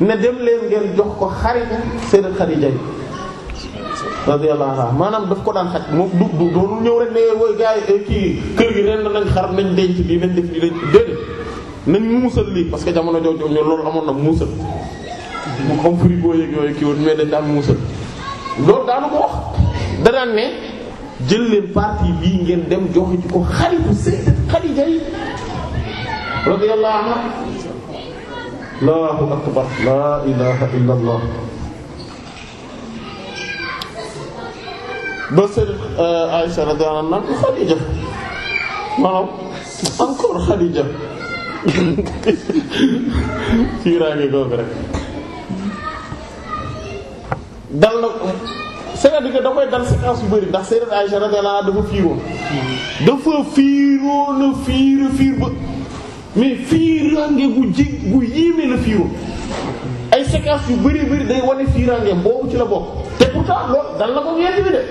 ne dem leen ngeen jox ko xaritu Sayyidat Khadija yi radiyallahu maanaam daf ko daan xaj moom ñëw rek ne eh, woy eh, kër gi ren nañ xar nañ denc lii nañ def lii nañ déedéet nañ lii parce que jamono jooju ñu amoon na muusal mu xam frigo yeeg yooyu kii woon mais dañ daan muusal loolu daanu bii ngeen dem joxe ko xaritu Sayyidat yi radiyallahu anha akbar la ilaha illa allah ba seen eh, Aïcha radiyallahu anha Xadija Xadija ciiraange googu rek dal na c'est-à-dire que da koy dal séquence yu bari ndax Sayyidat Aïcha radiyallahu anha dafa fiiroon mm-hmm. dafa fiiroon fiir fiir ba mais fiiraange gu jég bu yéeme la fiiroo ay séquences yu bari bari day wane fiiraangeem boobu ci la bokk te pourtant loolu dan la ko yent bi de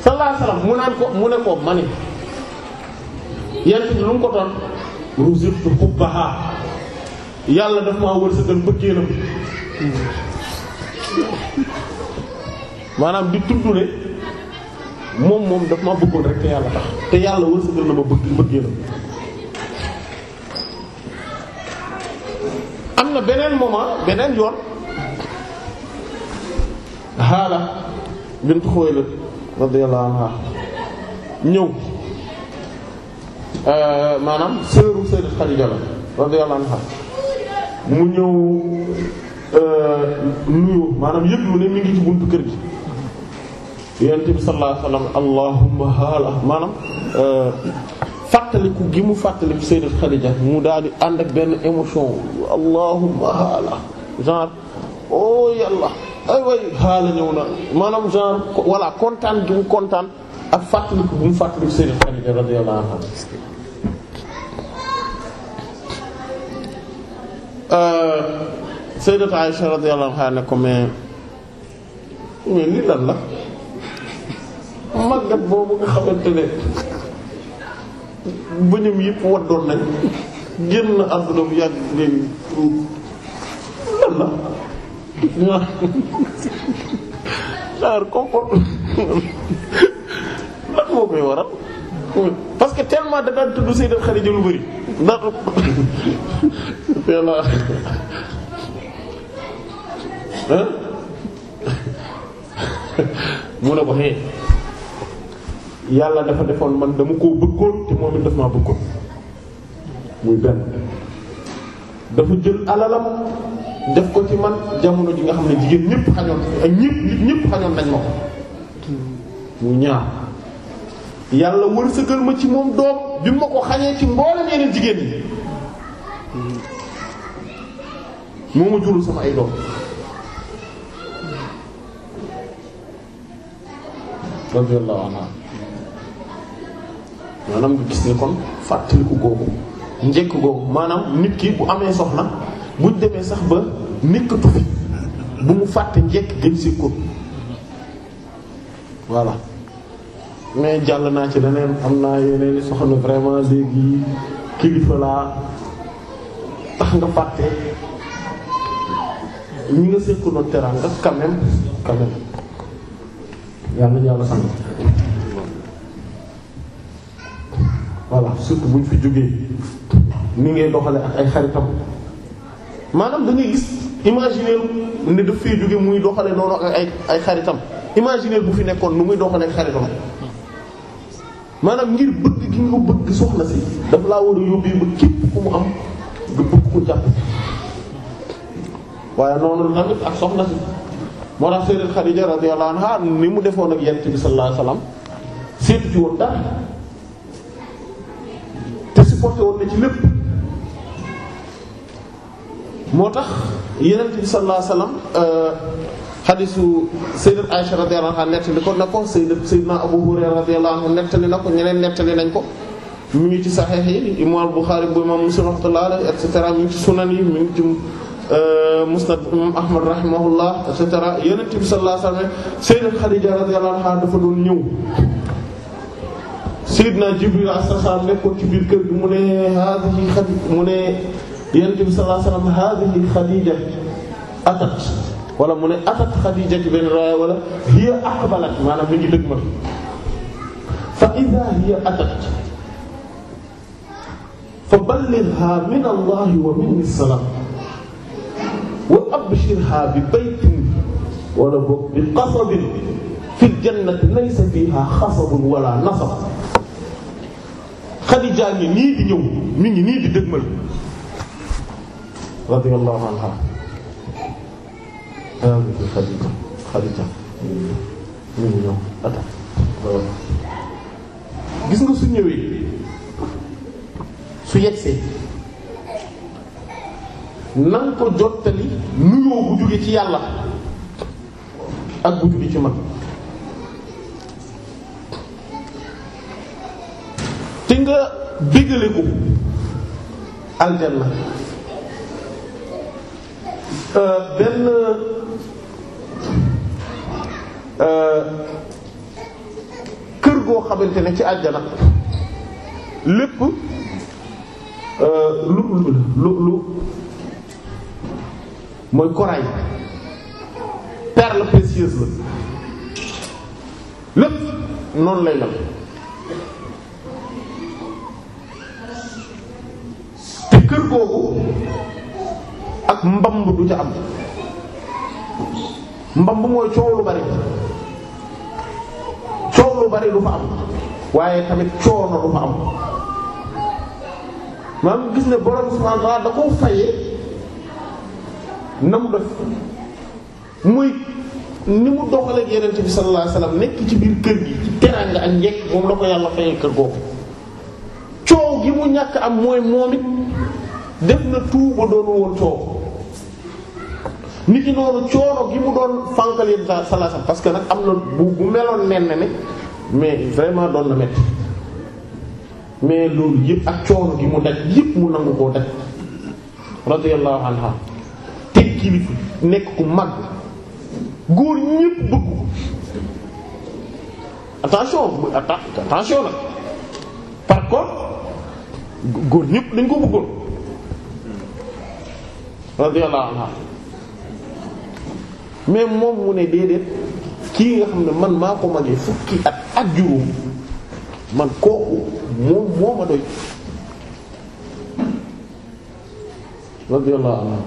sallallahu alayhi wasallam mu naan ko mu ne ko mani yent lu mu ko doon rusirtu xubbaha yàlla daf maa wërsëgal mbëggeelam maanaam di tudd ne moom moom daf ma bëggoon rek te yàlla tax te yàlla wërsëgal na ma bëgg mbëggeelam am na beneen moment beneen yoon Haala bint Xuwaylid radiyallahu anha ñëw euh, maanaam sœuru Sayyidat Khadija la radiyallahu anha mu ñëw euh, nuyu maanaam yëg lu ne mi ngi ci buntu kër gi Yonent bi sallallahu alayhi haala maanaam euh, fàttaliku gi mu fàttaliku Sayyidat Khadija mu daal di ànd ak benn émotion allahumma haala genre oh yàlla ay way xaala ñëw na maanaam genre voilà kontaan gi mu kontaan ak fàttaliku gi mu fàttaliku Sayyidat Khadija radiyallahu anha euh, Sayyidat Aisha radiyallahu anha ne ko mais mais lii lan la màggat boobu nga xamante ne bëñam yëpp waddoon nañ génn àdduna bu yàgg léegi lan la genre comportement lan moo koy waral parce que tellement da daan tudd Sayyidat Khadija lu bari ndax yàlla mu ne ko xëy yàlla dafa defoon man dama koo bëggoon te moom it daf maa bëggoon muy benn dafa jël alalam def ko ci man jamono ji nga xam ne jigéen ñëpp xañoon ak ñëpp nit ñëpp xañoon nañ ma ko muy ñaar yàlla wërsëgal ma ci moom doom bi ma ko xañee ci mboolem yeneen jigéen ñi moo ma jurul sama ay doom radiyallahu anha maanaam nga gis ni kon fàttaliku googu njëkk googu maanaam nit ki bu amee soxna bu demee sax ba nekkatu fi bu mu fàtte njëkk gën si ko voilà mais jàll naa ci leneen am naa yeneen soxna vraiment léegi kilifa laa tax nga fàtte ñi nga seqaloon teraanga quand même quand même yàlla yàlla sant. voilà surtout buñ fi jógee ni ngay doxale ak ay xaritam maanaam da gis imaginer ne daf fee jóge muy doxale noonu ak ay xaritam imaginer bu fi nekkoon nu muy doxale ak xaritam maanaam ngir bëgg gi nga bëgg soxna si daf laa war a yóbbee ba képp ku mu am nga bëgg ko jàpp si moo tax Sayyidat Khadija radiyallahu anha ni mu defoon ak Yonent bi sallallahu alayhi wasallam seetu ci woon dara exporté woon na ci lépp moo tax yenent bi sallallahu alayhi wasallam euh, xadisu sayyidat Aisha radiyallahu anha nettali ko na ko sayyidat sayyidna Abu Hurayra radiyallahu anhu nettali na ko ñeneen nettali nañ ko mu ngi ci saxiix yi imam Bukhari bu imam Muslim rahmatullah alayhi et cetera mu ngi ci sunan yi mu ngi ci euh, musnad imam Ahmad rahimahullah et cetera yenent bi sallallahu alayhi wasallam sayyidat Khadija radiyallahu anha dafa doon ñëw Seydina Jibril alayhi salaam nekkoon ci biir kër gi mu ne haadihi Khadija mu ne yonent bi sallallahu alayhi wasallam haadihi Khadija atat wala mu ne atat Khadija ci benn riwaaya wala hiya aqbalat maanaam mi ngi dëgg ma fa idha hiya atat fa balligha min Allah wa minni salaam wa abshirha bi baytin wala boog bi qasabin fi jannati laysa fiha xasabun wala nasab Xadija ngi nii di ñëw mi ngi nii di dëgmal radiyallahu anha Xadija Xadija mi ngi ñëw ata gis nga su ñëwee su yegsee nan ko jottali nuyoo bu jóge ci yàlla ak bu jóge ci mag te nga bégale ko aljanna euh, benn euh, kër goo xamante ne ci àjjana lépp euh, lu lu lu lu mooy corail perle précieuse la lépp noonu lay mel kër googu ak mbamb du ca am mbamb mooy coow lu bari coow lu bari du fa am waaye tamit coono du fa am maanaam gis ne borom subhaanahu wa ta'aala da koo fayee na mu def muy ni mu doxalee ak bi sallallahu alayhi nekk ci biir kër gi ci teraanga ak njekk moom la ko yàlla fayee kër googu coow gi mu ñàkk am mooy moom it def na tout ba doon woon coow nit ki noonu coono gi mu doon fànqal yéen salaasam parce que nag am na bu bu meloon nen mais vraiment doon mais loolu yëpp ak gi mu yëpp mu koo daj radiyallahu anha teg kilifa nekk ku mag góor ñëpp bëgg ko attention attention nag par contre góor ñëpp dañ ko bëggoon. radiyallahu anha mais moom mu ne déedéet kii nga xam ne man maa ko magee fukki at ak juróom man kooku moom moo ma doy radiyallahu anha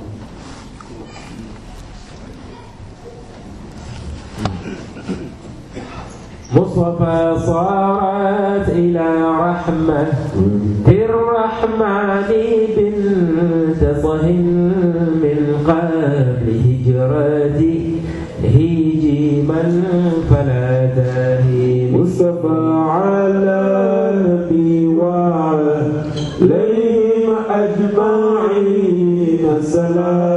مصطفى صارت إلى رحمة للرحمن بنت صه من قبل هجرتي هيجي من فلا داهي مصطفى على النبي وعليهم أجمعين السلام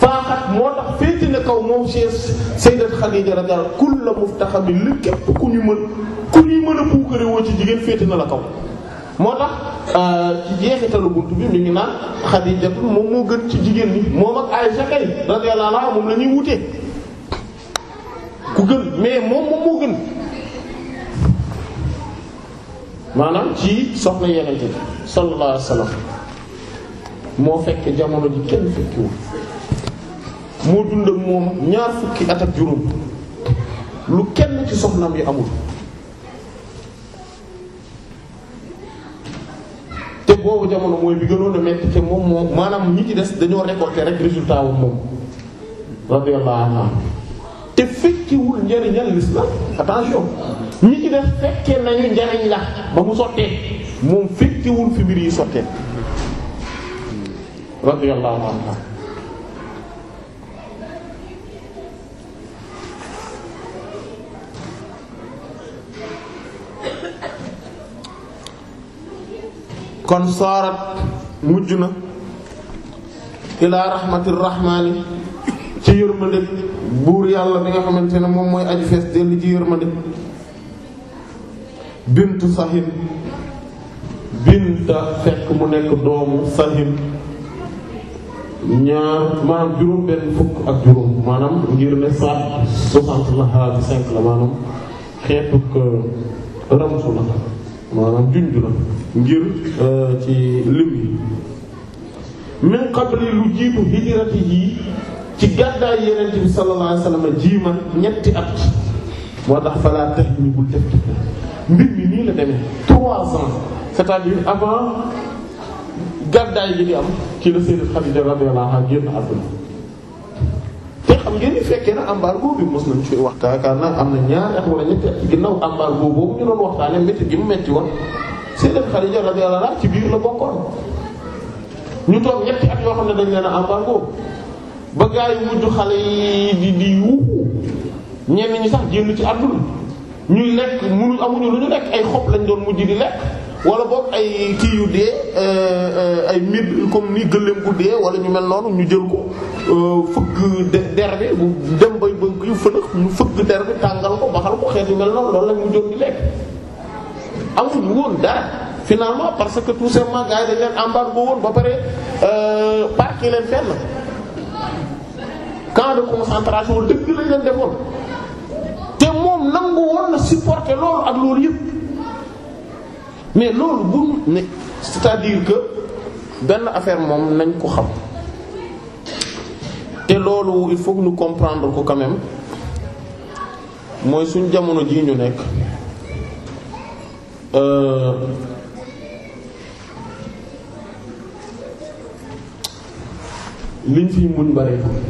faaxat moo tax féete na kaw moom Cheikh Sayyidat Khadija radiyallahu kul la muftaxa bi li képp ku ñu mën ku ñu mën a puukare woo ci jigéen féete na la kaw. moo tax euh, ci jeexitalu buntu bi mi ngi naan Khadijatu moom moo gën ci jigéen ñi moom ak Aïcha kay radiyallahu anha moom la ñuy wute ku gën mais moom moom moo gën maanaam ci soxna yeneen bi sallallahu alayhi wasallam moo fekk jamono di kenn fekkiwul moo dund ak moom ñaar fukki at ak juróom lu kenn ci soxnaam yi amul te boobu jamono mooy bi gënoon a metti te moom moom maanaam ñi ci des dañoo récolter rek résultat wu moom radiyallahu anha te fekkiwul njariñal l'islam attention ñi ci des fekkee nañu njariñ la ba mu sottee moom fekkiwul fi mbir yi sottee kon saarat mujj na ilaa rahmatir rahmaani ci yërmande buur yàlla bi nga xamante ne moom mooy aji fees dell ci yërmande bintu sahin binta fekk mu nekk doomu sahin ñaar maanaam juróom benn fukk ak juróom maanaam ngir ne saat soixante la xaasi cinq la maanaam xeetu ramsu la maanaam junj la ngir euh, ci lim yi min qabli lu jiitu hijrati yi ci gàddaay yeneen bi sallallahu alayhi wasallam jiiman ñetti at moo tax fala tax ñu bul def mbir mi nii la demee trois ans c'est-à-dire gàddaay gi di am ci la Sayyidat Khadija radiyallahu génn àdduna te xam ngeen ni fekkee na embargo nañ ci waxtaan kaan am na ñaari at wala boobu ñu doon waxtaanee métti gi mu métti woon Sayyidat Khadija radiyallahu ci biir la bokkoon ñu toog ñetti at yoo xam ne dañ leen a embargo ba gaa yi mujj xale yi di di yuuxu ñenn ñi sax génn ci àdduna ñuy lekk munu amuñu lu ñu lekk ay xob lañ doon mujj di lekk. wala boog ay kii yu dee euh, euh, ay mbir comme ni gëléem gu dee wala ñu mel noonu ñu jël ko euh, fëgg der bi dem ba yu fënax ñu fëgg der bi tàngal ko baxal ko xeet yu mel noonu loolu la ñu jot di lekk amuñu woon dara finalement parce que tout simplement gars yi dañ leen woon ba pare parqué leen fenn camp de concentration dëgg lañ leen defoon te moom nangu woon na supporter loolu ak loolu yëpp mais loolu bu ne cest à que benn affaire moom nañ ko xam te loolu il faut que ñu comprendre ko quand mooy suñ jamono jii ñu nekk liñ fi mun bareetul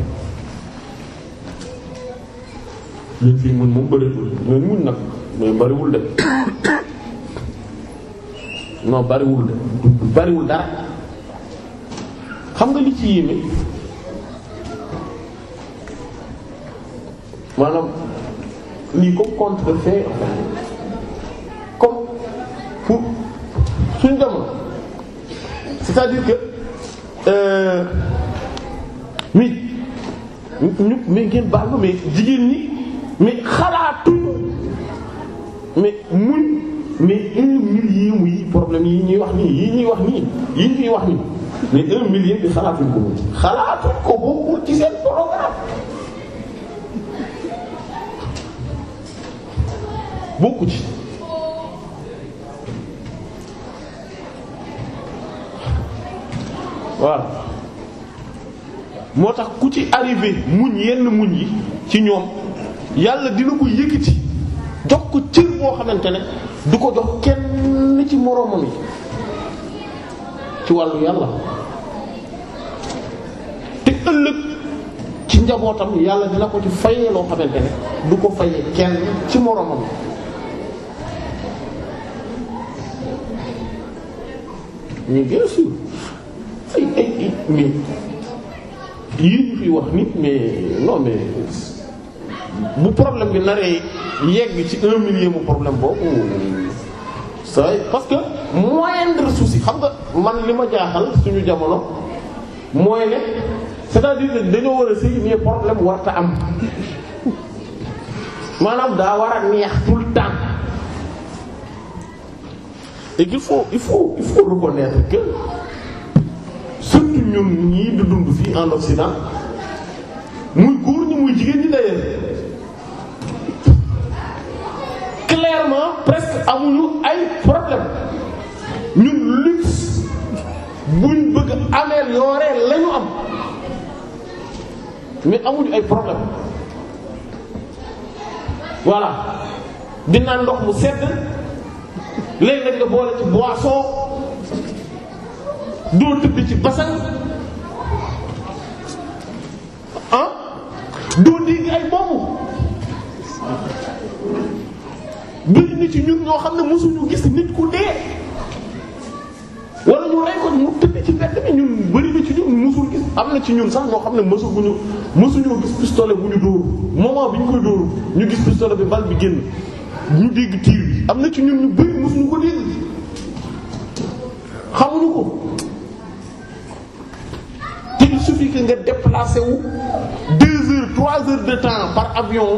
liñ fiy mun moom bareetul ñooñu mun nag mais bariwul de. non bariwul de bariwul dara xam nga li ci yéeme maanaam lii comme contrefait comme pour suñ jamono c'est-à-dire que euh, mais ñu mais ngeen ma mais jigéen ñi mais xalaatuñ mais muñ mais un million yi problème yi ñuy wax nii yi ñuy wax nii yi ñuy wax nii mais un million bi xalaatuñ ko woon xalaatuñ ci seen programme bokku ci waaw moo tax ku ci arrivé muñ yenn muñ yi ci ñoom yàlla dina ko yëkkati jox ko cër moo xamante ne du ko jox kenn ci moroomam yi ci wàllu yàlla te ëllëg ci njabootam yàlla dina ko ci fayee loo xamante ne du ko fayee kenn ci moroomam mais bien sûr ay ay mais yii ñu fi wax nit mais non mais bu problème bi naree yegg ci un million mu problème boobu sa parce que moindre souci xam nga man li ma jaaxal suñu jamono mooy ne c'est-à-dire dañoo war a sëy mais problème warta am maanaam daa war a neex tout le temps et il faut il faut il faut reconnaître que surtout ñun ñii di dund fii en Occident muy góor ñi muy jigéen ñi d'ailleurs clairement presque amuñu ay problème ñun luxe buñ bëgg améliorer lañu am mais amuñu ay problème voilà di naan ndox mu sedd léeg-léeg nga boole ci boisson doo tëdd ci basan ah doo dégg ay bomb bëri na ci ñun ñoo xam ne mosuñu gis nit ku dee wala ñu rey ko mu tëdd ci mbedd bi ñun bëri na ci ñun mosul gis am na ci ñun sax ñoo xam ne mosuñu mosuñoo gis pistolet bu ñu dóor moment bi ñu koy dóor ñu gis pistolet bi bal bi génn ñu dégg tiir am na ci ñun ñu bëri mosuñu ko dégg xamuñu ko. il suffit que nga déplacé wu deux heures trois heures de temps par avion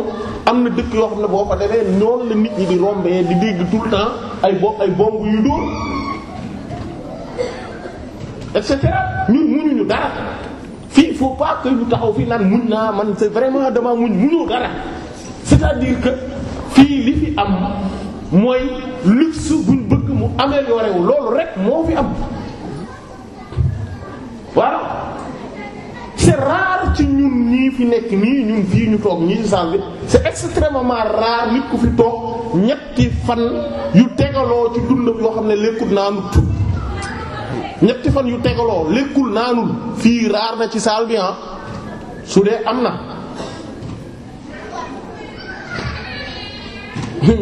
am na dëkk yoo xam ne boo fa demee noonu la nit ñi di rombee di dégg tout le temps ay bo ay bomb yu dóor et cetera ñun ñu dara fii il faut pas que taxaw fii naan muñ naa man c'est vraiment dama ñu muñoo dara c'est-à-dire que fii li fi am mooy luxe buñ bëgg mu amélioré wu loolu rek moo fi am voilà c'est rare ci ñun ñii fi nekk nii ñun fii ñu toog ñii ci salle bi c'est extrêmement rare nit ku fi toog ñetti fan yu tegaloo ci dundam yoo xam ne lekkul naanut ñetti fan yu tegaloo lekkul naanu fii raar na ci salle bi ah su dee am na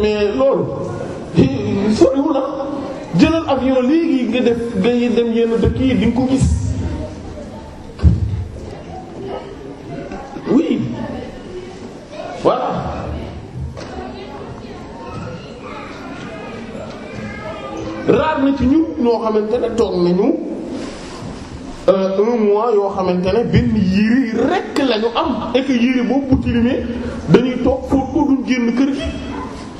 mais loolu soriwul na ah. jëlal avion léegi nga def nga dem yenn dëkk yi di ko gis oui voilà raar na ci ñun ñoo xamante ne toog nañu euh, un yoo xamante ne benn yére rekk lañu am et que yére boobu bu tilimee dañuy toog pour duñ génn kër gi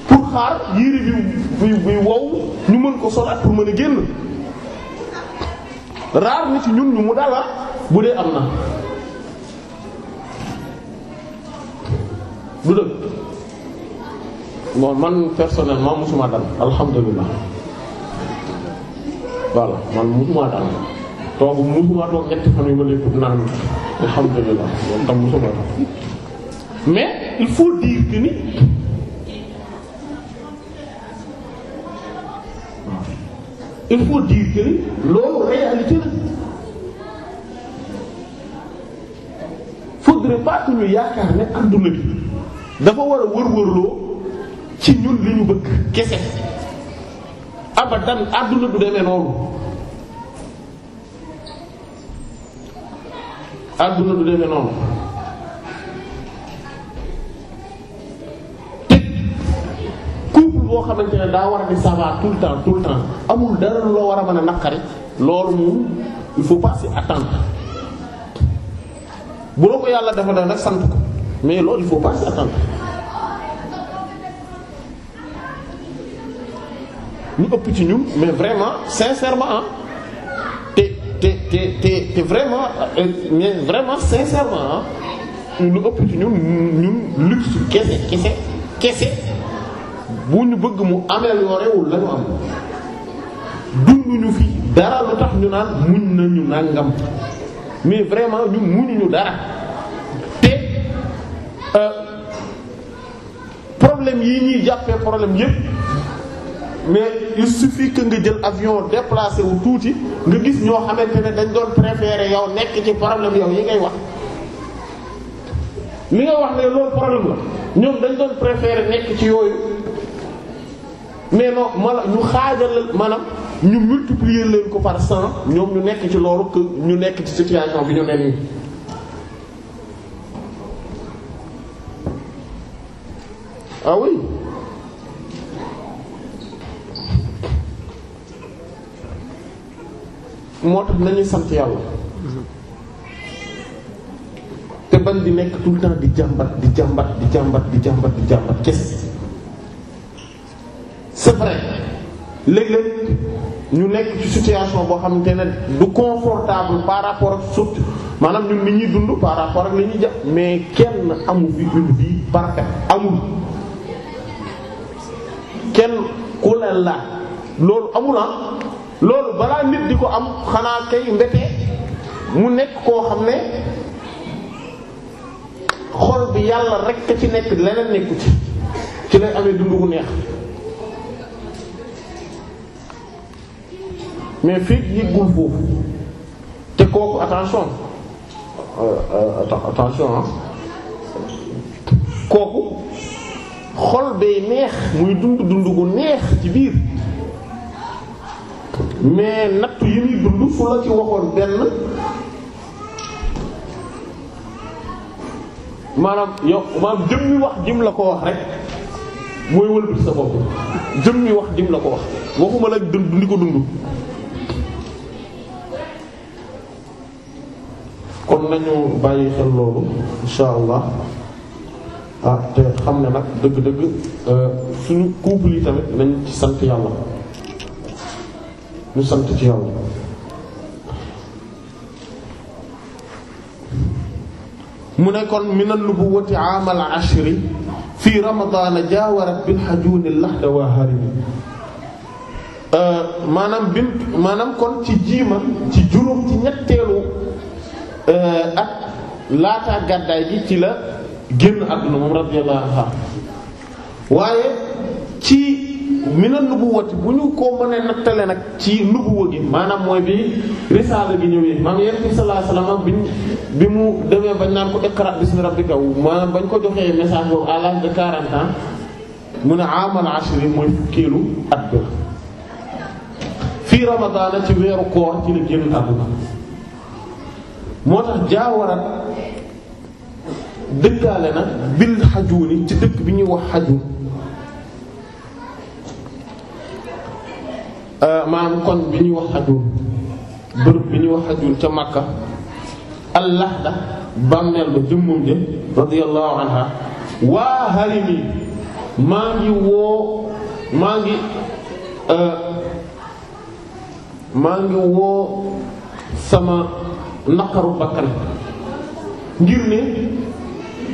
pour xaar yére bi bi bi wow ñu mën ko solaat pour mën a génn raar na ci ñun ñu mu dala ah, bu dee am na lu dëgg bon man personnellement mosuma dal alhamdulilah voilà man mosuma dal toog mosuma toog ñetti fan yu ma lépp naan alhamdulilah loolu mais il faut dire que ni loolu réalité la faudrait pas que yaakaar ne àdduna bi dafa war a wër-wërloo ci ñun li ñu bëgg gese abadan àdduna du demee noonu àdduna du demee noonu te couple boo xamante ne daa war a di savoir tout le temps tout le temps amul dara loo war a mën a naqari loolu moom il faut pas s'y bu la ko yàlla dafa def rek sant ko mais loolu il faut pas s'y attendre ñu ëpp ci ñun mais vraiment sincèrement ah te te te te te vraiment euh, mais vraiment sincèrement ah lu ëpp ci ñun ñun luxe kese kese kese bu ñu bëgg mu amélioré wul la ñu am fi dara lu tax ñu naan muñ nañu nangam mais vraiment ñun muñuñu dara. Euh, problème yi ñuy jàppee problème yépp mais il suffit que nga jël avion déplacé wu tuuti nga gis ñoo xamante ne dañ doon préférer yow nekk ci problème yow yi ngay wax li nga wax ne loolu problème la ñoom dañ doon préférer nekk ci yooyu mais ma mala ñu xaajalal maanaam ñu multiplier leen ko par cent ñoom ñu nekk ci loolu que ñu nekk ci situation bi ñu ne nii ah oui moo tax nañu sant yàlla te ban di nekk tout le temps di jàmbat di jàmbat di jàmbat di jàmbat di jàmbat kes c'est vrai léeg ñu nekk ci situation boo xamante ne du confortable par rapport ak surtout maanaam ñun li ñuy dund par rapport ak li ñuy jàpp mais kenn amul bi une vie parfaite amul kenn ku ne la loolu amul ah. loolu balaa nit di ko am xanaa kay mbete mu nekk koo xam ne xol bi yàlla rek ci nekk leneen nekku ci ci lay amee dundu gu neex mais fii yëggul foofu te kooku attention euh, euh, attention ah. kooku xol bay neex muy dund dund ko neex ci biir mais natt yi muy dund fu la ci waxoon benn maanaam yow maanaam jëmmi wax jëm la ko wax rek mooy wëlbati sa bopp jëmmi wax jëm la ko wax waxuma la dund li ko dund kon nañu bàyyi xel loolu insha allah ah te xam ne nag dëgg-dëgg euh, suñu couple yi tamit nañ ci sant yàlla ñu sant ci yàlla mu ne kon min an-nubuwwati aam al-ashri fii ramadaan jaawarat bil hajuun al-lahd wa harim euh, maanaam bi maanaam kon ci jiima ci juróom ci ñetteelu euh, ak laata gàddaay gi ci la génn àdduna moom radiyallahu anha waaye ci mina nubuwati bu ñu ko mënee nattale nag ci nubuwa gi maanaam mooy bi risaala gi ñëwee maanaam yonent bi sallallahu alayhi wasallam bi mu demee bañ naan ko iqra bismi rabbika maanaam bañ ko joxee message boobu à l'âge de mu ne amal ashri mooy fukkeelu at fii ramadaana ci weeru koor ci la génn àdduna moo tax jaawarat dëkkaale na bil xajuuni ci dëkk bi ñuy wax xajuun euh, maanaam kon bi ñuy wax xajuun bërëb bi ñuy wax xajuun ca Makka allaxda bàmmeel ba jëmmum jë radiyallahu anha waa harimi maa ngi woo maa ngi euh, maa ngi woo sama naqaru bakkan ngir ne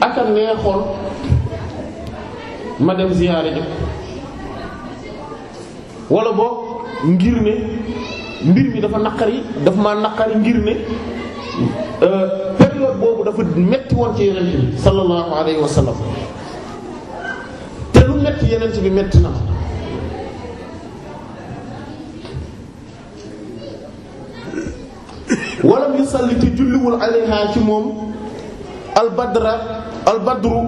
aka neexoon ma dem ziyaare ji wala boog ngir ne mbir mi dafa naqari dafa ma naqari ngir ne euh, période boobu dafa metti woon ci yenent bi sallallahu alayhi wa sallam te lu metti yenent bi metti na walam yusalli te julliwul alayha ci moom albadra albadru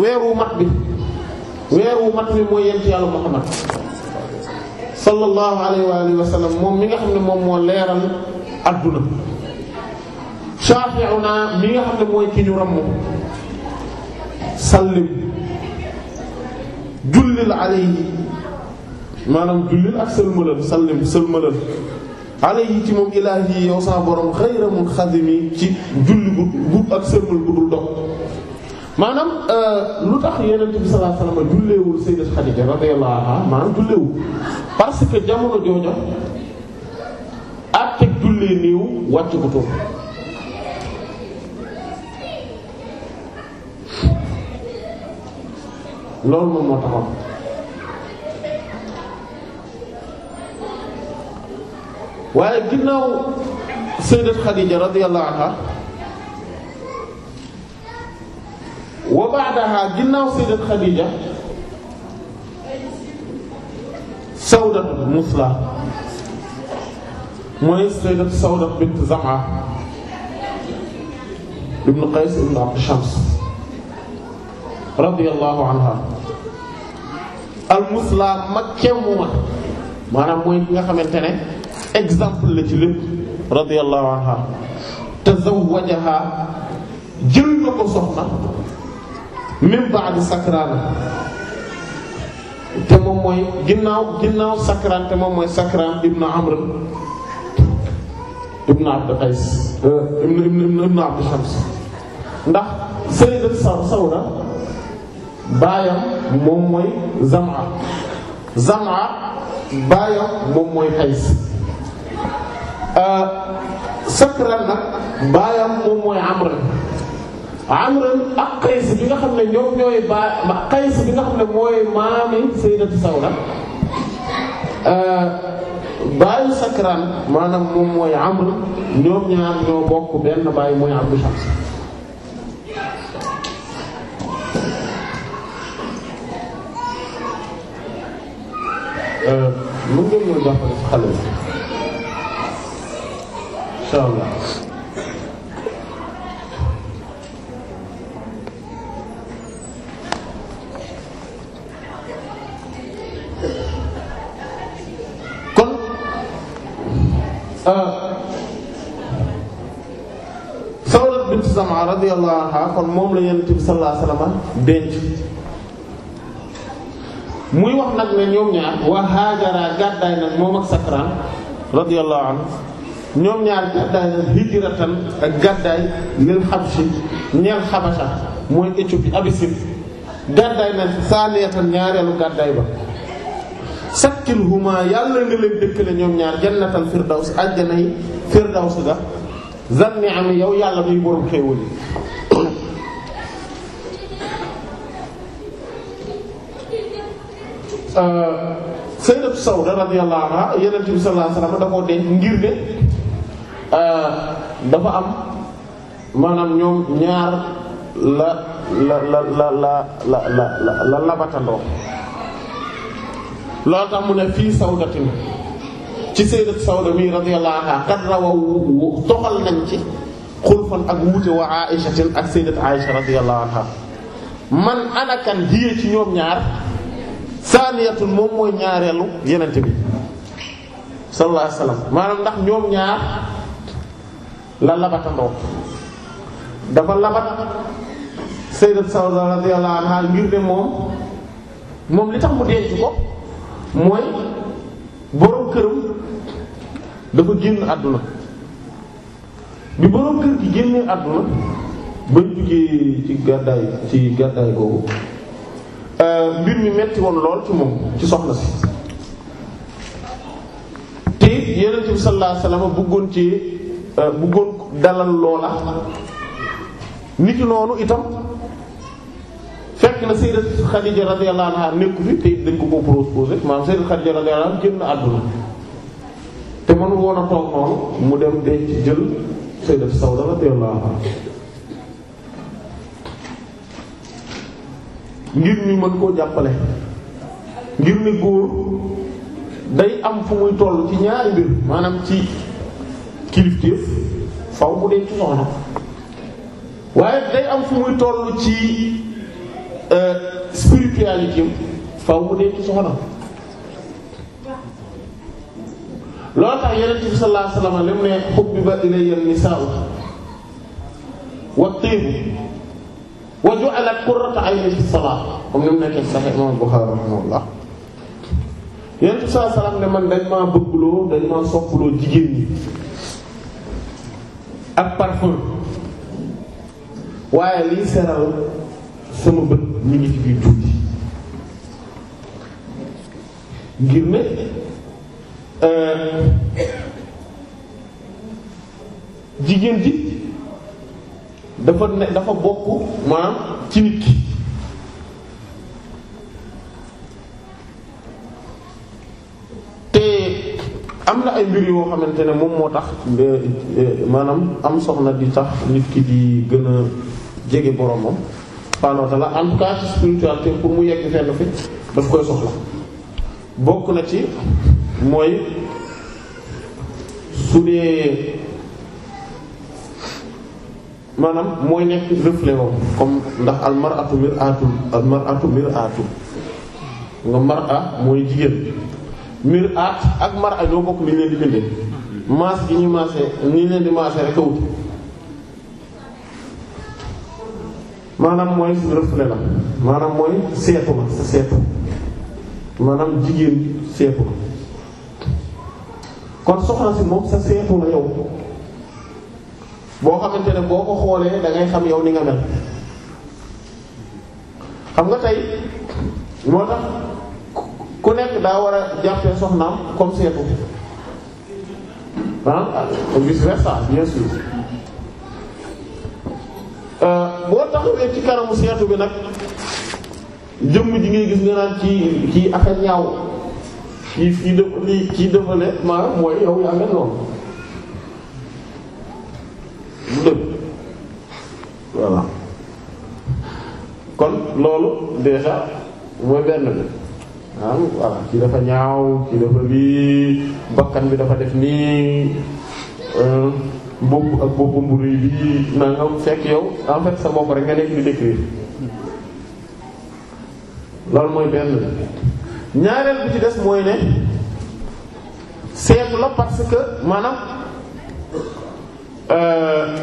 weeru mat bi weeru mat bi mooy yent yàlla muhammad sallallahu alayhi wa alihi wa sallam moom mi nga xam ne moom moo leeral adduna shafi'una mi nga xam ne mooy ki ñu ramm sallim jullil alayhi maanaam jullil ak sëlmalal sallim sëlmalal alayhi ci moom ilaahi yow sa borom xayra munxazimi ci julli gu gu ak sërmal gu dul dog maanaam euh, lu tax yeneen bi sallallahu alayhi wasallam julleewul sayyidat Xadiija radiyallahu anha maanaam julleewul parce que jamono jooja àtteeg jullee néew wàcc ko tóor loolu moom moo taxoon. waaye ginnaaw sayyidat Khadija radiyallahu anha wa ba'daha ginnaaw sayyidat Khadija Sawdatu Musla mooy sayyidat Sawda bint Zam'a ibn Qays ibn Abd Shams radiyallahu anha al Musla makkee mu ma maanaam mooy nga xamante ne exemple la ci lépp radiyallahu anha tazawwajaha jël na ko soxna min ba'di sakraan te moom mooy ginnaaw ginnaaw sakraan te moom mooy sakraan ibnu amr ibnu abd qais eh, ibnu ibnu ibnu abd shams ndax sayyidat sawda baayam moom mooy zam'a zam'a baayam moom mooy qais Euh, Sakran nag baayam moom mooy Amran Amran ak Qays bi nga xam ne ñoom ñooy ba Qays bi nga xam ne mooy maami Sayyidatu Sawda euh, baayu Sakran maanaam moom mooy Amr ñoom ñaar ñoo bokk benn baay mooy Abdu Shams euh, mën ngeen ñëw jàppale si xale incha allah. kon ah, Sawda bint Zamaa radiyallahu anha kon moom la Yonent bi sallallahu alayhi wa muy wax nag ne ñoom ñaar waa Haajara gàddaay nag moom ak Sakraan radiyallahu anhu ñoom ñaar gàddaay na hijratan ak gàddaay lil Habshi ñeel Habasha mooy Éthiopie Abyssinie gàddaay na saaniyatan ñaareelu gàddaay ba sakkilhuma yàlla nga leen dëkkale ñoom ñaar jannatal firdaws àjjana yi firdaws ga zan ni'am yow yàlla muy borom xéewal yi euh, sayyidatu Sawda radiyallahu anha yonent bi sallallahu alayhi ngir ne dafa am maanaam ñoom ñaar la la la la la labatandoo loolu tax mu ne fii sawdatin ci sayyidat sawda mi radiyallahu anha kat rawaw toxal nañ ci xulfan ak wuute wa aïchatin ak sayyidat aïcha radiyallahu anha man anakan hiye ci ñoom ñaar saaniyatun moom mooy ñaareelu yenente bi sallallahu alayhi wasallam maanaam ndax ñoom ñaar la labatandoo dafa labat sayyidat Sawda radiyallahu anha ngir ne moom moom li tax mu denc ko mooy boroom këram dafa génn àdduna bi boroom kër gi génnee àdduna bañ jugee ci gàddaay ci gàddaay googu euh, mbir mi metti woon lool ci moom ci soxna si te yonent bi sallallahu alayhi ci Euh, bëggoon dalal loola niki noonu itam fekk na sayyidat Khadija radiyallahu anha nekku fi te dañ ko ko proposé maanaam sayyidat Khadija radiyallahu génn àdduna te mënu woon a noonu mu dem denc jël sayyidat Sawda radiyallahu anha ngir ñu mën koo jàppale ngir ni góor day am fu muy toll ci ñaari mbir maanaam ci kilifteef faw bu dee ci soxna waaye day am fu muy toll ci euh, spiritualité faw bu dee ci soxna loolu tax yeneen bi sallallahu alayhi wasallam lim ne hubbiba ilayya an-nisaa'u wat-tiibu wa ju'ilat qurratu mu nekkee Sahih Imam Bukhari rahimahullah yeneen bi sallallahu alayhi man dañ maa bëggloo dañ maa soppaloo jigéen ñi ak parfum waaye liy seral sama bët ñu ngi ci biir julli ngir ne euh, jigéen ji dafa ne dafa bokk maanaam ci nit ki am na ay mbir yoo xamante ne moom moo tax nga eh, maanaam am soxna di tax nit ki di gën a jege boromam subhaanahu wa la en tout cas ci spiritualité pour mu yegg fenn fi daf koy soxla bokk na ci mooy su dee maanaam mooy nekk reflet wam comme ndax al mar'atu mir'atu al mar'atu mir'atu nga mar'a mooy jigéen mir aat ak mar a ñoo bokk li ñu leen di bindee maas gi ñuy maasee ni leen di maasee rek a wut maanaam mooy reflet la maanaam mooy seetu la sa seetu maanaam jigéen seetu la kon soxna si moom sa seetu la yow boo xamante ne boo ko xoolee da xam yow ni nga mel xam nga tey moo tax ku nekk daa war a jàppee soxnaam comme ah, euh, seetu bi nag jëmm ji ngay gis nga naan kii kii affaire ñaaw kii fii def lii kii mooy yow yaa mel noonu bu dëgg voilà kon loolu déjà mooy benn bi ah voilà kii dafa ñaaw kii dafa lii bakkan bi dafa def nii euh, bopp ak boppu mburu yi bii na fekk yow en fait sa bopp rek nga nekk di décrire loolu mooy benn ñaareel bi ci des mooy ne seetu la parce que maanaam. Euh,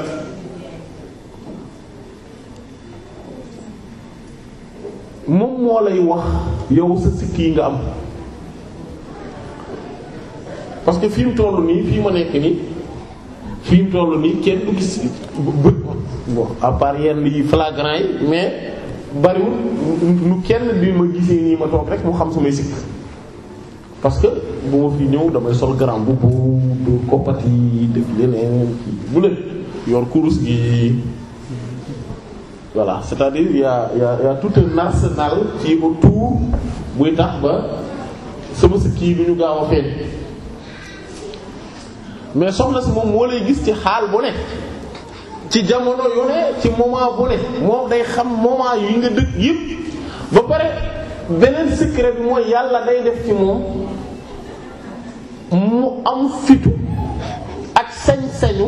moom moo lay wax yow sa sikk yi nga am parce que fi mu toll nii fii ma nekk nii fi mu toll nii kenn du gis bët bon à part yenn yi flagrant yi mais bariwul nu kenn bi ma gisee nii ma toog rek mu xam samay sikk parce que bu ma fi ñëw damay sol grand bu bu koppat yi leneen bu leen yor kurus gi voilà c'est-à-dire il y a il y a il y a buy tax ba sama sikk yi du ñu gaaw a feeñ mais soxna si moom moo lay gis ci xaal bu ne ci jamono yu ne ci moment bu ne moom day xam moment yi nga dëkk yëpp ba pare beneen secret mooy yàlla day def ci moom mu am fitu ak sañ-sañu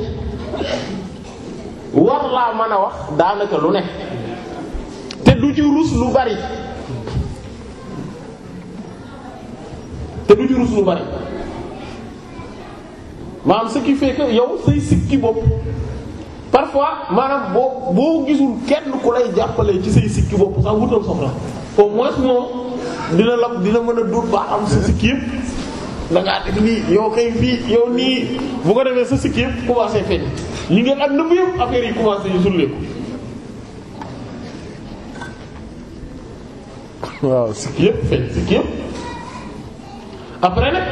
war laa mën a wax daanaka lu ne te du ci rus lu bari te du ci lu bari maanaam ce qui yow say sikki bopp parfois maanaam boo boo gisul kenn ku lay jàppale ci say sikki bopp sax wutal soxla au moins moom dina la dina mën a dut baax am sa sikki yëpp def nii yow kay fii yow nii bu ko defee sa sikki yëpp commencé feeñ ñi ngeen na nëbb yëpp affaire yi commencé ñu sulleeku waaw sikk yëpp feeñ sikk yëpp après nag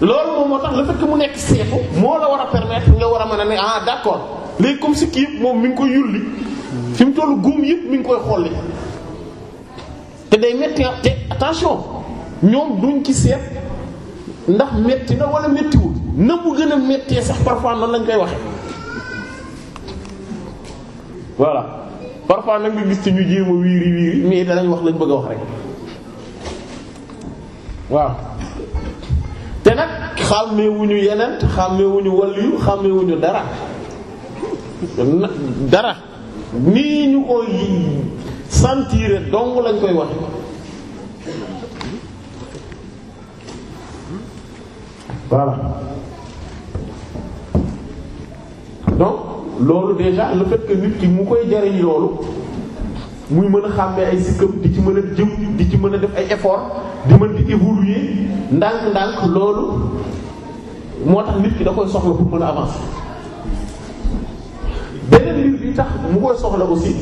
loolu moom moo tax le fait mu nekk seetu moo la war a permettre nga war a mën a ne ah d'accord léegi comme sikk yëpp moom mi ngi koy yulli fi mu tollu góom yëpp mi ngi koy xolli te day metti te attention ñoom duñ ci seet ndax metti na wala mettiwul na mu gën a mettee sax parfois noonu lañ koy waxe voilà parfois nag nga gis ci ñu jéem a wiiri wiiri mais danañ wax lañ bëgg a wax rek waaw te nag xàmmewuñu yeneen xàmmewuñu waliyu xàmmewuñu dara dara nii ñu koy sentir dong lañ koy wax voilà donc loolu déjà lu fait que nit ki mu koy jariñ loolu muy mën a xàmmee ay sikkam di ci mën a jëm di ci mën a def ay effort di mën di yi ndànk-ndànk loolu moo tax nit ki da koy soxla pour mën a avancer beneen mbir bi tax mu koy soxla aussi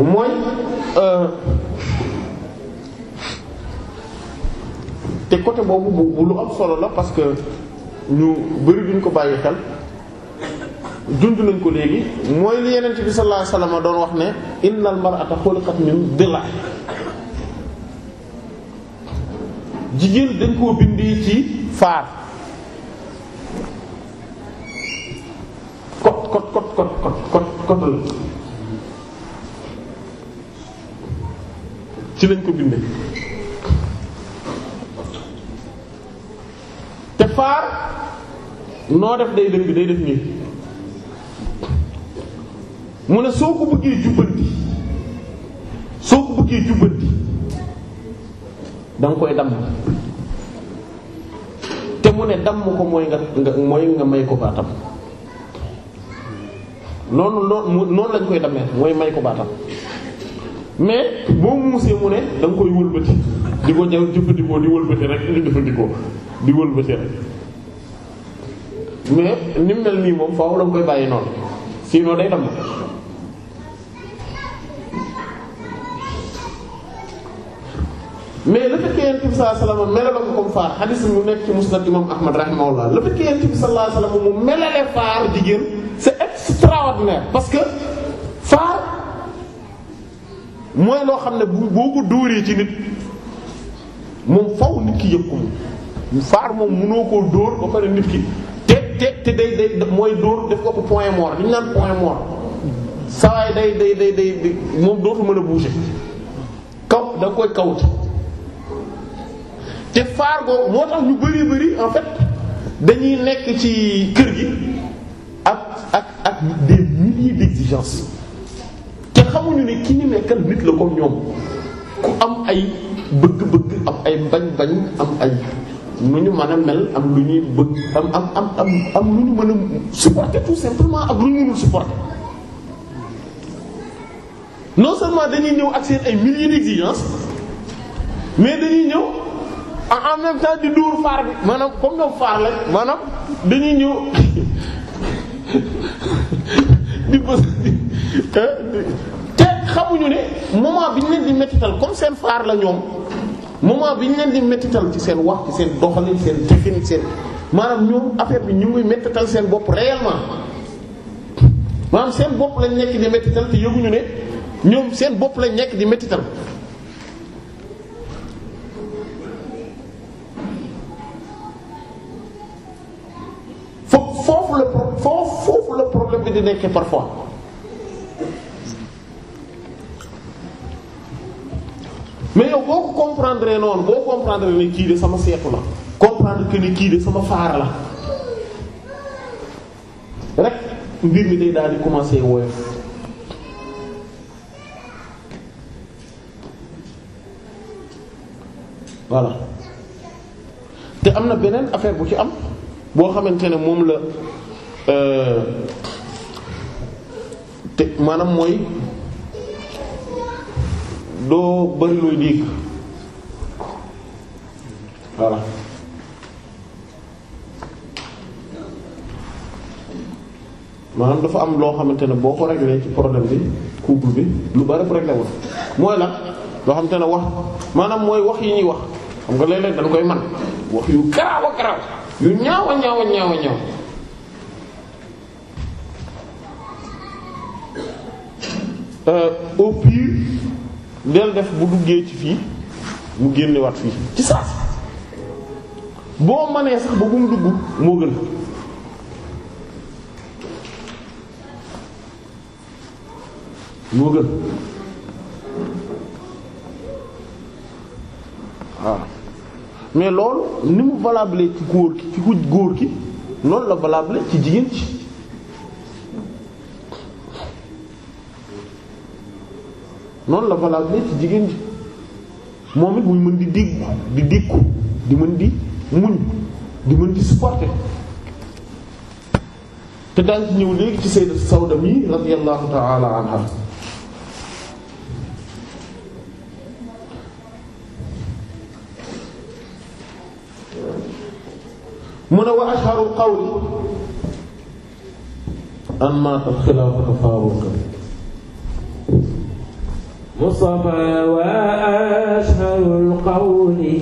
mooy euh, te côté boobu bu lu am solo la parce que ñu bari duñ ko bàyyi xel junj nañ ko léegi mooy li yeneen bi sallallahu alayhi wasallam doon wax ne innal mar'ata xuliqat min dila jigéen dañ koo bindee ci faar kot kot kot kot kot la ci lañ ko bind te faar noo def day dëgg day def nii mu ne soo ko bëggee jubbanti soo ko bëggee jubbanti da nga koy damm te mu ne damm ko mooy nga nga mooy nga may ko baatam noonu noonu noonu lañ koy dammee mooy may ko baatam mais boo musee mu ne da nga koy wëlbati di ko jaw jëfandikoo di wëlbati rek di jëfandikoo di wëlbati rek mais ni mu mel nii moom faaw da koy bàyyi noonu sinon day damm. yonent bi sallallahu alayhi wasallam melale ko comme faar xadis mu nekk ci musnad imam ahmad rahimahullah le fait que yonent bi sallallahu alayhi wasallam mu melale faar jigéen c'est extraordinaire parce que faar mooy loo xam ne bu boo ko moom faw nit ki moom mënoo koo dóor ba pare nit ki te te te day day mooy dóor def ko ko point mort li naan point mort sawaay day day day moom dootu mën a bouger kaw da koy kawut te faar googu moo tax ñu bari bari en fait dañuy nekk ci kër gi ak ak ak des milliers d'exigences te xamuñu ne ki ñu nekkal nit la comme ñoom ku am ay bëgg-bëgg am ay bañ-bañ am ay nu ñu mën a mel am lu ñuy bëgg am am am am lu ñu mën a supporter tout simplement ak lu ñu mënul supporter non seulement dañuy ñëw ak seen ay milliers d'exigences mais dañuy ñëw. Ah, en même temps di dóor faar bi maanaam comme ñoom faar lañ maanaam dañuy ñëw di bës te xamuñu ne moment bi ñu leen di mettital comme seen faar la ñoom moment bi ñu leen di mettital ci seen wax ci seen doxalin seen jëfin seen maanaam ñoom affaire bi ñu ngi mettital seen bopp réellement maanaam seen bopp lañ nekk di mettital te yëguñu ne ñoom seen bopp lañ nekk di mettital foofu la foofu foofu problème bi di nekkee parfois mais yow boo ko noonu boo comprendre ne kii de sama seetu la comprendre que ne kii de sama faar la rek mbir mi day daal di commencer woyof voilà te am na beneen affaire bu ci am boo xamante ne moom la euh, te maanaam mooy doo bari looy dégg voilà maanaam dafa am loo xamante ne boo ko réglé ci problème bi couple bi lu bari réglé wul mooy la loo xamante ne wax maanaam mooy wax yi ñuy wax xam nga léeg-léeg dañ koy man wax yu garaaw a garaaw yu ñaaw a ñaaw a ñaaw euh, def bu duggee ci fii mu génnewaat fii ci saas boo mënee sax ba dugg moo gën moo gën waaw ah. mais loolu ni mu valable ci góor ki ci ku góor gi noonu la valable ci jigéen ci noonu la valable ci jigéen ji moom it muy mën di dégg di dékku di mën di muñ di mën di supporter te daan ci ñëw léegi ci sayyidat Sawda mi radiyallahu ta'ala anha mu ne wa ashharul qawli an maata xilaafatu Faaruq Mustafa wa ashharul qawli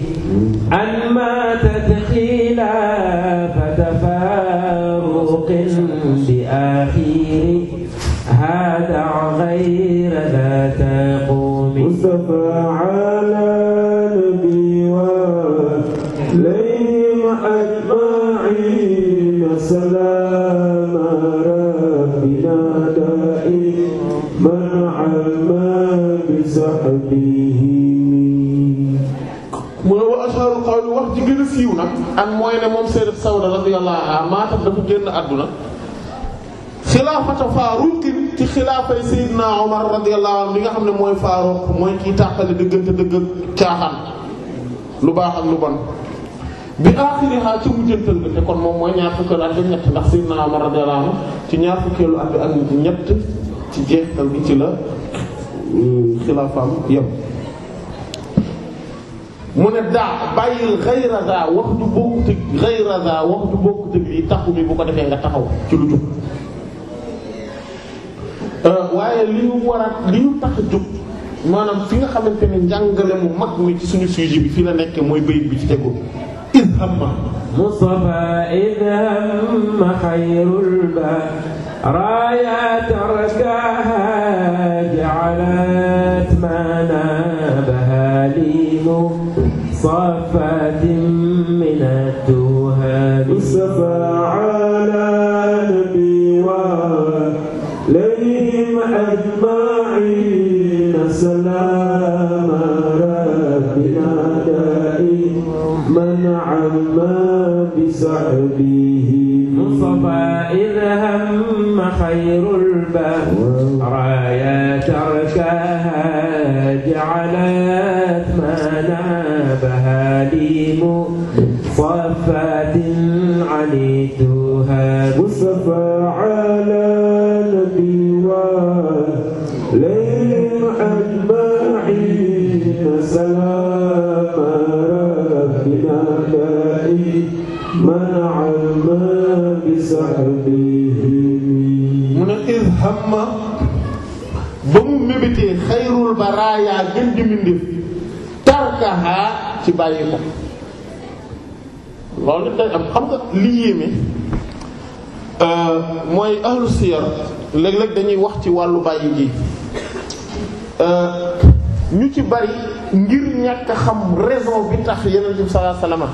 an maatat xilaafatu Faaruq bi aaxiri haadaa ghayra daa taquumi siiw nag ak mooy ne moom sayyidat Sawda radiyallahu anha maatam dafa génn àdduna xilaafata Faaruqin ci xilaafay Seydina Omar radiyallahu anhu li nga xam ne mooy Faaruq mooy kiy tàqale dëggante dëgg caaxaan lu baax ak lu bon bi aaxirihaa ci mujjantal bi te kon moom mooy ñaar fukkeelu at ak ñett ndax Seydina Omar radiyallahu anhu ci ñaar fukkeelu at ak ñett ci jeextal gi ci la euh, xilaafaam yem mu ne daa bàyyil xayra daa wax ju bokk tëg xayra daa wax ju bokk tëg lii taxu mi bu ko defee nga taxaw ci lu jub euh, waaye li ñu war a li ñu tax jub maanaam fi nga xamante ne njàngale mu mag mi ci suñu sujet bi fi la nekk mooy bayit bi ci tegu id hamma Mustafa id hamma xayrul ba raya tarkaha ja'alat mana صافات من الدهان صفى على نبي وليهم أجمعين سلام ربنا دائما عما بسعبه مصطفى إذ هم خير الباب صفات عليتها مصطفى على نبي ليل أجمعين سلام ربنا دائم منع ما بسحبه من إذ هم ba mu mébétee xayrul baraaya gën di mbindéef tarkaha ci bàyyi ko loolu am xam nga euh, mooy ahlu siyar léeg-léeg dañuy wax ci wàllu bàyyi ji euh, ñu ci bari ngir ñàkk xam raison bi tax yeneen bi sallallahu alayhi wasallam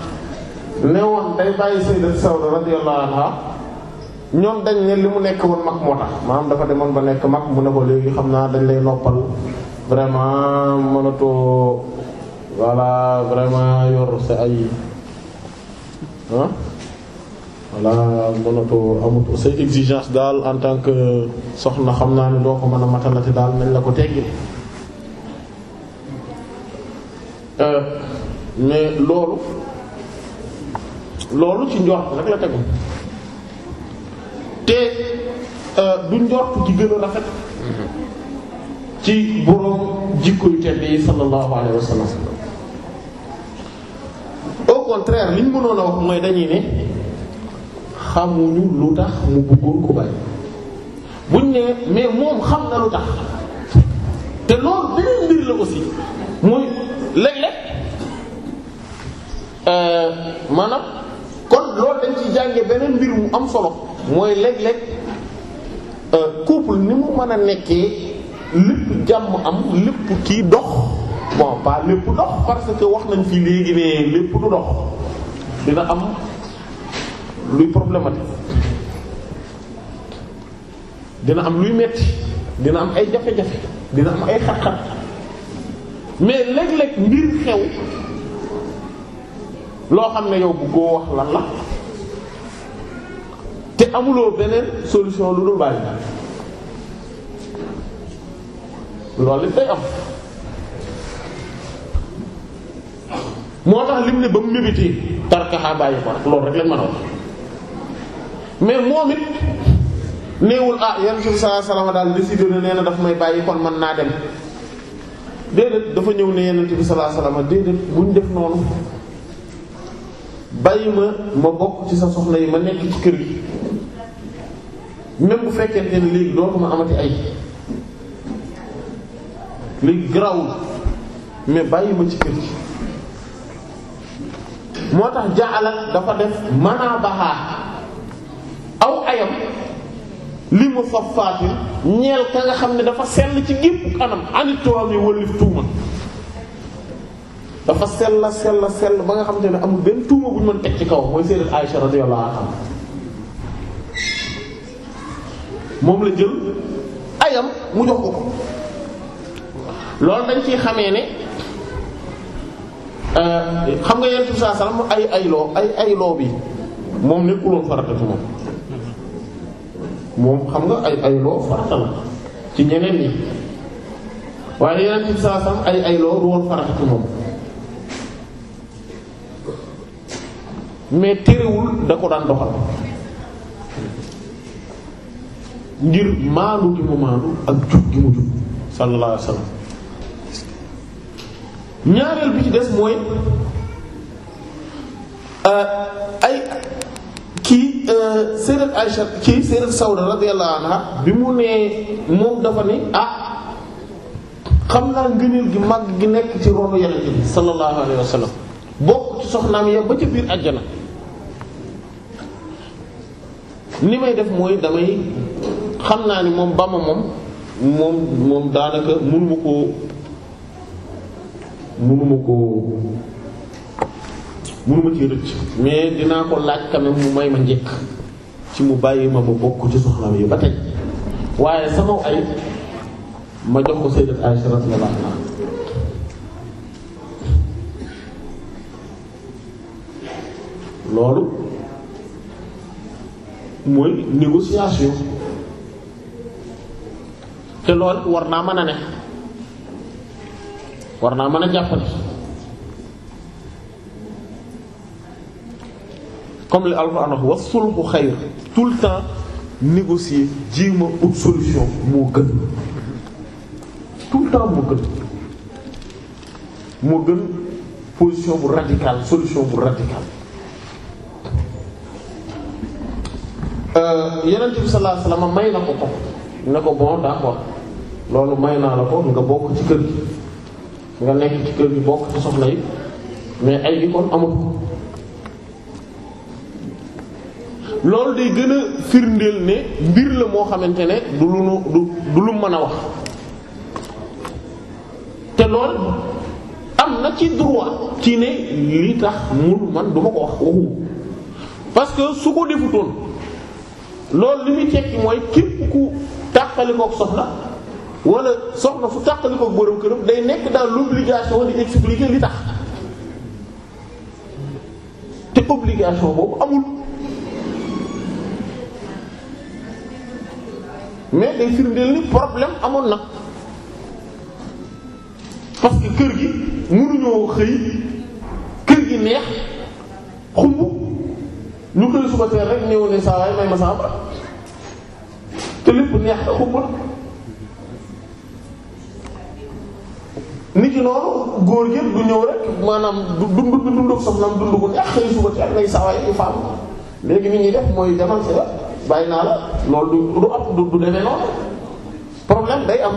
ne woon day bàyyi sayyidat Sawda radiyallahu anha ñoom dañ ne li mu nekk woon mag moo tax maanaam dafa demoon ba nekk mag mu ne ko léegi xam naa dañ lay noppal vraiment mënatoo voilà vraiment yor sa ay ah voilà mënatoo amut say exigence daal en tant que soxna xam naa ne doo ko mën a matalati daal nañ la ko teggi euh, mais loolu loolu ci njort rek la tegu te euh, du njort gi gën rafet mm-hmm. ci boroom jikko tedd yi sallallahu alayhi wa sallam contraire liñ mënoon a wax mooy dañuy ne xamuñu lu tax mu bëggoon ko bàyyi buñ ne mais moom xam na lu tax te loolu beneen mbir la aussi muy léeg-léeg euh, a kon loolu dañ ci jànge beneen mbir mu am solo mooy léeg-léeg euh, couple ni mu mën a nekkee lépp jàmm am lépp kii dox bon pas lépp dox parce que wax nañ fi léegi ne lépp du dox dina am luy problématique dina am luy metti dina am ay jafe-jafe dina am ay xat-xat mais léeg-léeg mbir xew loo xam ne yow bëggoo wax lan la te amuloo beneen solution lu dul bàyyi loolu it am. moo tax lim ne ba mu mébétee tarkaxaa bàyyi ko rek loolu rek lañ mën a wax mais moom it néewul ah yan su saa daal décidé na nee na daf may bàyyi kon man naa dem déedéet dafa ñëw ne yenent bi sallallahu alayhi wasallam déedéet buñ def noonu bàyyi ma ma bokk ci sa soxna yi ma nekk ci kër gi même bu fekkente ne léegi dootuma amati ay léegi garawul mais bàyyi ma ci kër gi moo tax ja'alat dafa def manaabaha aw ayam li mu faffaatin ñeel ka nga xam ne dafa sell ci gépp kanam anit tuwaam yi wëlif tuuma dafa sell sell sell ba nga xamante ne amul benn tuuma bu ñu mën teg ci kaw mooy sayyidat Aisha radiyallahu anha moom la jël ayam mu jox ko ko loolu dañ ciy xamee ne Euh, xam nga yenn saa salaam ay ay ay ay bi moom nekkuloon farata ci moom moom xam nga ay ay loo farata ci ñeneen ñi waaye yenn moom mais terewul da ko daan doxal ngir maandu gi mu maandu ak jub gi mu jub sallallahu alayhi ñaareel bi ci des mooy euh, ay kii euh, sayyidat Aisha kii sayyidat Sawda radiyallahu anha bi mu nee moom dafa ne ah xam naa ngëneel gi mag gi nekk ci ronu yonent bi sallallahu alayhi wa sallam bokk ci soxnaam ya ba ci biir àjjana ni may def mooy damay xam naa ni moom ba ma moom moom moom daanaka mënu ma koo mënuma ko mënuma ci rëcc mais dinaa ko laaj quand même mu may ma njëkk ci mu bàyyi ma ba bokk ci soxlaam yi ba tey waaye sama ay ma jox ko sayyidat Aisha radiyallahu anha loolu mooy négociation te loolu war naa mën a ne war naa mën a jàppale comme li Alxuraan wax wa sulhu xayr tout le temps négocier jéem a ut solution moo gën tout moo gën moo gën position bu radicale solution bu radicale euh, yeneen bi sallallahu alayhi wasallam may na ko ko ne ko bon d'accord loolu may naa la ko nga bokk ci kër nga nekk ci kër gi bokk ci yi mais ay icône amul loolu day gën a firndeel ne mbir la moo xamante ne du lu nu du lu mën a wax te lool am na ci droit ci ne li tax mun man du ko wax waxu parce que su ko defutoon loolu li muy tekki mooy képp ku tàqali kook wala soxna fu tàqali ko borom këram day nekk dans l'obligation di expliquer li tax te obligation boobu amul mais day firndeel ni problème amoon na parce que kër gi mënuñoo xëy kër gi neex xumb ñu xëy suba teel rek néew ne may ma saa te lépp neex xumb. nit ki noonu góor gi du ñëw rek maanaam du dund du dund ak soxnaam dund ko neex xëy suba teel ngay saway ay femme léegi nit ñuy def mooy demal si bàyyi naa la loolu du du am du demee noonu problème day am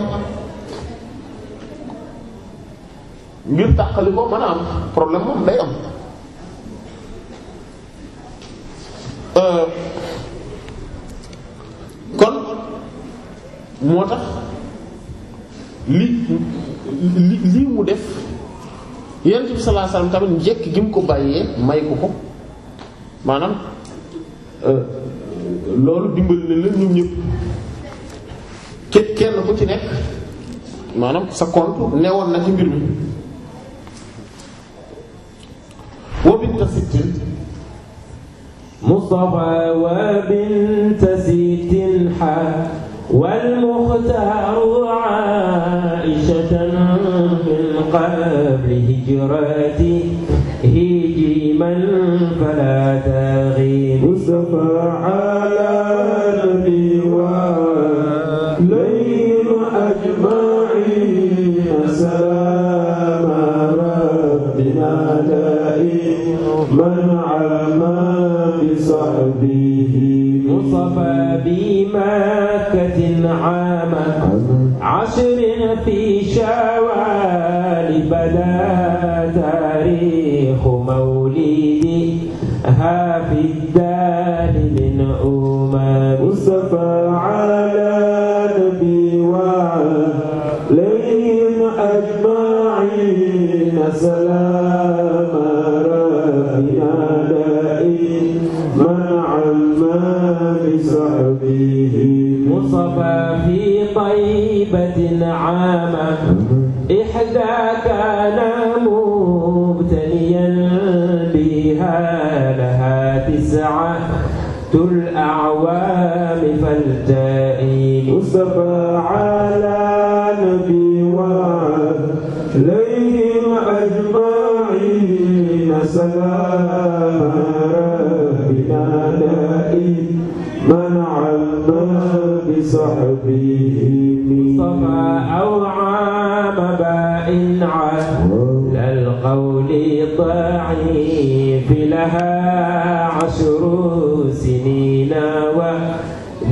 ngir tàqali ko mën a am problème moom day am. Euh, kon moo tax. li lii mu def yonent bi sallallahu alayhi tamit njëkk gi mu ko bàyyee may ko ko maanaam euh, loolu dimbali na leen ñoom kenn ku ci nekk maanaam sa compte newoon na ci mbir mi wa binta sittin Mustafa wa binta sittin ha wal muxtaaru من قبل هجرته هجيما فلا تغي مصطفى على نبي وليل أجمعين سلام ربنا دائما بصحبه مصطفى بمكة عام عشر في shawali bada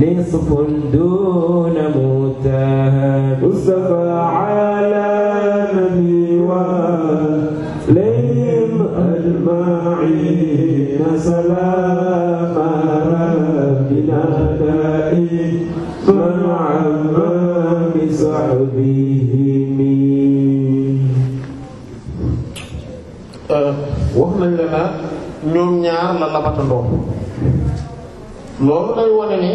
نصف دون متاهب مصطفى على نبي وليم أجمعين سلام ربنا دائم من عما بصحبهم wax nañ la na ñoom ñaar la labatandoo loolu lay wone ne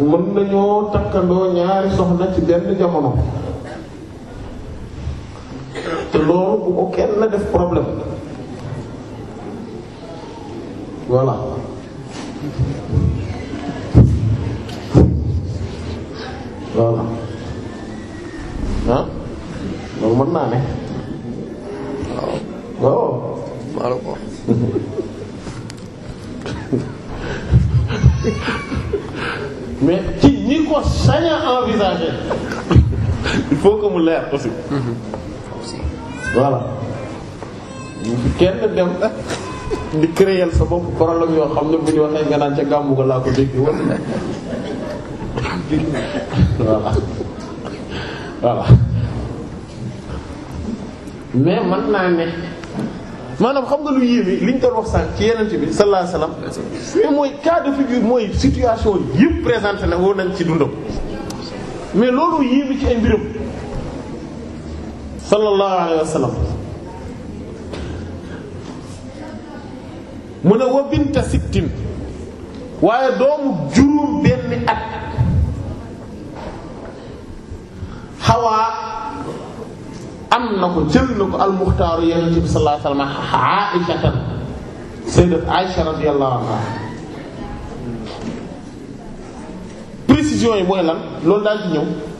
mën nañoo takkandoo ñaari soxna ci benn jamono te loolu bu ko kenn def problème Mhm. aussi. voilà kenn dem di créer sa bopp problème yoo xam ne bu ñu waxee nga naan ca gàmmu ga laa ko dégg woon voilà mais mën naa ne maanaam xam nga lu yéeme liñ doon wax sànq ci yeneen bi sallallahu alayhi wasallam mais mooy cas de figure mooy situation yëpp présenté na woon nañ ci dundam mais loolu yéeme ci ay mbiram. sallallahu alayhi mu ne wa sittin waaye doomu juróom benn at xawaa am na ko jël na ko almuxtaaru yenente bi sallallahu alayhi wa sallam tan sayyidat Aisha radiyallahu anha précision yi mooy lan loolu daal ci ñëw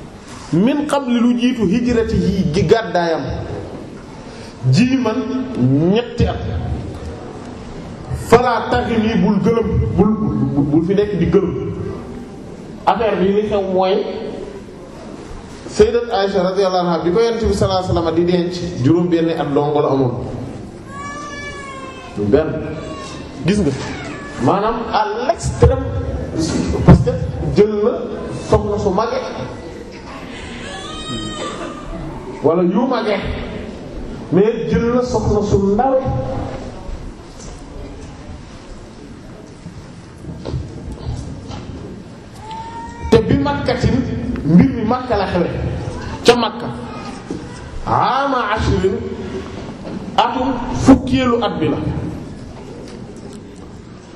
min qabli lu jiitu hijrati yi gi gàddaayam ji man ñetti at falaa taxi nii bul gëlëm bul bul fi nekk di gëlëm affaire bi li xew mooy sayyidat Aisha radiyallahu anha bi ko yonent bi sallallahu di denc juróom benn at dongo la amoon benn gis nga maanaam à l'extrême parce jël la soxna su mage wala yu magee mais jël na soxna su ndawe te bi makkatin mbir mi makka la xewe ca makka ama ashirin atum fukkeelu at bi la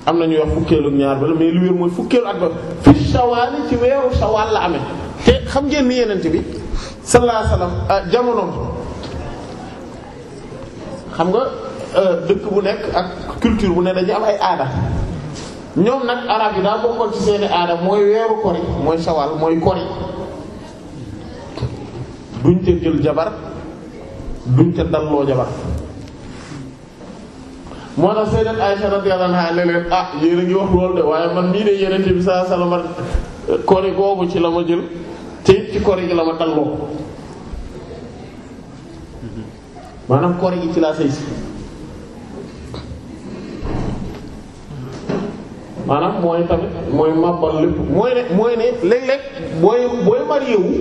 am na ñuy wax fukkeelu ñaar ba la mais lu wér mooy fukkeelu at ba fi shawaal ci weeru shawaal la amee te xam ngeen ni yenent bi sallallahu alayhi wasallam ah, xam nga euh, dëkk bu nekk ak culture bu ne dañu am ay aada ñoom nag arab yi daa bokkoon ci seeni aada mooy weeru kori mooy sawal mooy kori duñ ca jël jabar duñ ca dalloo jabar moo tax sayyidat Aisha radiyallahu anha ne leen ah yéen a ngi wax loolu de waaye man mii de yenente bi sallallahu alayhi wasallam kori googu ci la ma jël te ci koor gi la ma dalloo maanaam koor gi ci laa sëy si maanaam mooy tamit mooy màbbal lépp mooy ne mooy ne léeg-léeg booy booy marié wu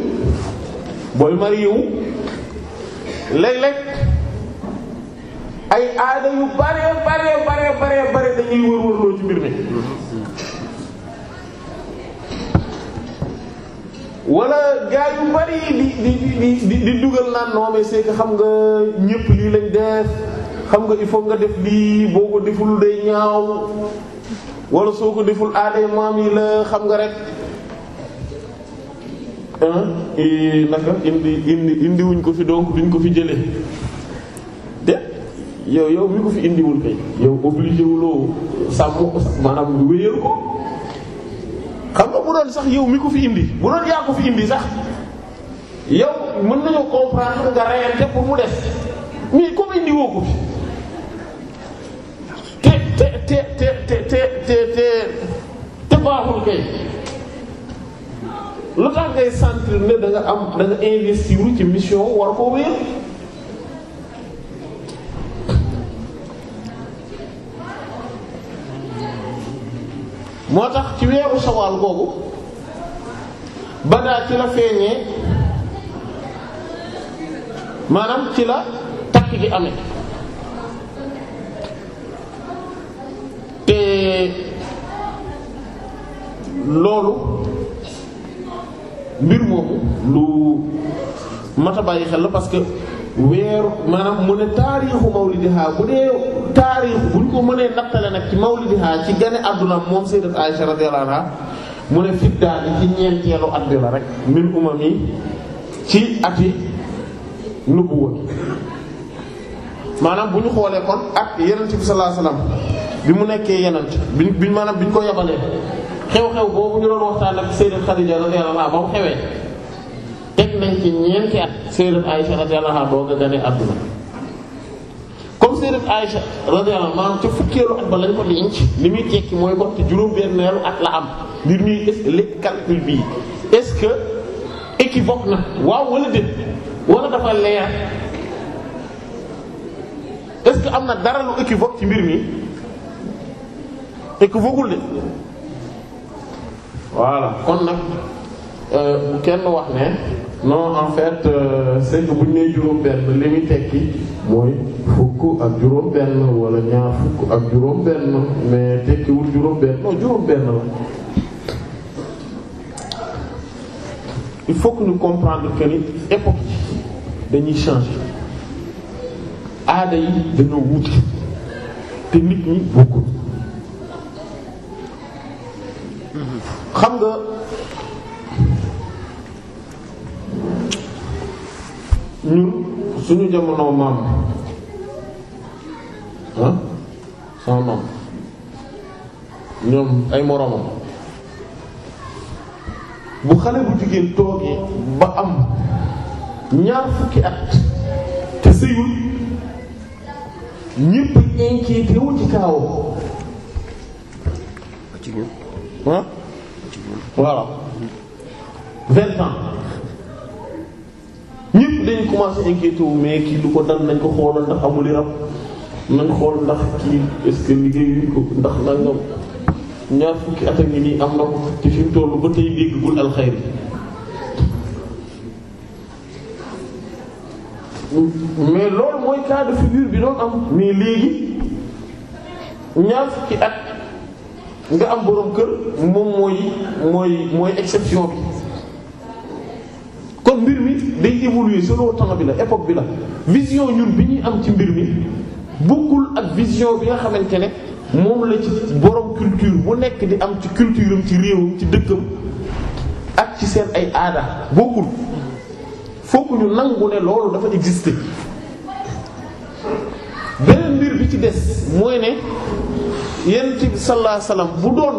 booy marié wu léeg-léeg ay aada yu bare bare bare bare dañuy wër wërloo ci mbir mi wala gaa yu bari di di di dugal naan non mais c'est xam nga ñépp lii lañ def xam nga il faut nga def lii boo ko deful day ñaaw wala soo ko deful aaday ah, maam yi la xam nga rek. naka indi indi indiwuñ ko fi donc duñ ko fi jëlee te yow yow mi ko fi indiwul kay yow obligé wuloo sàmm maanaam wéyal ko. xam nga bu doon sax yow mi ko fi indi bu doon yaa ko fi indi sax yow mën nañu comprendre nga reyante pour mu def mais comme indi woo ko fi te te te te te te te te te baaxul kay lu tax ngay sentir ne da nga am da nga investir ci mission war koo wéer moo tax ci weeru sawaal boobu badaa ci la feeñee maanaam ci la takk gi amee te loolu mbir moomu lu mat bàyyi xel la parce que weeru maanaam mu ne taarixu mawlidiha bu dee taarix buñ ko mënee nattale nag ci mawlidiha ci gane àdduna moom sayyidat Aisha radiyallahu anha mu ne fiddaa ni ci ñeenteelu at bi la rek min umam yi ci ati nubuwa maanaam bu ñu xoolee kon ak yenent bi sallallahu alayhi wasallam bi mu nekkee yenent biñ biñ maanaam biñ ko yabalee xew-xew boobu ñu doon waxtaan ak sayyidat Khadija radiyallahu ba mu xewee teg nañ ci ñeenti at Sayyidat Aïcha radiyallahu anha doog a gane àdduna comme Sayyidat Aïcha radiyallahu anha maanaam ca fukkeelu at ba lañ ko di inc li muy tekki mooy at la am mbir mi est léegi calcul bii est-ce que équivoque na waaw wala déet wala dafa leer est am na dara lu équivoque ci mbir mi équivoqueul de voilà kon nag euh, bu kenn wax ne. non en fait euh, c'est que bu ñu nee juróom-benn li mooy fukk ak juróom-benn wala ñaar fukk ak juróom-benn mais tekkiwul juróom-benn non juróom-benn la. il faut que ñu comprendre que ni époque dañuy changer aada yi dañoo wuute te nit ñi bokkul xam nga. ñun suñu jamono maam ah sama maam ñoom ay moromam bu xale bu jigéen toogee ba am ñaar fukki at te sëyul ñépp inquiété wu ci kaawoo ah voilà vingt ans ñépp dañu commencé inquiété mais kii du ko dal nañ ko xoolal ndax amul yaram nañ xool ndax kii est-ce que ko ndax nangam ñaar fukki at a ngi nii am na ko te fi mu toll ba tey déggagul alxayri mais loolu mooy cas de figure bi doon am mais léegi ñaar fukki at nga am boroom kër moom mooy mooy mooy exception bi day évoluer selon temps bi la époque bi la vision ñun bi ñuy am ci mbir mi bokkul ak vision bi nga xamante ne moom la ci borom culture bu nekk di am ci culture am ci réewam ci dëkkam ak ci seen ay aada bokkul fokk ñu nangu ne loolu dafa exister beneen mbir bi ci des mooy ne yonent bi sallallahu bu doon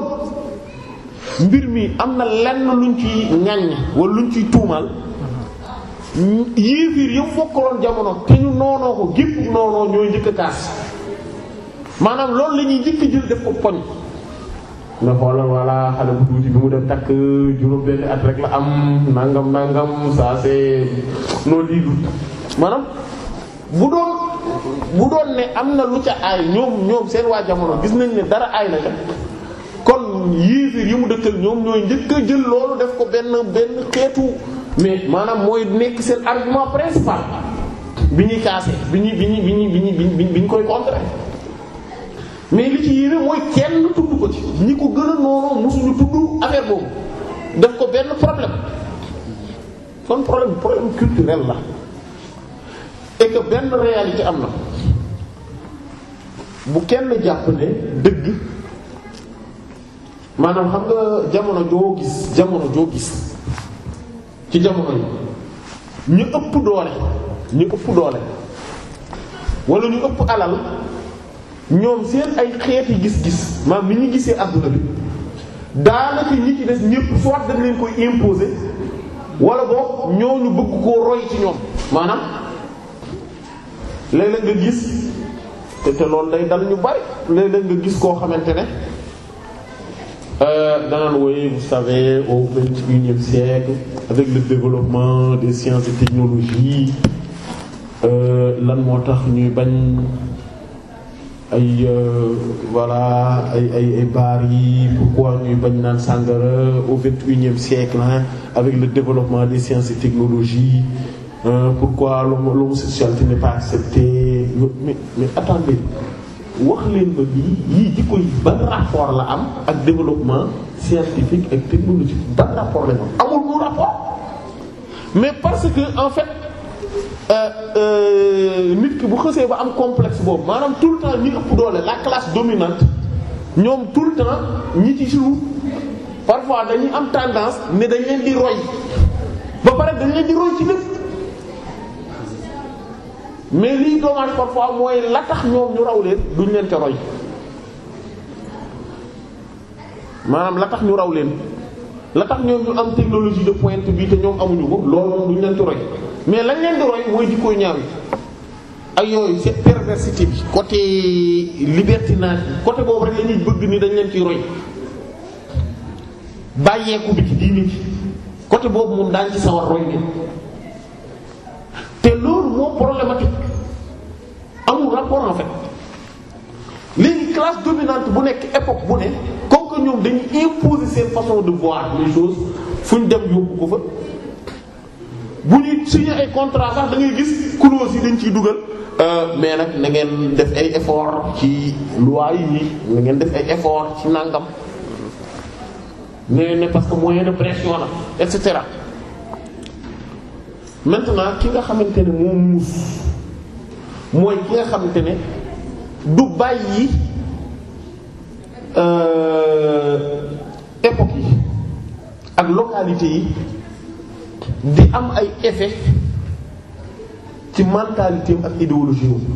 mbir mi am na lenn luñ ciy ŋaññ wala luñ ciy tuumaal. yéefir yëpp fokkaloon jamono te ñu noonoo ko gépp noonoo ñooy njëkk a kaas maanaam loolu la njëkk jël def ko poñ nga walla xale bu tuuti bi mu def takk juróom benn at rek la am nangam nangam ça c'est non liidu maanaam bu doon bu doon ne am na lu ca aay ñoom ñoom seen waa jamono gis nañ ne dara aay na ca kon yéefir yi mu dëkkal ñoom ñooy njëkk a jël loolu def ko benn benn xeetu mais maanaam mooy nekk seen argument principal bi ñuy kaase bi ñuy bi ñuy bi ñuy bi ñuy bi ñu koy contrer mais li ci yéeme mooy kenn tudd ko ci ñi ko gën a noonu mosuñu tudd affaire boobu def ko benn problème kon problème problème culturel la et que yi ci am na bu kenn jàpp ne dëgg maanaam xam nga jamono joo gis jamono joo gis. ci jamono ñu ëpp doole ñu ëpp doole wala ñu ëpp alal ñoom seen ay xeeti gis-gis maam ni ñu gisee adduna bi daanaka ñi ci des ñëpp soit dañ leen koy imposer wala boog ñooñu bëgg koo roy ci ñoom maanaam léeg-léeg nga gis te te loolu day dal ñu bari léeg-léeg nga gis koo xamante ne. Euh, danaan wooye vous savez siècle avec le développement des sciences et technologies euh, lan moo tax ñuy bañ ay euh, voilà ay ay ay yi pourquoi ñuy bañ naan sàngara au vingt-et-unième siècle avec le développement de sciences et technologies hein, pourquoi l'homosexualité n'est pas acceptée mais mais attendez wax leen ma bii yii jikko yi ban rapport la am ak développement scientifique ak technologique ban rapport la ñu amul mu rapport mais parce que en fait euh, euh, nit ki bu xësee ba am complex boobu maanaam tout le temps ñi ëpp doole la classe dominante ñoom tout le temps ñi ci jour parfois dañuy am tendance ne dañ leen di roy ba pare dañ leen di roy ci lépp mais lii dommage parfois mooy la tax ñoom ñu raw leen duñ leen ca roy maanaam la tax ñu raw leen la tax ñoom ñu am technologie de pointe bi te ñoom amuñu ko loolu moom duñ leen ci roy mais lañ leen di roy mooy jikko ñaaw yi ak yooyu cette perversité bi côté libertinage côté boobu rek la ñuy bëgg ni dañ leen ciy roy bàyyeeku bi ci diini côté boobu moom daañ ci sawar roy bi moo problématique amul rapport en fait léegi classe dominante bu nekk époque bu ne comme que ñoom dañu imposer seen façon de voir les choses fu ñu dem yóbbu ko fa bu ñuy signé ay contrat sax da gis clause yi dañ ciy dugal euh, mais nag na ngeen def ay effort ci loi yi na ngeen def ay effort ci nangam mais ne parce que moyen de pression la et cetera. maintenant ki nga xamante ne moom muus mooy ki nga xamante ne du bàyyi euh, époque yi ak localité yi di am ay effet ci mentalité ak idéologie moom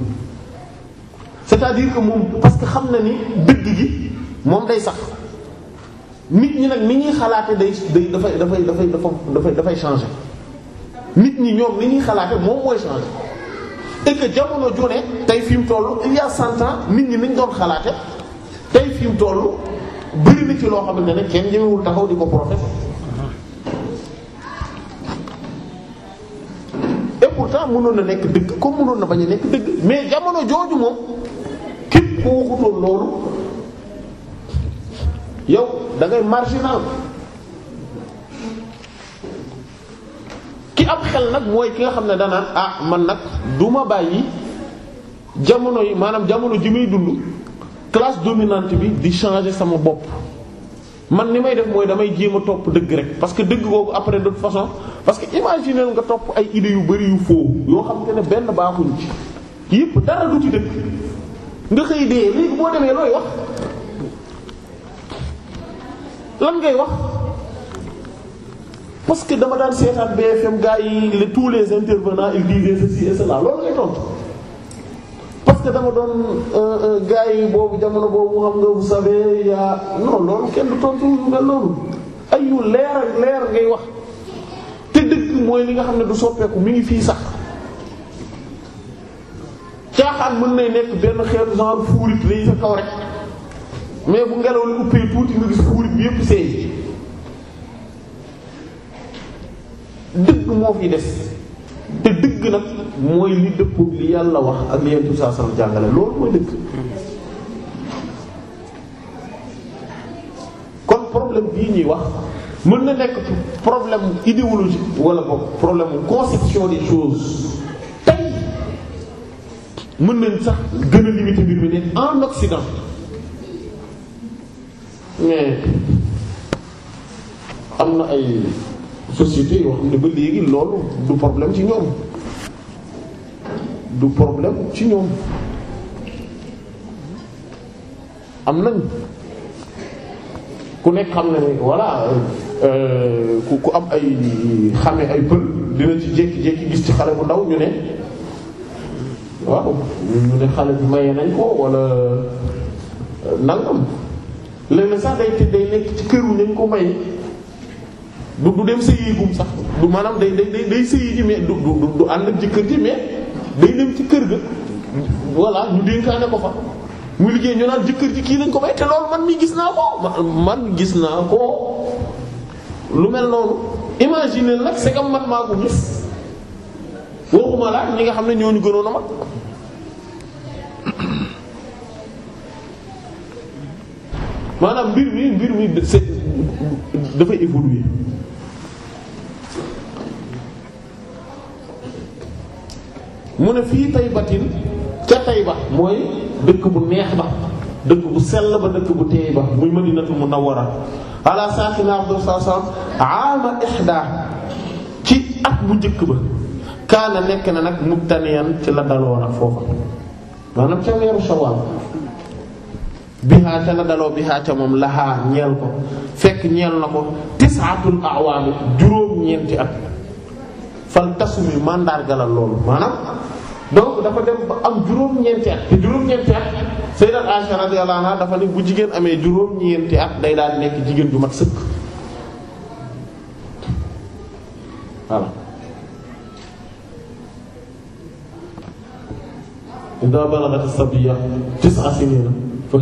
c'est-à-dire que moom parce que xam na ni dëgg gi moom day sax nit ñi nag ni ñuy xalaate day day dafay dafay dafay dafay dafay changer nit ñi ñoom ni ñuy xalaate moom mooy changer et que jamono tey fi mu toll il a nit ñi niñ doon xalaate tey fi mu toll bëri na ci loo xamante ne kenn ñëwul taxaw di ko prophète et pourtant mënoon na nekk dëgg comme mënoon na bañ a nekk dëgg mais jamono jooju moom képp ku waxutoon loolu yow da marginal ki ab xel nag mooy ki nga xam ne danaan ah man nag du ma bàyyi jamono yi maanaam jamono ji may dund classe dominante bi di changer sama bopp man ni may def mooy damay jéem a topp dëgg rek parce que dëgg googu après de toute façon parce que imaginer nga topp ay idées yu bari yu faux yoo xam te ne benn baaxuñ ci yépp dara du ci dëgg nga xëy dee léegi boo demee looy wax lan ngay wax parce que dama daan seetaan BFM gars yi les tous les intervenants ils disaient ceci et cela loolu ngay tontu parce que dama doon euh, euh, gars yi boobu jamono boobu xam nga vous savez ngay wax te li nga xam ne du soppeeku mi ngi fii sax caaxaan mën nay nekk benn xeetu genre fuurit lay sa kaw rek mais bu ngelaw li uppee tuuti nga gis fuurit yépp seey. dëgg moo fi des te dëgg nag mooy li dëppoog li yàlla wax ak li yentu saa jàngale loolu mooy dëgg kon problème bii ñuy wax mën na nekk problème idéologique walla boog problème conception des choses tey mën nañ sax gën a limiter mbir en Occident mais am na ay société yoo xam ne ba léegi loolu du problème ci ñoom du problème ci ñoom am nañ ku nekk xam na ne voilà euh, ku ku am ay xame ay pël dina ci jékki-jékki gis ci xale bu ndaw ñu ne waaw ñu ne xale bi maye nañ ko walla euh, nangam léeg-léeg sax day day nekk ci këru nañ ko may. du du dem sëyi gum sax du maanaam day day day sëyi ji mais du du du jëkkër ji mais day dem ci kër gi voilà ñu dénkaane ko fa muy liggéey ñu naan jëkkër ji kii nañ ko may te loolu man mi gis naa ko man gis naa ko lu mel noonu imagine nag c'est man maa ko gis waxuma laa ñi nga xam ne ñoo ñu gënoon a mag maanaam mbir mi mbir mi dafay évoluer mu ne fii Taybatin ca Tayba mooy dëkk bu neex ba dëkk bu sell ba dëkk bu teey ba muy Madinatu Munawwara ala saakina afdal saa salam ama ihda ci at bu jëkk ba kaana nekk na nag mubtaniyan ci la daloo nag foofa maanaam ca weeru Shawwal bihaa ca la daloo bihaa ca moom lahaa ñeel ko fekk ñeel na ko tis'atul a'waam juróom ñeenti at fan tasumi mandargalal loolu maanaam donc dafa dem ba am juróom-ñeenti at te juróom-ñeenti at sayyidat Aisha radiyallahu anha dafa ne bu jigéen amee juróom-ñeenti at day daal nekk jigéen ju mat sëkk voilà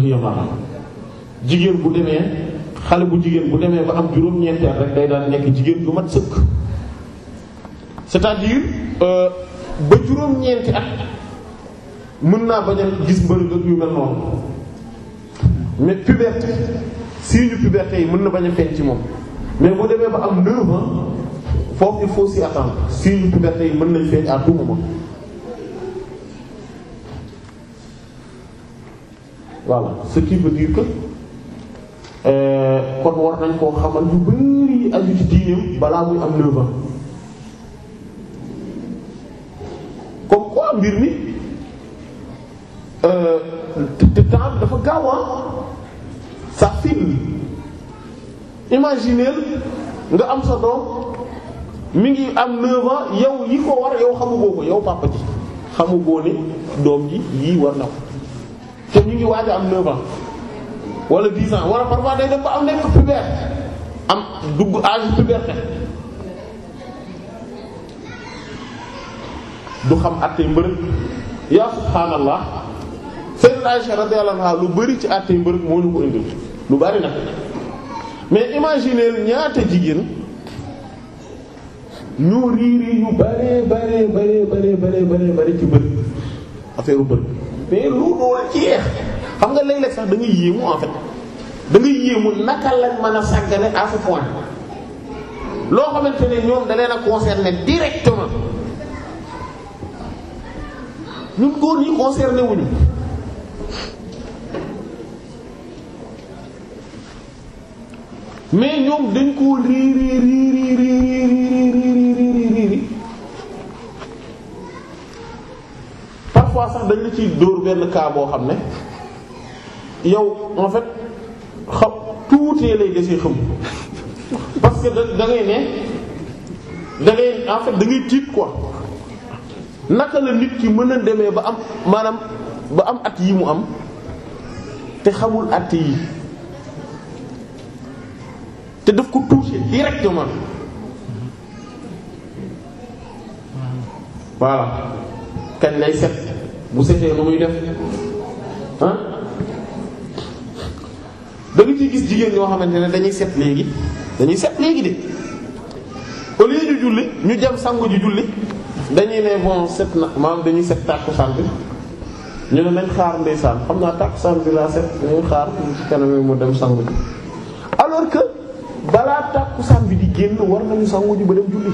idha jigéen bu demee bu jigéen bu demee ba am juróom day daal nekk jigéen ju mat sëkk c'est-à-dire euh, ba juróom-ñeenti at mën naa bañ a gis mbërëgëg yu mel noonu mais puberté signe puberté yi mën na bañ a feeñ ci moom mais boo demee ba am 9 ans foofu il faut s'y puberté yi mën nañ feeñ à tout moment voilà ce qui veut dire euh, kon war nañ koo xamal yu bari aju ci balaa muy am 9 ans. comme quoi mbir mi euh, te temps dafa gaaw ah. ça file imaginer nga am sa doom mi ngi am 9 yow yi ko war yow xamugoo ko yow papa ji xamugoo ne doom ji yii war na ko te ñu ngi waaj am 9 ans wala 10 ans wala day dem ba am nekk puberté am dugg âge puberté. du xam attey mbërëg yaa subhaanallah sayyida Aisha radiyallahu anha lu bari ci attey mbërëg moo ñu ko indil lu bari na mais imaginer ñaata jigéen ñu riiri yu bare bare bare bare bare bare bare ci bëri affaire bëri mais lu dool ci yeex xam nga léeg-léeg sax da ngay yéemu en fait da yéemu naka lañ mën a sàggane à ce point loo xamante ne ñoom da leen a concerner directement ñun góor ñi concerné wuñu mais ñoom dañ ko rii rii rii rii rii rii rii parfois sax dañ la ciy dóor benn cas boo xam ne yow en fait xam tuutee lay desee xam parce que da da ngay ne da ngay en fait da ngay tiit quoi. naka la nit ki mën a demee ba am maanaam ba am at yi mu am te xamul at yi te daf ko toucher directement voilà kañ lay set bu setee nu muy def ah da nga gis jigéen ñoo xamante ne dañuy set léegi dañuy set léegi de au lieu ñu julli ñu jëm sangu ji julli dañuy ne bon set na maanaam dañuy set tàkkusaan bi ñu ne nañ xaar ndeysaan xam naa tàkkusaan bi laa set dañuy xaar ci kanam mu dem sangu ji alors que balaa tàkkusaan bi di génn war nañu sangu di ba dem julli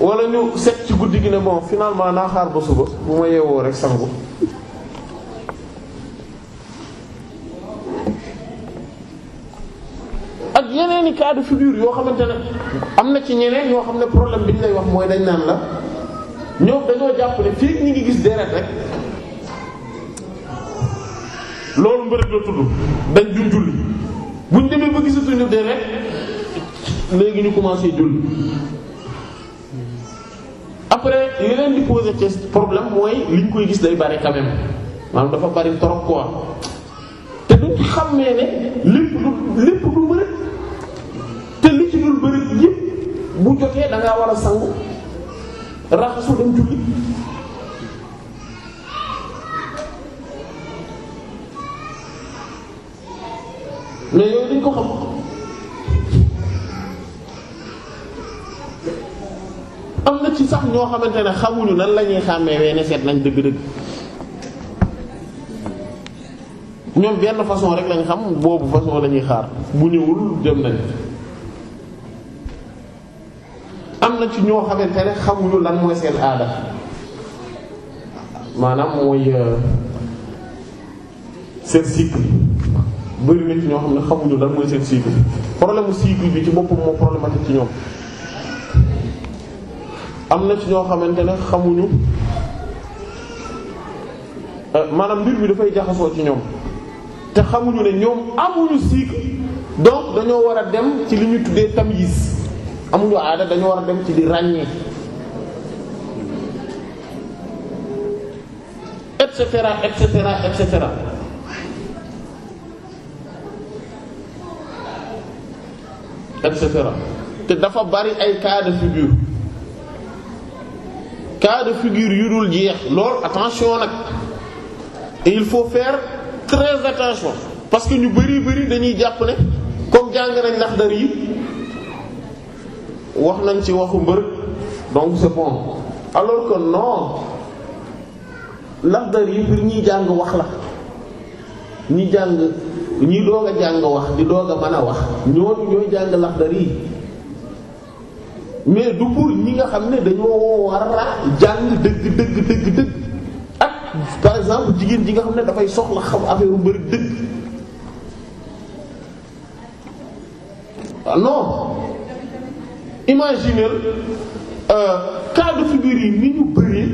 wala ñu set ci guddi gi ne moom finalement naa xaar ba suba bu ma yeewoo rek sangu yeneen i cas de figure yoo xamante ne am na ci ñeneen yoo xam ne problème bi ñu lay wax mooy dañ naan la ñoom dañoo jàpp ne fii ñi ngi gis deret rek loolu mbërëg la tudd dañ dul julli buñ demee ba gisatuñu deret léegi ñu commencé julli après li leen di poser ci problème mooy liñ koy gis day bari quand même maanaam dafa bari trop quoi te duñ xàmmee ne lépp du lépp du bu jotee da war a sangu raxasu dem julli mais yooyu dañ ko xam am na ci sax ñoo xamante ne xamuñu nan la ñuy xàmmee weene seet nañ dëgg-dëgg ñoom benn façon rek lañ xam boobu façon la ñuy xaar bu ñëwul dem nañ am na ci ñoo xamante ne xamuñu lan mooy seen aada maanaam mooy euh, seen cycle bëri na ci ñoo xam ne xamuñu lan mooy seen cycle problème mu bi ci boppam moo problématique ci ñoom am na ci ñoo xamante ne xamuñu euh, maanaam mbir bi dafay jaxasoo ci ñoom te xamuñu ne ñoom amuñu cycle donc dañoo war a dem ci li ñu tuddee tamyiz amuñu aada dañu war a dem ci di ràññee et cetera et cetera et cetera et cetera te dafa bari ay cas de figure cas de figure yu dul jeex loolu attention nag et il faut fair très attention parce que ñu bari bari dañuy jàpp ne comme jàng nañ ndax dar yi wax nañ ci waxu mbër donc c'est bon alors que non yi pour ñiy jàng wax la ñi jàng ñi doog a jàng wax di doog a mën a wax ñooñu ñooy jàng Laxdari yi mais du pour ñi nga xam ne dañoo war a jàng dëgg dëgg dëgg dëgg ak par exemple jigéen ji nga xam ne dafay soxla xam affaire u mbër dëgg ah non imaginer euh, cas de figure yi ñu bëree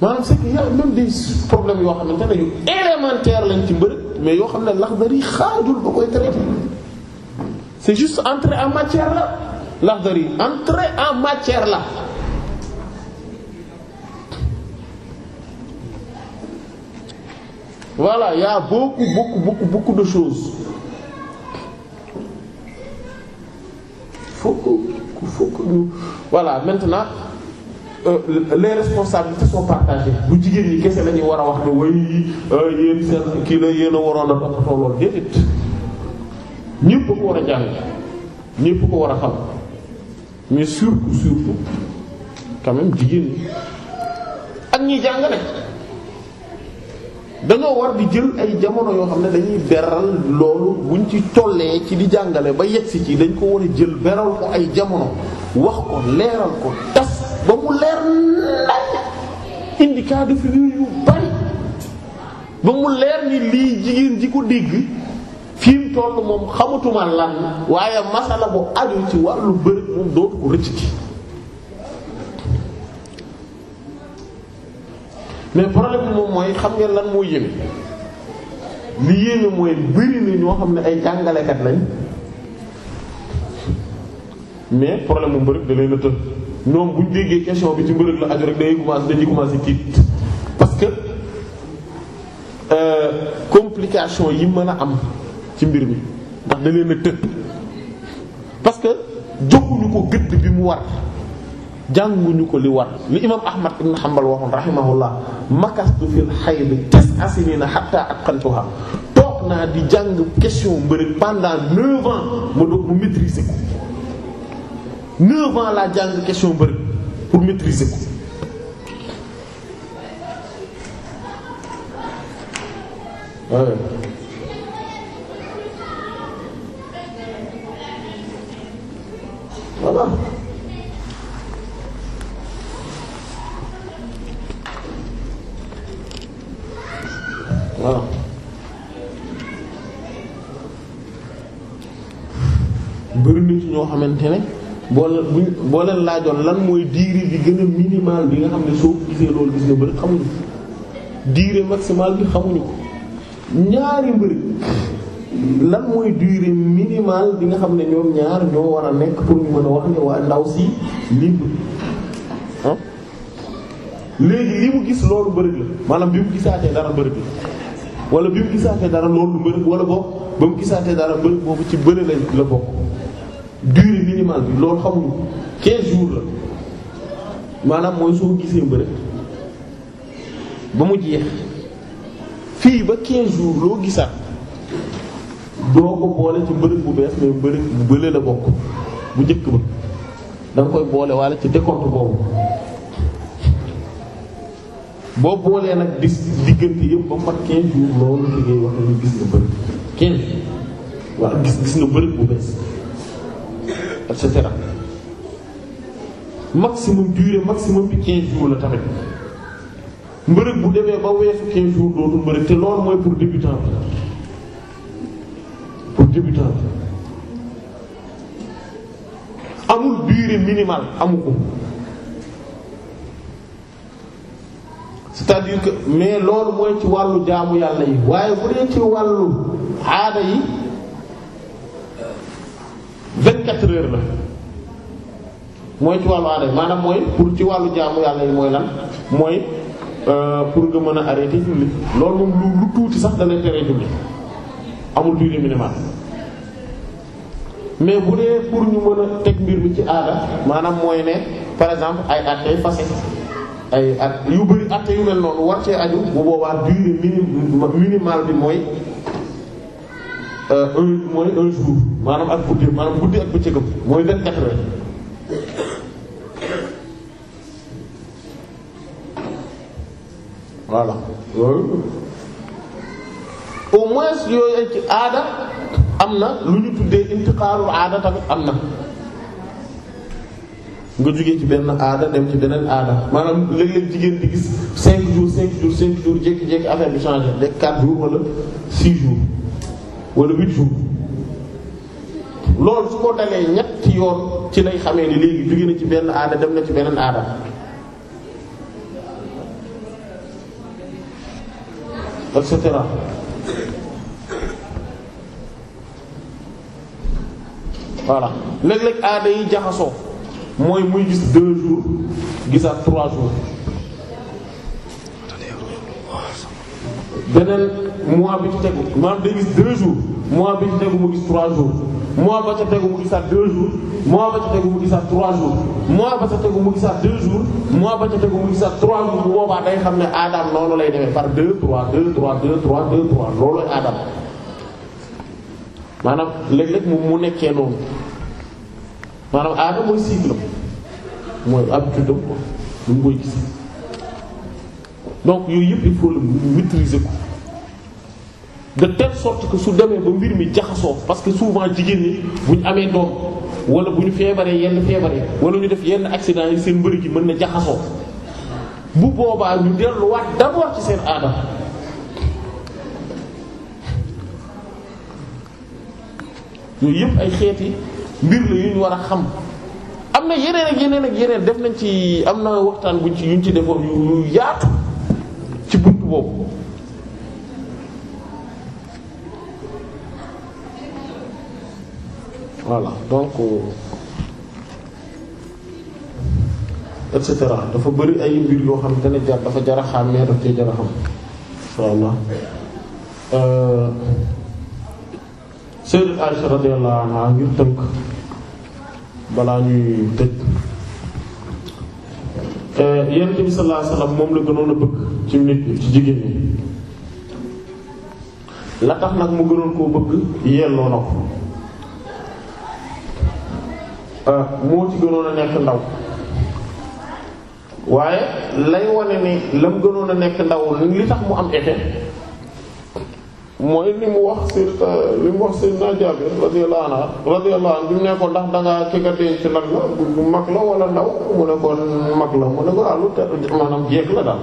maanaam c'est que y a même des problèmes yoo xam ne yu élémentaire lañ ci mbër mais yoo xam ne Laxdari xaajul ba koy traité c'est juste entrée en matière la Laxdari entrée en matière la. voilà y a beaucoup beaucoup beaucoup de choses. faut que il faut que ñu voilà maintenant euh, les responsabilités bu jigéen ñi kese la war a wax ne way euh, yéen seen kii la yéen waroon a toppatoo loolu déedéet ñépp ko war a jàng ñépp ko war a xam mais surtout surtout quand même jigéen ñi ak ñi jàng nag da war di jël ay jamono yoo xam ne dañuy beral loolu buñ ci tollee ci di jàngale ba yegsi ci dañ ko war a jël beral ko ay jamono wax ko leeral ko tas ba mu leer nañ indi cas de figure bari ba mu leer ni lii jigéen ji ko dégg fi mu toll moom xamatuma lan waaye masala bu aju ci wàllu bëri moom dootu ko rëcc ci mais problème bi moom mooy xam ne lan moo yéeme li yéeme mooy bari na ñoo xam ne ay jàngalekat lañ mais problème mu mbërëg da leen a tënk ñoom bu ñu déggee question bi ci mbërëg la aju rek dañuy commencé dañuy commencé tiit parce que euh, complication yi mën a am ci mbir mi ndax da leen a tënk parce que joxuñu ko gëdd bi mu war. jànguñu ko li war li imam ahmad ibn hanbal waxoon rahimahullah makastu fil hayd tis'a sinina hatta atqantuha toog naa di jàng question mbërëg pendant neuf ans ma mu maîtriser ko neuf laa jàng question mbërëg pour maîtriser ko waaw waaw bëri na ci ñoo xamante ne boo leen boo leen laajoon lan mooy durée bi gën a minimal bi nga xam ne soo ko gisee loolu gis nga bëri xamuñu durée maximale bi xamuñu ko ñaari mbëri lan mooy durée minimale bi nga xam ne ñoom ñaar ñoo war a nekk pour ñu mën a wax ne waa ndaw si libre léegi li mu gis loolu bëri la maanaam bi mu gisaatee dara bëri la wala bi mu gisaatee dara loolu mbër wala boog ba mu gisaatee dara mbër boobu ci bëre la bokk durée minimale bi loolu xamuñu 15 jours la maanaam mooy soo gisee mbër ba mu jeex fii ba 15 jours loo gisaat doo ko boole ci mbërëg bu bees mais mbërëg bu bële la bokk bu njëkk ba da koy boole wala ci décompte boobu boo boolee nag dis diggante yëpp ba mat 15 jours loolu liggéey wax nañu gis nga bëri 15 waaw gis gis nga bëri bu bees et maximum durée maximum bi 15 jours la tamit mbërëg bu demee ba weesu 15 jours dootul mbërëg te loolu mooy pour débutant pour débutant bi amul durée minimale amu ko. c'est-à-dire que mais loolu mooy ci wàllu jaamu yàlla yi waaye bu dee ci wàllu aada yi vingt-quatre heures la mooy ci wàllu aada yi maanaam mooy pour ci wàllu jaamu yàlla yi mooy lan mooy euh, pour nga mën a arrêter julli loolu moom lu lu tuuti sax dalay tere julli amul durée minimale mais bu dee pour ñu mën a teg mbir mi ci aada maanaam mooy ne par exemple ay at fase ay yu bëri at yu mel noonu war aju bu boobaa durée minimum minimale bi mooy euh, un mooy un jour maanaam ak guddi maanaam guddi ak bëccëgam mooy vingt-quatre heures voilà au moins yooyu ci aada am na lu ñu tuddee intiqaalul aada tamit am na nga jógee ci benn aada dem ci beneen aada maanaam léeg-léeg jigéen di gis 5 jours 5 jours 5 jours jékki-jékki affaire bi changé de 4 jours wala 6 jours wala 8 jours loolu su ko dalee ñetti yoon ci lay xamee ni léegi jóge na ci benn aada dem na ci beneen aada. et cetera voilà léeg-léeg aada yi jaxasoo. mooy muy gis deux jours gisaat trois jours beneen mois bi ci tegu maanaam day gis deux jours mois bi ci tegu mu gis trois jours mois ba ca tegu mu gisaat deux jours mois ba ca tegu mu gisaat trois jours mois ba ca tegu mu gisaat deux jours mois ba ca tegu mu gisaat trois jours bu boobaa day xam ne aadam loolu lay demee par deux trois deux trois deux trois deux trois loolu lay aadam maanaam léeg-léeg moom mu nekkee noonu maanaam aadam mooy cycle mooy ab am quoi lu mu koy gis donc yooyu yëpp il faut le maîtriser ko de telle sorte que su demee ba mbir mi jaxasoo parce que souvent jigéen ñi bu ñu amee doom wala bu ñu feebaree yenn feebaree wala ñu def yenn accident yi seen mbëri gi mën na jaxasoo bu boobaa ñu delluwaat d'abord ci seen aada yooyu yëpp ay xeeti mbir la yu ñu war a xam. am na yeneen ak yeneen ak yeneen def nañ ci am na waxtaan buñ ci yuñ ci defoon yu yaatu ci bunt boobu voilà donc euh, et cetera dafa bari ay mbir yoo xam te ne jar dafa jar a xàmmee daf cee jar a xam insha allah euh, Sayyidatu Aisha radiyallahu anha ngir tënk balaa ñuy tëj yonent bi sallallahu alayhi wasallam moom la gënoon a bëgg ci nit ci jigéen ñi la tax nag mu gënoon koo bëgg yelloo na ko ah, moo ci gënoon a nekk ndaw waaye lay wane la lam gënoon a nekk ndaw li tax mu am effet mooy li mu wax sur euh, li mu wax Seydina Jaabir radiyallahu anhu radiyallahu anhu bi mu ne ndax da ngaa ki nga denc nag mag la wala ndaw mu ne ko mag la mu ne ko ah lu te maanaam jéeg la daal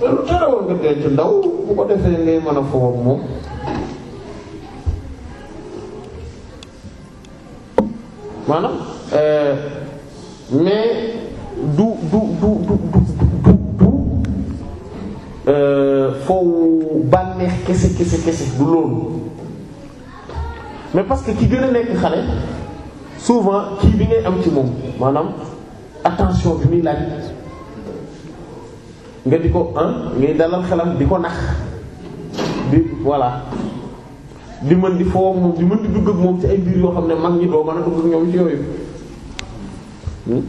lu terewul nga denc ndaw bu ko defee ngay mën a foofu moom. maanaam euh, mais du du du du. Euh, foofu bànneex kese kese kese du loolu mais parce que ki gën a nekk xale souvent kii bi ngay am ci moom maanaam attention bi muy laaj nga di ko ah ngay dalal xelam di ko nax di voilà di man di foo moom di mën di dugg moom ci ay biir yoo xam ne mag ñi doo mën a dugg ak ñoom ci yooyu. Hmm?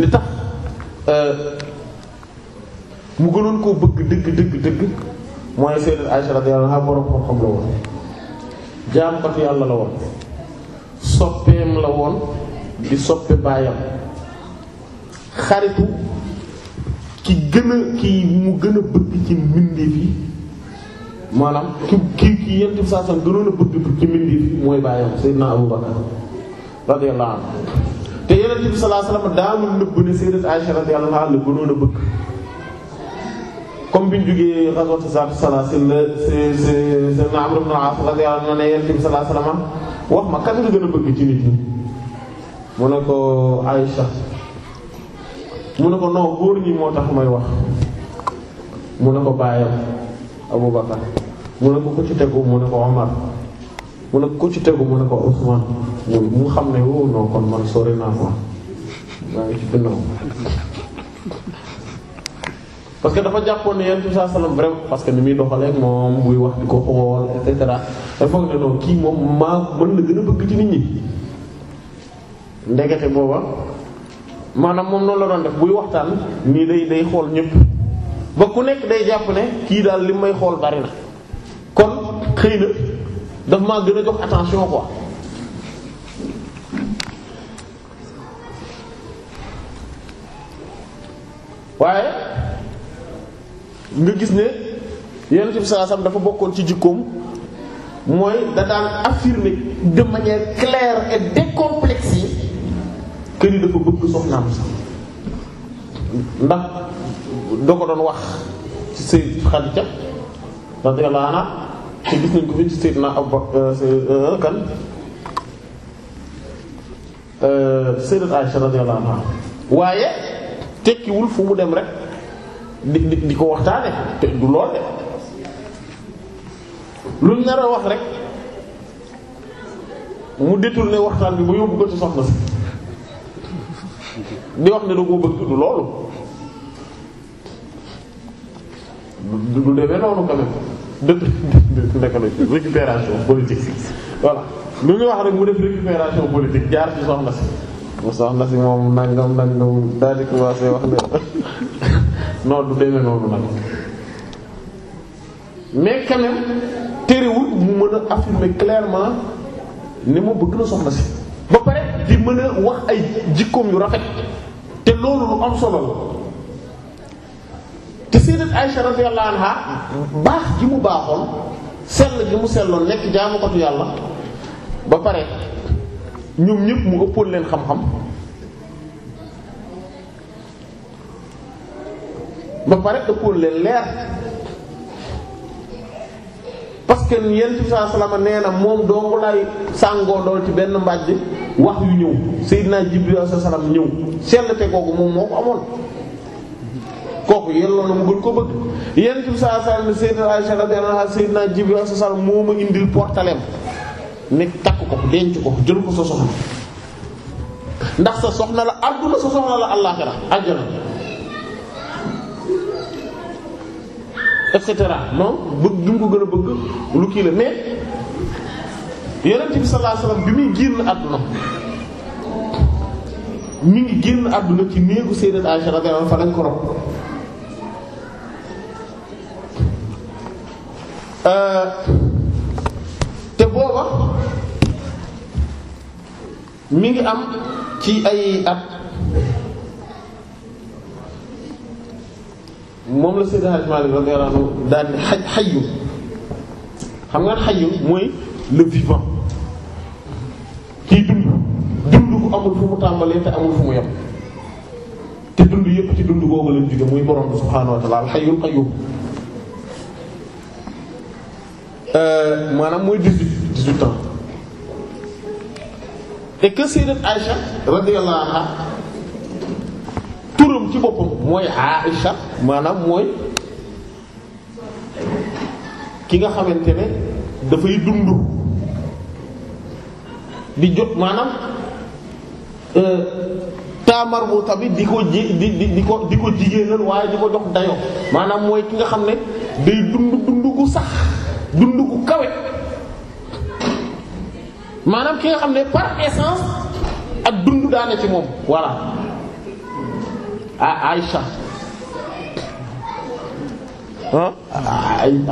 li tax euh, mu gënoon koo bëgg dëgg dëgg dëgg mooy Sayyidat Aisha radiyallahu anha borom xam-xam la woon jaamkatu yàlla la woon soppeem la woon di soppe baayam xaritu ki gën a ki mu gën a bëgg ci mbindeef maanaam ki ki ki yent bi saa mooy baayam te Yonent bi sallallahu daanu nëbb ne Sayyidat Aisha radiyallahu anha la gënoon bëgg comme bi ñu jugee ghazwat Zaat Salaasil la si si si Amr ibn al-As radiyallahu anhu ne Yonent bi sallallahu wax ma kan nga gën a bëgg ci ñi mu ne ko Aisha mu ne ko non góor ñi moo tax may wax mu ne ko baayam Abubakar mu ne ko ku ci tegu mu ne ko Omar mu ne ku ci tegu mu ne ko Ousmane mu xam ne woo non kon man sori naa ko maa ngi ci ginnaaw parce que dafa jàppoon ne yéen tout ça salaam vraiment parce que ni muy doxalee moom buy wax di ko xool et cetera dafa foog ne non kii moom maa mën la gën a bëgg ci nit ñi. ndegete booba maanaam moom noonu la doon def buy waxtaan nii day day xool ñëpp ba ku nekk day jàpp ne kii daal li may xool bari na kon xëy na. daf maa gën a jox attention quoi waaye nga gis ne yenn ci saa dafa bokkoon ci jikkoom mooy da daan affirmer de claire et décomplexée que ni dafa bëgg soxnaam sax ndax da ko doon wax ci sëy Xadiija radiyallahu anha te gis nañ ko fi ci Seydina Abu Bakr euh, euh, kan euh, Sayyidat Aisha radiyallahu anha waaye tekkiwul fu mu dem rek di di di ko waxtaane te du lool de lu nar wax rek mu détourné waxtaan bi ba yóbbu ko ci soxna si di wax ne da koo bëgg du loolu du demee noonu quand de de naka la récupération politique voilà lu ñu wax rek mu def récupération politique jaar ci soxna si soxna si moom nangam nangam daal di commencé wax ne non du demee noonu nag mais quand même mu mën a affirmer clairement ni ma bëgg na soxna si ba pare di mën a wax ay jikkoom yu rafet te loolu lu am solo te sayyidat Aisha radiyallahu anha baax ji mu baaxoon sell gi mu selloon nekk jaamukatu yàlla ba pare ñoom ñëpp mu ëppoon leen xam-xam ba pare ëppoon leen leer parce que yonent bi sallallahu alayhi wasallam nee na moom dong lay sàngoo dool ci benn mbàjj wax yu ñëw Seydina Jibril sallallahu alayhi ñëw sell te googu moom moo ko amoon kooku yelloo na mu gën ko bëgg yonent bi sallallahu alayhi wasallam sayyidina Aisha radiyallahu anha sayyidina Jibril sallallahu alayhi wasallam ma indil portalem ne takk ko denc ko jël ko sa soxna ndax sa soxna la adduna sa soxna la àllaxira aljana et cetera non bëgg du ko gën a bëgg lu kii la mais yonent bi sallallahu alayhi wasallam bi muy génn adduna mi ngi génn adduna ci néegu sayyidat Aisha radiyallahu anha fa lañ ko rob te booba mi ngi am ci ay at moom la Seydi Hadji Malick radiyallahu anhu xam nga xayu mooy le vivant kii dund dund bu amul fu mu tàmbalee te amul fu mu yem te dund yépp ci dund googu leen jóge muy borom bi subhaanahu wa ta'ala Euh, maanaam mooy dix-huit dix-huit ans et que sayyidat Aïcha radiyallahu anha turam ci boppam mooy Aïcha maanaam mooy ki nga xamante ne dafay dund di jot maanaam euh, taamar boo tamit di ko ji di di ko di ko jigéenal waaye di ko jox dayo maanaam mooy ki nga xam ne day dund dund gu kawe maanaam ki nga xam ne par essence ak dund daane ci moom voilà ah, a ah,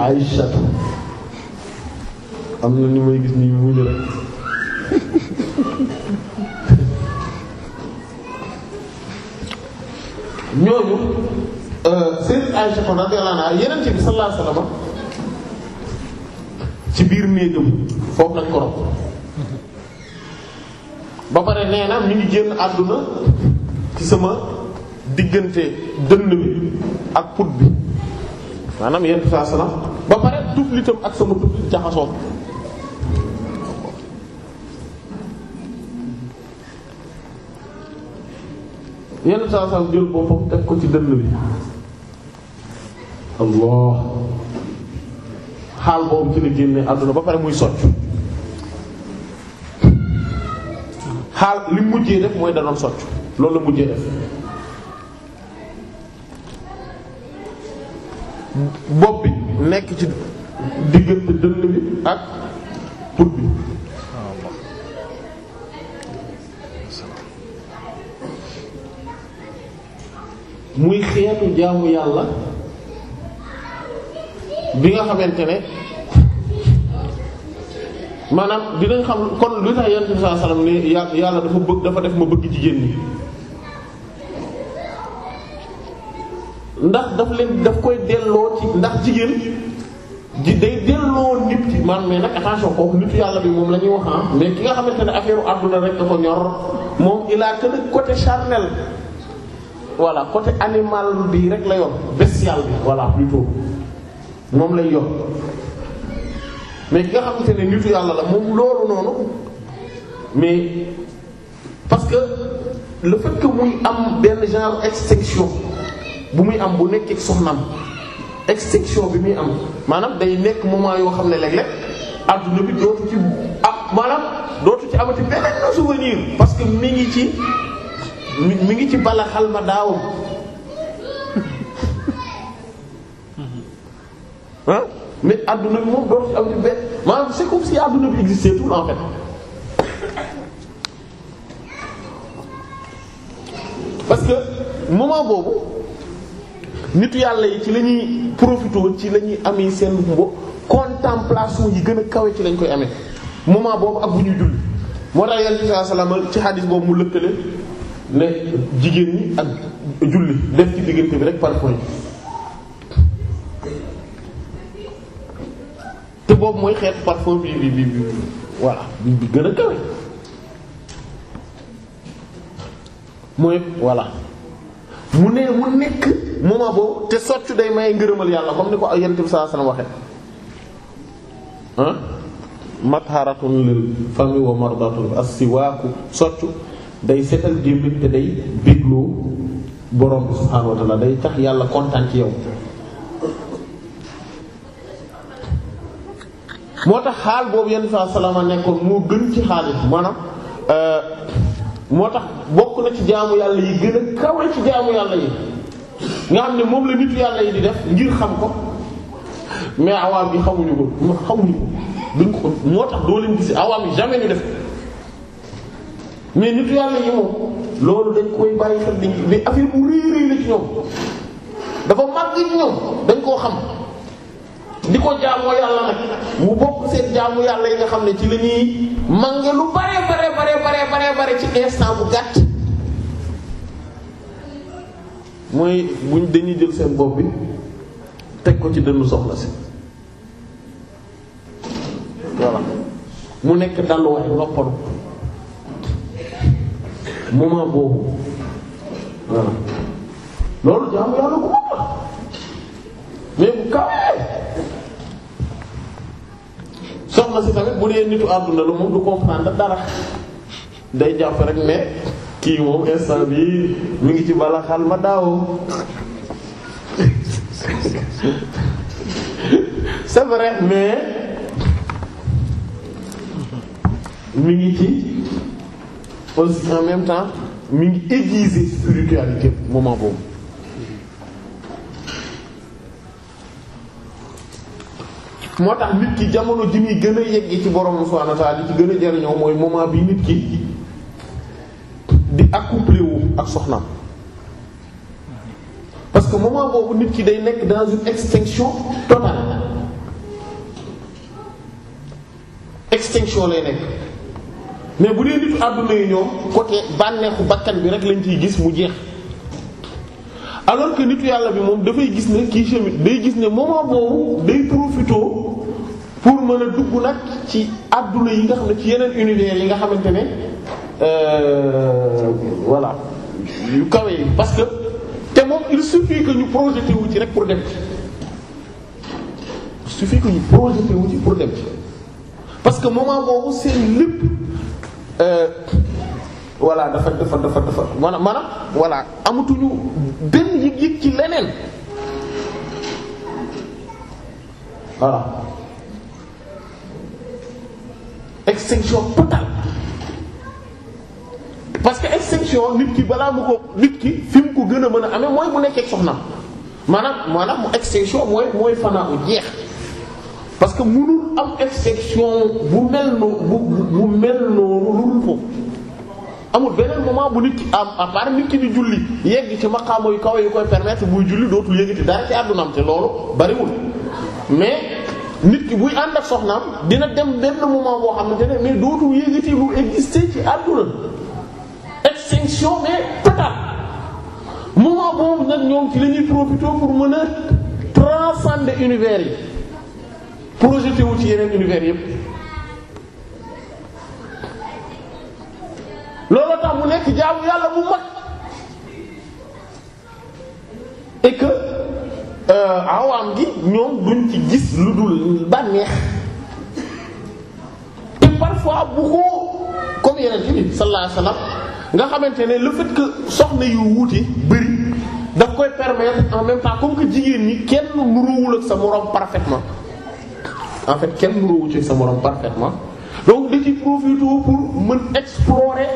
Aïcha am na ñu may gis nii mu rek ñooñu euh, seen Aïcha kon radiyallahu anha yeneen ci bi sallallahu ci biir néegam foofu lañ ko rob ba pare nee na mi ngi génn àdduna ci sama diggante dënn bi ak put bi maanaam yenn saa sana ba pare tuflitam ak sama tuflit jaxasoo yenn saa sana jël boppam teg ko ci dënn bi allah xaal boobu ci la génne àdduna ba pare muy socc xaal li mujjee def mooy da doon loolu la mujjee def bopp bi nekk ci diggante dënn bi ak put bi muy xeetu jaamu yàlla bi nga xamante ne maanaam dinañ xam kon lu tax yonent bi sallallahu alayhi wasallam yàlla dafa bëgg dafa def ma bëgg jigéen ñi ndax daf leen daf koy delloo ci ndax jigéen ji day delloo nit ki mais nag attention kooku nitu yàlla bi moom la ñuy wax ah. mais ki nga xamante ne affaire u àdduna rek dafa ñor moom il a que côté charnel voilà côté animal bi rek la yor bestial bi voilà plutôt moom lay yor mais ki nga xamante ne nitu yàlla la moom loolu noonu mais parce que le fait que muy am benn genre extinction bu muy am bu nekk soxnaam extinction bi muy am maanaam day nekk moment yoo xam ne léeg-léeg adduna bi dootu ci ah maanaam dootu ci amati beneen souvenir parce que mi ngi ci mu ngi ci bala xal ma daawam ah mais adduna bi moom dootu am benn maanaam c'est comme si bi existait tout en fait. parce que moment boobu nit yàlla yi ci la ñuy profité ci la ñuy amee seen mbo contemplation yi gën a kawe ci lañ koy amee moment boobu ak bu ñuy julli moo tax yàlla sallallahu alayhi ci xadis boobu mu lëkkale ne jigéen ñi ak julli def ci diggante bi rek par point. te boobu mooy xeet parfum bi bi bi bi voilà bi bi gën a kawe mooy voilà mu ne mu nekk moment boobu te soccu day may ngërëmal yàlla comme ko yonent bi sallallahu alayhi wasallam wa mardatun soccu day setal gémmiñ te day bégloo borom bi subhaanahu wa day tax yàlla kontaan ci yow moo tax xaal boobu yenn saa salaama nekkoon moo gën ci xaal yi maanaam euh, moo tax bokk na ci jaamu yàlla yi gën a kawe ci jaamu yàlla yi nga xam ne moom la nitu yàlla yi di def ngir xam ko mais awaam bi xamuñu ko xamuñu duñ ko moo tax doo leen gis awaam yi jamais ñu def mais nitu yàlla yi moom loolu dañ koy bàyyi xel dañ mais affaire bu réy réy la ci ñoom dafa màgg ci ñoom dañ koo xam. di ko jaamu yàlla nag mu bokk seen jaamu yàlla yi nga xam ne ci lañuy ñuy mange lu bare bare bare bare bare bare ci instant bu gàtt mooy buñ dañuy jël seen bopp bi teg ko ci dënnu soxla si voilà mu nekk dalluwaay noppalu moment boobu voilà loolu jaamu yàlla ko mais bu kawee soxna si tamit bu dee nitu àdduna la moom du comprendre dara day jàpp rek ne kii moom instant bi mi ngi ci bala ma daaw c'est vrai mais mi ngi ci aussi en même temps mi ngi aiguiser spiritualité moment boobu moo tax nit ki jamono ji muy gën a yegg ci borom subhanahu wa ta'ala li ci gën a jariñoo mooy moment bi nit ki di accouplé wu ak soxnaam parce que moment boobu nit ki day nekk dans une extinction totale extinction lay nekk mais bu dee nitu àdduna yi ñoom côté bànneexu bakkan bi rek lañ ciy gis mu jeex. alors que nitu yàlla bi moom dafay gis ne kii chemite day gis ne moment boobu day profitoo pour mën a dugg nag ci adduna yi nga xam ne ci yeneen univers yi nga xamante ne euh, voilà yu kawe yi parce que te moom il suffit que ñu projeté wu ci rek pour dem ci il suffit que ñu projeté wu ci pour dem ci parce que moment boobu seen lépp euh, voilà dafa dafa dafa dafa maanaam maanaam voilà amatuñu benn yëg-yëg ci leneen voilà extinction totale parce que extinction nit ki balaa mu ko nit ki fi ko gën a mën a amee mooy mu nekkeeg soxna maanaam maanaam mu extinction mooy mooy fanaa jeex parce que mënul am extinction bu mel noonu bu bu mel noonu lu dul foofu amul beneen moment bu nit ki am à nit ki di julli yegg ci maqaama yu kawe yu koy permettre buy julli dootul yëngati dara ci àddunaam te loolu bariwul mais nit ki buy ànd ak soxnaam dina dem benn moment boo xamante ne mais dootul yëngati lu existé ci àdduna extinction mais totale moment boobu nag ñoom ci la ñuy pour mën a transcender univers yi projeté ci yeneen univers yëpp. looloo tax mu nekk jaamu yàlla bu mag et que euh, gi ñoom duñ ci gis lu dul bànneex te parfois bu ko comme yeneen bi sallallahu alayhi wasallam nga xamante ne le fait que soxna yu wuute bëri daf koy permettre en même temps comme que jigéen ñi kenn nuroowul ak sa moroom parfaitement en fait kenn nuroowul ak sa moroom parfaitement donc da ci profité pour mën explorer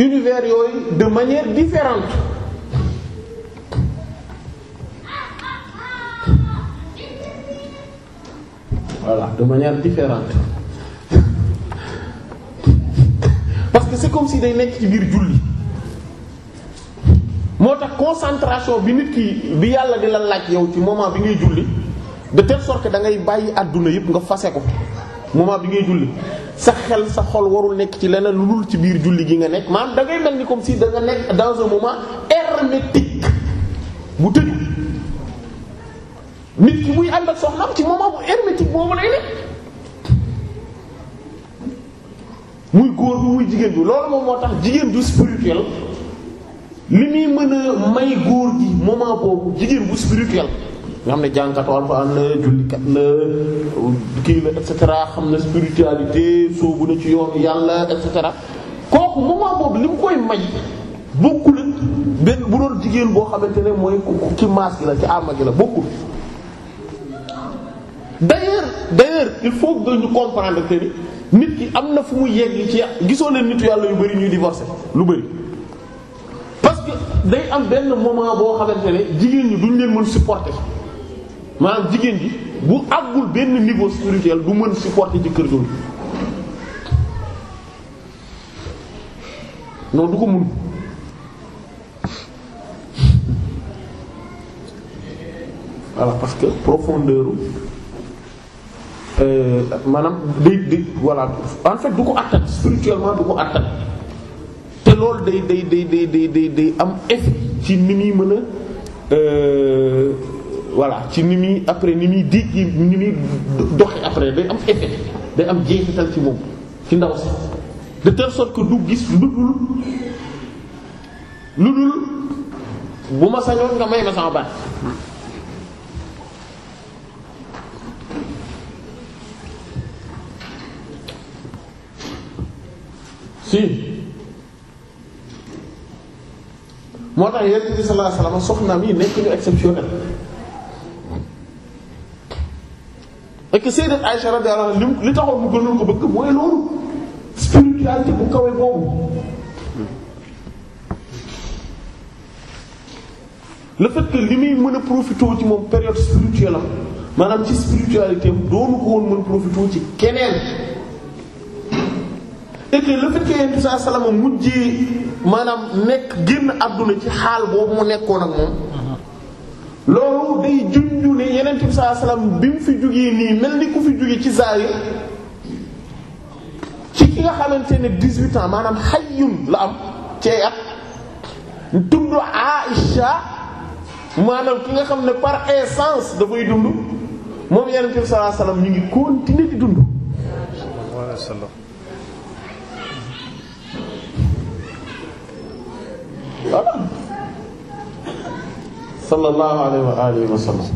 univers yooyu de manière différente voilà parce que c'est comme si day nekk ci biir julli moo tax concentration bi nit ki bi yàlla di la laaj yow ci moment bi ngay julli de telle sorte que da ngay bàyyi àdduna yépp nga fase ko moment bi ngay julli sa xel sa xol warul nekk ci leneen lu dul ci biir julli gi nga nekk maanaam da ngay mel ni comme si da nga nekk dans un moment hermétique bu tëju nit ki buy ànd ak soxnaam ci moment bu hermétique boobu lay nekk muy góor bi muy jigéen bi loolu moom moo tax jigéen ju spirituel li muy mën a may góor gi moment boobu jigéen bu spirituel nga xam ne jànkatu alxuraan la jullikat la kii la et cetera xam na spiritualité soobu na ci yoonu yàlla et kooku moment boobu li mu koy may bokkul benn bu doon jigéen boo xamante ne mooy ci maas gi la ci arma la bokkul d'ailleurs d'ailleurs il faut nit ki am na fu mu yegg ci gisoo leen nitu yàlla yu bari ñuy divorcer lu bari parce que day am benn moment boo xamante ne jigéen ñi duñ leen mën supporter maanaam jigéen ji bu àggul benn niveau spirituel du mën supporter ci kër jooju du ko mun voilà parce que profondeur euh, maanaam day day voilà en fait du ko attan spirituellement du ko attan te loolu day day day day day day am effet ci ni muy mën a euh, voilà ci ni muy après ni muy di ni muy doxe après day am effet day am jeexital ci moom ci ndaw si de telle sorte que du gis lu dul lu dul bu ma sañoon nga may ma sama baat si moo tax yonent bi sallallahu alayhi soxnaam yi nekk ñu exceptionnel et que Sayyidat Aïcha radiyallahu anha li taxaw mu gënoon ko bëgg mooy loolu spiritualité bu kawe boobu. le fait que li muy mën a profité ci moom période spirituelle am maanaam ci spiritualité am doonu ko woon mën profité ci keneen. et que le fait que Yonent mujjee maanaam nekk génn àdduna ci xaal boobu mu nekkoon ak moom. loolu day juñ junju ne yenent bi bi mu fi jógee nii mel ni ku fi jóge ci zaahir ci ki nga xamante ne dix-huit ans maanaam xayyun la am ci at dund Aïcha maanaam ki nga xam ne par essence dafay dund moom yenent bi sallallahu ñu ngi continuer di dund voilà sallallahu alayhi wa alihi wa sallam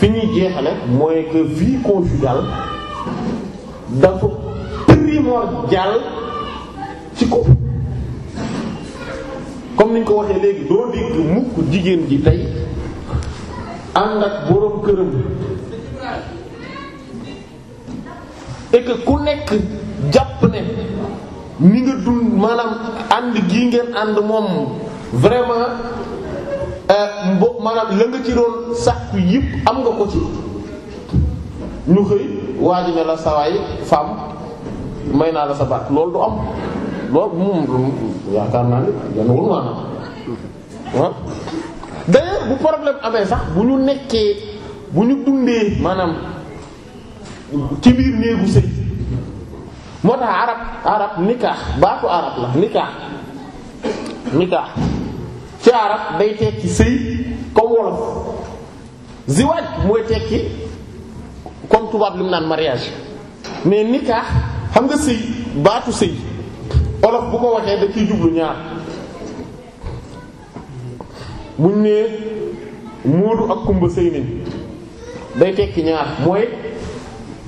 fi ñuy jeexale mooy kër vie conjugale dafa primordial ci ko comme niñ ko waxee léegi doo dégg mukk jigéen ji tey ànd ak boroom këram et que ku nekk jàpp ne ni nga dund maanaam ànd gi ngeen ànd moom vraiment euh, mbo maanaam la nga ci doon sàkku yëpp am nga ko ci ñu xëy waaji ne la sawaay femme may naa la sa baat lool du am loolu moom yaakaar naa ne yan wul maanaam waaw bu problème amee sax bu ñu nekkee bu ñu dundee maanaam ci biir néegu sëy moo tax arab arab nikaax baatu arab la nikaax nikaax ci arab day tekki sëy comme wolof ziwaaj mooy tekki comme tubaab li mu naan mariage mais nikaax xam nga sëy baatu sëy wolof bu ko waxee da ciy jublu ñaar buñ nee Moodu ak Kumba sëy nañ day tekki ñaar mooy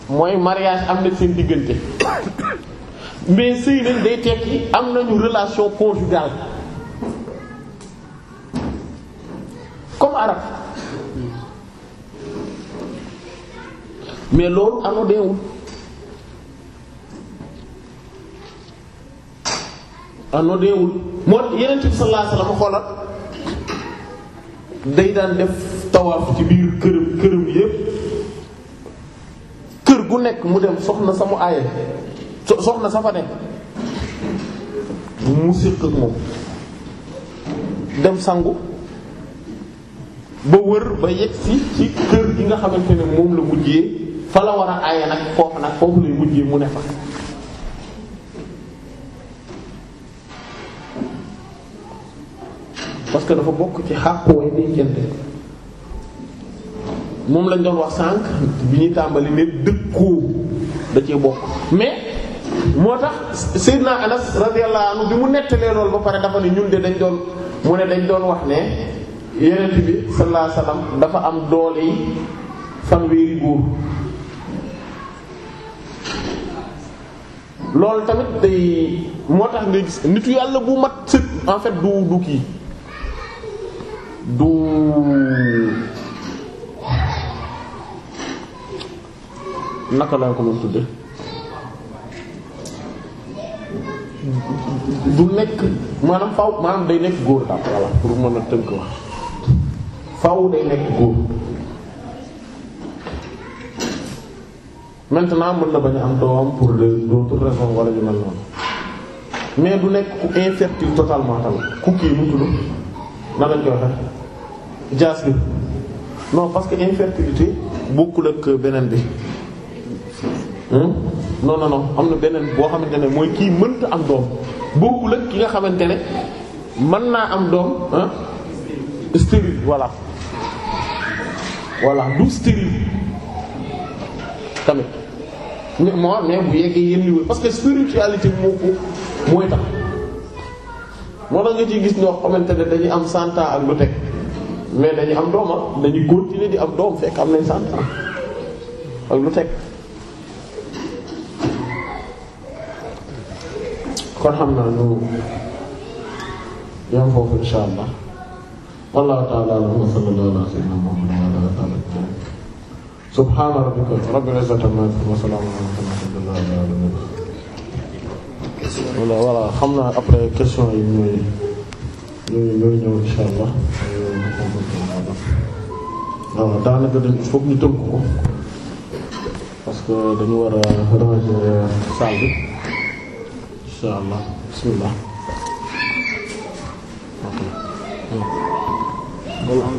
mooy mariage am na seen diggante mais sëy nañ day tekki am nañu relation conjugale comme arab mais loolu ano deewul ano deewul moo yeneen bi sallallahu alayhi wasallam xoolal day daan def tawaaf ci biir këram këram yépp gu nekk mu dem soxna samu aaye soxna sa fa nekk mu siq moom dem sangu ba wër ba yegg ci kër gi nga xamante ne moom la mujjee fa la war a aaye nag foofu nag foofu lay mujjee mu ne fa parce que dafa bokk ci xàqu way dencante moom lañ doon wax sànq bi ñuy tàmbali ne dëkkoo da cee bokk mais moo tax Seydina Anas radiyallahu anhu bi mu nettalee loolu ba pare dafa ne ñun de dañ doon mu ne dañ doon wax ne yeneen bi sallallahu dafa am doole yi fanweeri góor loolu tamit day moo tax nga gis nitu yàlla bu mat sëpp en fait du du kii du naka laa ko doon tudde du nekk maanaam faaw maanaam day nekk góor daal voilà pour mën a tënk wax day nekk góor maintenant mën na bañ am doom pour d'autres raisons wala ñu mel noonu mais du nekk ku infertile totalement tamit ku kii mu tudd nan lañ koy jaas bi non parce que infertilité bokkul ak beneen bi. Hmm? noonu non non am na beneen boo xamante ne mooy kii mënta am doom bokkul ak ki nga xamante ne man naa am doom ah stérile voilà voilà du stérile tamit mais moo mais parce que spiritualité moo ko mooy tax moo tax nga ci gis ñoo xamante ne dañu am santa ak lu teg mais dañuy am doom dañuy continuer di am doom fekk am nañ cent ans ak lu teg. kon xam naa ñu yem foofu insha allah wallahu ta'ala wa sallallahu ala sayyidina muhammad wa ala alihi subhana rabbika rabbil izzati amma yasifun wa salamun ala mursalin walhamdulillahi rabbil alamin wala wala xam naa après question yi ñooy ñooy ñooy insha allah daanaka dañ foog ñu tënk ko parce que dañoo war a ranger salle bi incha allah bismillah waaw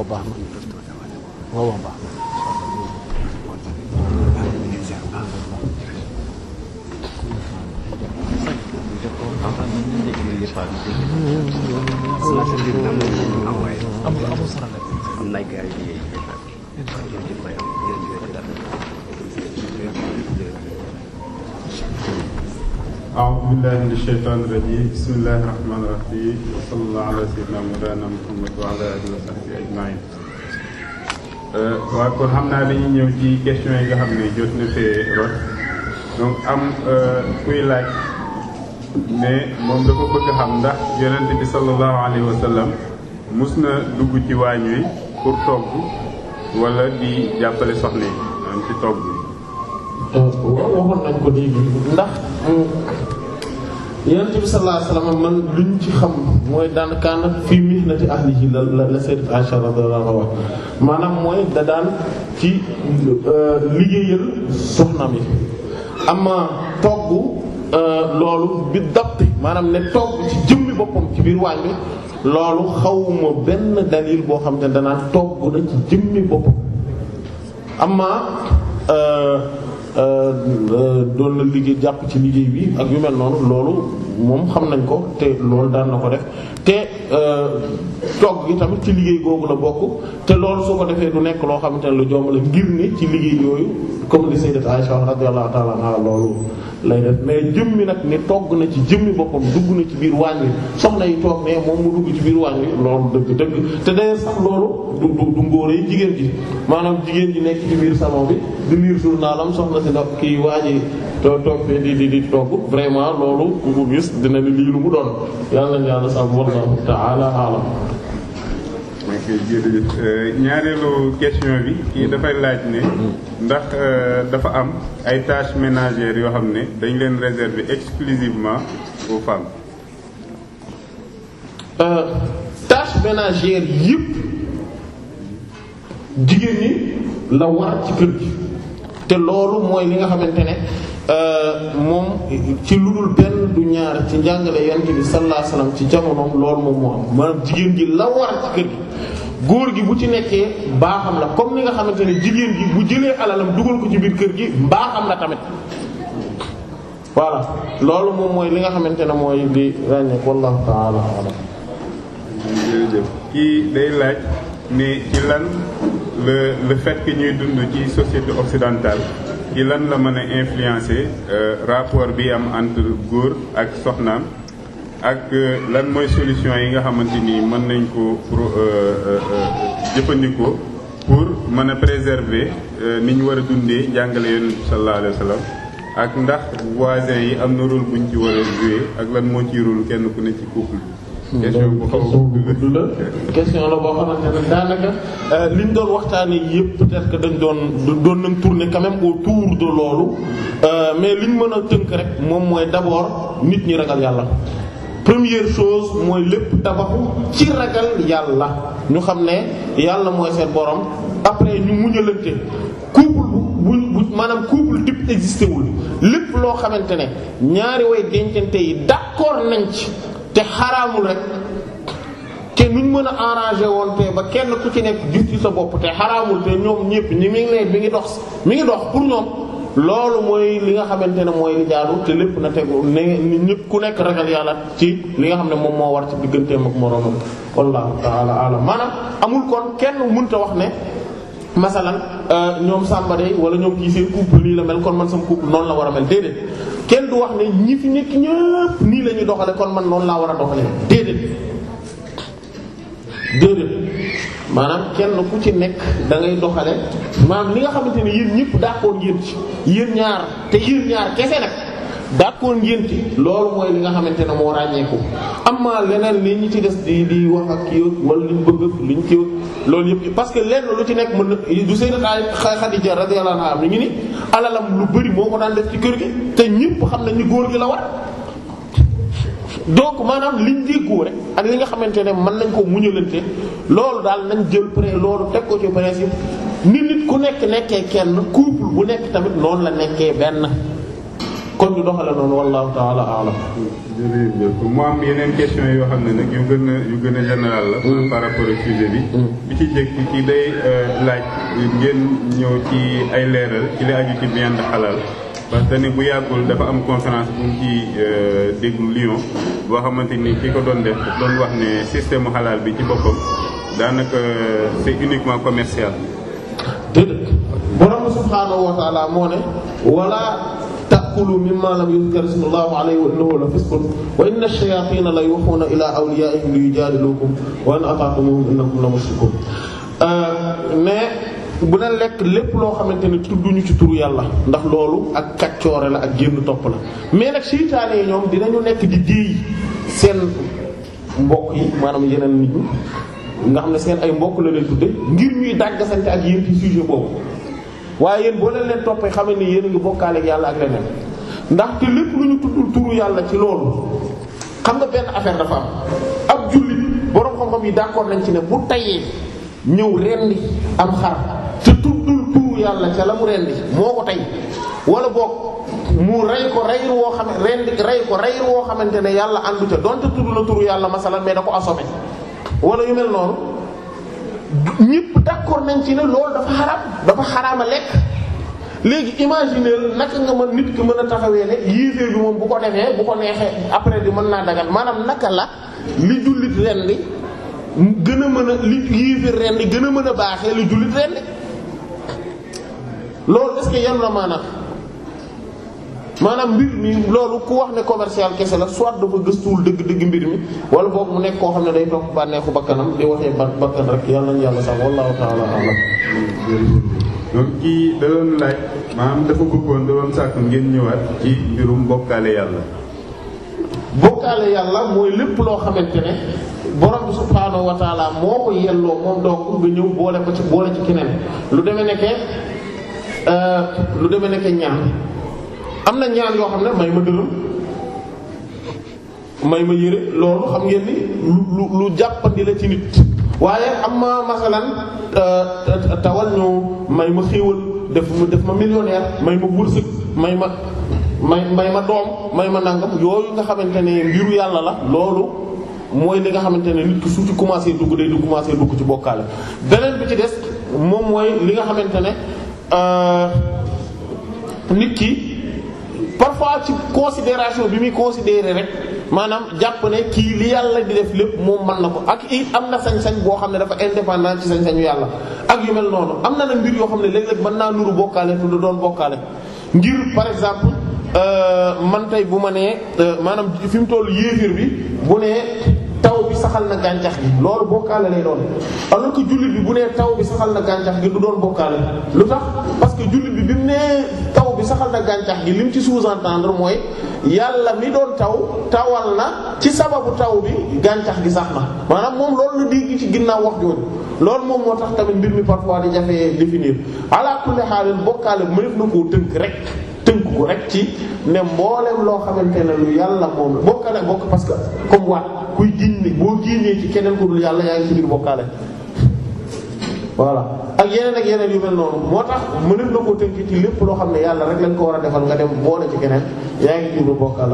baax na waaw waaw baax na am na amul laaj gars yi liggéey wa kon xam naa dañuy ñëw ci question yi nga xam ne jot na fee rot donc am euh, kuy laaj ne moom dafa bëgg xam ndax yonent bi sallallahu alayhi wa mus na dugg ci waañ wi pour togg wala di jàppale soxna yi maanaam ci togg waaw waxoon nañ ko léegi ndax euh, yonent bi sallallahu alayhi wasallam man luñ ci xam mooy daan kaan fii mihnati ahlihi la la la Sayyidat Aisha radhiyallahu anha wax maanaam mooy da daan ci euh, liggéeyal soxnaam yi ama togg euh, loolu bi dapte maanaam ne togg ci jëmmi boppam ci biir waañ bi loolu xawma benn dalil boo xam te ne danaan togg na ci jëmmi bopp amma euh, euh, euh, doon la liggéey jàpp ci liggéey bi ak yu mel noonu loolu moom xam nañ ko te loolu daan na ko def te euh, togg gi tamit ci liggéey googu la bokk te loolu soo ko defee du nekk loo xamante ne lu jomb la ngir ne ci liggéey yooyu comme li sayyidat Aisha radiyallahu ta'ala anha loolu lay def mais jëmmi nag ne togg na ci jëmmi boppam dugg na ci biir waañ wi soxna yi toog mais moom mu dugg ci biir waañ wi loolu dëgg dëgg te d'ailleurs sax loolu du du ngóore jigéen ji maanaam jigéen ji nekk ci biir salon bi di liir journalam soxna si kii waaji doo toog di di di toog vraiment loolu ku ko gis dina ni lii lu mu doon yàlla na yàlla sax wallahu ta'ala a'lam. ok jërëjëf euh, ñaareelu question bi kii dafay laaj ne ndax euh, dafa am ay tâches ménagères yoo xam ne dañ leen réserver exclusivement aux femmes. Euh, tâches ménagères yëpp jigéen ñi la war ci kër gi te loolu mooy li nga xamante ne. Euh, moom ci lu dul benn du ñaar ci njàngale yonent bi sallallahu ci jamonoom loolu moom moo am jigéen gi la war ci kër gi góor gi bu ci nekkee baaxam la comme ni nga xamante ne jigéen gi bu jëlee alalam dugal ko ci biir kër gi baaxam la tamit voilà loolu moom mooy li nga xamante ne mooy di ràññeek wallahu ta'ala a'lam kii day laaj ne ci lan le le ñuy dund ci société occidentale ci lan la mën a influencer euh, rapport bi am entre góor ak soxnaam ak euh, lan mooy solution yi nga xamante ni mën nañ ko pro euh, jëfandikoo pour mën a préserver ni ñu war a dundee jàngale yonent bi sallallahu alayhi ak ndax voisins yi am na rôle bu ñu ci war a ak lan moo ciy rôle kenn ku ne ci couple bi question bu la question la boo xamante ne daanaka euh, li ñu doon waxtaanee yëpp peut-être que dañ doon doon nañ tourner quand même autour de loolu euh, mais li ñu mën a tënk rek moom mooy d'abord nit ñi ragal yàlla. première chose mooy lépp tabaxu ci ragal yàlla ñu xam ne yàlla mooy seen borom après ñu muñalante couple bu bu maanaam couple dip existé wul lépp loo xamante ne ñaari way dencante yi d'accord nañ ci. te xaraamul rek te nuñ mën a arrangé woon te ba kenn ku ci nekk gis ci sa bopp te xaraamul te ñoom ñépp ñi mi ngi mi ngi dox mi ngi dox pour ñoom loolu mooy li nga xamante ne mooy li te lépp na tegu ne ni ñépp ku nekk ragal yàlla ci li nga xam ne moom moo war ci digganteem ak moroomam wallahu ta'ala alam maanaam amul kon kenn mënta wax ne masalan euh, ñoom Samba day wala ñoo kii seen couple la mel kon man sama couple noonu la war a mel déedéet kenn du wax ne ñi fi nekk ñëpp nii la ñuy doxale kon man noonu laa war a doxale déedéet déedéet maanaam kenn ku ci nekk da ngay doxale maanaam li nga xamante ne yéen ñëpp d'accord ngeen ci yéen ñaar te yéen ñaar kese nag d'accord ngénte loolu mooy li nga xamante ne moo ràññeeku am amma leneen li ñu ci des di di wax ak kii wala li bëgg li ñu kii loolu yëpp parce que lenn lu ci nekk mën na du Sayyidat Khadija radiyallahu anha ni alalam lu bari moo ko daan def ci kër te ñëpp xam nañ ni góor la war. maanaam liñ déggoo ak li nga xamante ne mën nañ ko muñalante loolu daal nañ jël pré loolu teg ko ci principe ni nit ku nekk nekkee kenn couple bu nekk tamit noonu la nekkee benn. kon ñu doxale noonu wallahu taala alam jërëjëf mu am yeneen question yoo xam ne nag yu gën a yu gën a général la mm. par rapport au mm. bi ci jëkk ci day euh, laaj ngeen ñëw ci ay leeral ci la aju ci viande halal parce que bu yàggul dafa am conférence bu mu ci euh, déggu Lyon boo xamante ni ki ko doon def doon wax ne système halal bi ci boppam daanaka euh, c'est uniquement commercial borom subhaanahu wa moo ne wala taakulu mimma lam yuzkar ismullaahi alayhi wa innahu la wa inna ash-shayaatina la yuuhuuna ilaa awliyaa'ihim liyujaadiluukum wa in ataatumuhum innakum la mais bu na lekk lépp loo xamante ne tudduñu ci turu yàlla ndax loolu ak kaccoore la ak génn topp la mais nag seytaane yi ñoom dinañu nekk di déey seen mbokk yi maanaam yeneen nit ñi nga xam ne seen ay mbokk la leen tudde ngir ñuy dàggasante ak yéen ci sujet boobu waaye yéen boo leen leen toppee xam ne yeneen a ngi bokkaale yàlla ak leneen ndaxte lépp lu ñu tuddul turu yàlla ci loolu xam nga benn affaire dafa am ab jullit borom xam yi d'accord nañ ci ne bu tayee ñëw rendi am xar te tuddul turu yàlla ca la mu rendi moo ko tey wala boog mu rey ko reyru woo xam rendi rey ko reyru woo xamante ne yàlla àndu ca donte tudd na turu yàlla masalan mais da ko assommé wala yu mel noonu ñëpp d'accord nañ ci ne loolu dafa xaraam dafa xaraama lekk léegi imaginer naka nga mën nit ki mën a taxawee ne yéeféer bi moom bu ko defee bu ko neexee après di mën naa dagal maanaam naka la li jullit ren di gën a mën a ren di gën a mën a baaxee li jullit ren di loolu est-ce que yan la maanaam maanaam mbir mi loolu ku wax ne commercial kese la soit dafa gëstuwul dëgg-dëgg mbir mi wala boobu mu nekk koo xam ne day topp bànneexu bakkanam di waxee bakkan rek yàlla nañ yàlla sax wallahu ta'ala a'lam donc kii da doon laaj maanaam dafa bëggoon da doon sàkk ngeen ñëwaat ci mbirum bokkaale yàlla bokkaale yàlla mooy lépp loo xamante ne borom bi subhaanahu wa taala moo ko yelloo moom donc nga ñëw boole ko ci boole ci keneen lu demee nekke euh, lu demee nekke ñaan am na ñaan yoo xam ne may ma dërëm may ma yére loolu xam ngeen ni lu lu jàppandi la ci nit waaye am ma masalan tawal ñu may ma xéewal def ma def ma millionnaire may ma wërsëg may ma may may ma doom may ma nangam yooyu nga xamante ne mbiru yàlla la loolu mooy li nga xamante ne nit ki su ci commencé dugg day du commencé dugg ci bokkaale beneen bi ci des moom mooy li nga xamante ne euh, nit ki parfois ci considération bi muy considéré rek maanaam jàpp ne kii li yàlla di def lépp moom mën na ko ak i am na sañ-sañ boo xam ne dafa indépendant ci sañ-sañu yàlla ak yu mel noonu am na nag mbir yoo xam ne léeg-léeg mën naa nuru bokkaale te doon bokkaale ngir par exemple euh, man tey bu ma nee euh, maanaam fi mu toll yéefir bi bu nee taw bi saxal na gàncax gi loolu bokkaale lay doon alors que jullit bi bu nee taw bi saxal na gàncax gi du doon bokkaale lu tax parce que jullit bi bi mu nee taw bi saxal na gàncax gi lim ci sous-entendre mooy yàlla mi doon taw tawal na ci sababu taw bi gàncax gi sax na maanaam moom loolu la dégg ci ginnaaw wax jooju loolu moom moo tax tamit mbir mi parfois di jafee définir ala kulli xaalis bokkaale mënef na koo tënk rek tënk ko ak ci ne mboolem loo xamante ne lu yàlla moom bokkaale bokk parce que comme waat kuy jiñ boo génnee ci keneen ku yàlla yaa ngi ci biir bokkaale voilà ak yeneen ak yeneen ci lépp loo xam ne yàlla rek lañ ko war a defal nga dem boole ci keneen yaa ngi ci biir ah,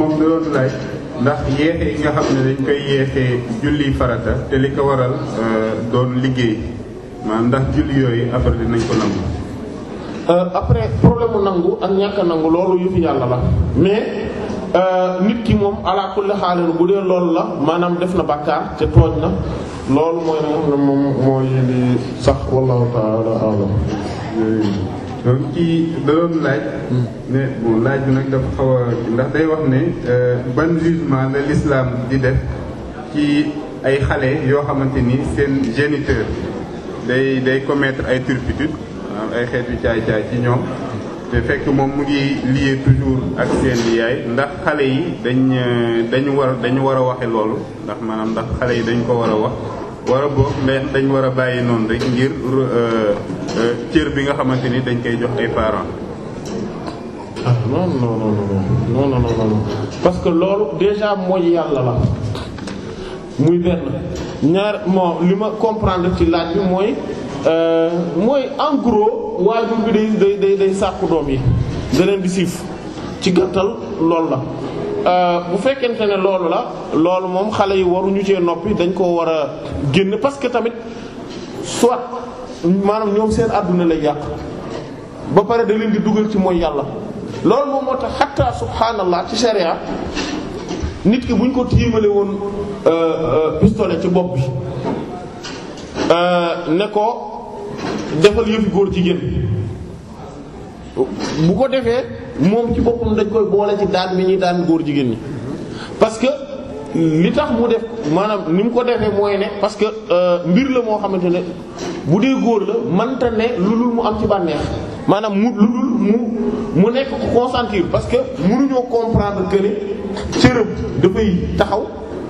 moom da doon laaj ndax yeexe yi nga xam ne dañ koy yeexee julli farata te li ko waral euh, doon liggéey maanaam ndax julli yooyu après dinañ ko nangu. Euh, après problème nangu ak ñàkk a nangu loolu yëfu yàlla la mais. Euh, nit ki moom ala kulli loolu la maanaam def na bàkkaar te tooñ loolu mooy moom moom mooy li sax wallahu ta'ala a'lam donc kii da laaj ne bon laaj bi nag dafa xaw a ndax day wax ne euh, ban jugement la l'islam di def ci ay xale yoo xamante ni seen géniteur day day commettre ay turpitude maanaam ay xeetu caay-caay ci ñoom te fekk moom mu ngi lié toujours ak seen liyaay ndax xale yi dañ dañu war dañu war a waxe loolu ndax maanaam ndax xale yi dañ ko war a wax war a boog mais dañ war a bàyyi noonu rek ngir euh, euh, cër bi nga xamante ni dañ koy jox ay parent ah non non non non parce que loolu déjà mooy yàlla la muy benn ñaar moo li ma comprendre ci laaj bi mooy euh, mooy en gros waajur bi day day day day sàkku doom yi da leen siif ci gàttal loolu la. Euh, bu fekkente ne loolu la loolu moom xale yi waruñu cee noppi dañ koo war a génn parce que tamit soit maanaam ñoom seen àdduna lay yàq ba pare daleen di dugal ci mooy yàlla loolu moom moo tax xatta subhaanallah ci sharia nit ki bu ñu ko tiimale woon euh, euh, pistolet ci bopp bi euh, ne ko defal yëfi góor jigéen bu ko defee moom ci boppam dañ koy boole ci daan bi ñuy daan góor jigéen ñi parce que li tax mu def maanaam ni mu ko defee mooy ne parce que mbir la moo xamante ne bu dee góor la mënta ne lu lul mu am ci bànneex maanaam mu lu dul mu mu nekk consentir parce que mënuñoo comprendre que ni cërëb dafay taxaw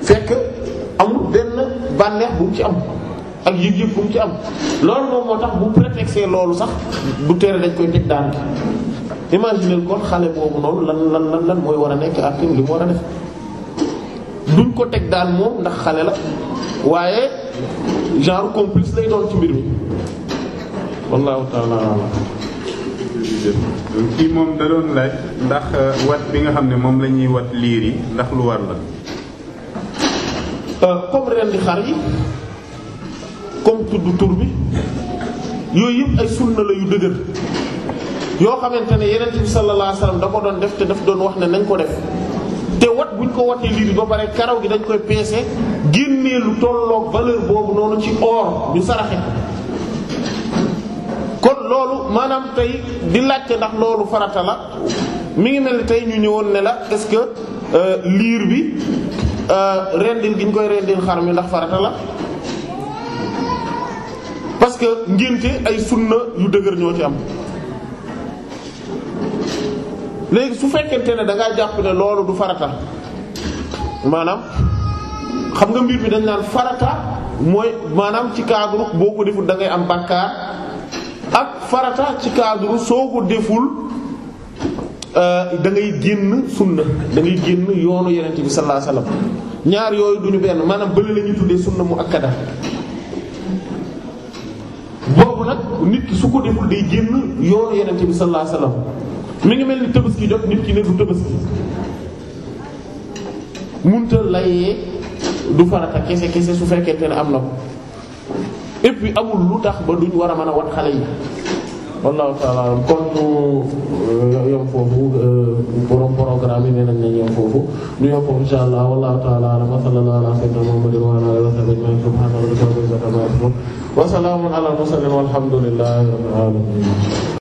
fekk amul benn bànneex bu mu ci am ak yëg-yëg bu mu ci am loolu moom moo tax bu prétexté loolu sax bu tere dañ koy teg daan bi imaginer kon xale boobu noonu lan lan lan lan mooy war a nekk ak lu mu war a def duñ ko teg daan moom ndax xale la waaye genre complice lay doon ci mbir mi wallahu ta'ala jërëjëf kii moom da doon laaj ndax euh, wat bi nga xam ne moom la ñuy wat liir yi ndax lu war la. Euh, comme ren xar yi comme tudd tur bi yooyu yëpp ay sunna la yu dëgër yoo xamante ne yeneen bi sallallahu da ko doon def te daf doon wax ne nañ ko def te wat buñ ko watee liir yi ba pare karaw gi dañ koy peese génnee lu tolloog valeur boobu noonu ci or ñu saraxe. kon loolu maanaam tey di laajte ndax loolu farata la mi ngi mel ni tey ñu ñëwoon ne la est-ce que euh, liir bi euh, rendil gi ñu koy rendil xar mi ndax farata la parce que ngénte ay sunna yu dëgër ñoo ci am léegi su fekkente ne da jàpp ne loolu du farata maanaam xam nga mbir bi dañ naan farata mooy maanaam ci cadre boo ko deful da ngay am bàkkaar ak farata ci cadre soo ko deful euh, da ngay génn sunna dangay génn yoonu yenente bi sallallahu alayhi ñaar yooyu duñu benn maanaam bële la ñuy tuddee sunna mu akkada boobu nag nit ki su ko deful day génn yoonu yenente bi sallallahu alayhi wasallam ngi mel ni tabaski jot nit ki ne du tabaski munta layee du farata kese kese su fekkente ne am na ko et puis amul lu tax ba duñ war a mën a wat xale yi wallahu taala kon ñu euh, yom foofu euh, borom programme yi nee nañ ne yom foofu ñu yom foofu insha allah wallahu taala alam wa sallallahu ala sayyidina muhammadin wa ala alihi wa sahbihi ajma'in subhana rabbika rabbil izzati amma yasifun wa salamun ala al mursalin walhamdulillahi rabbil alamin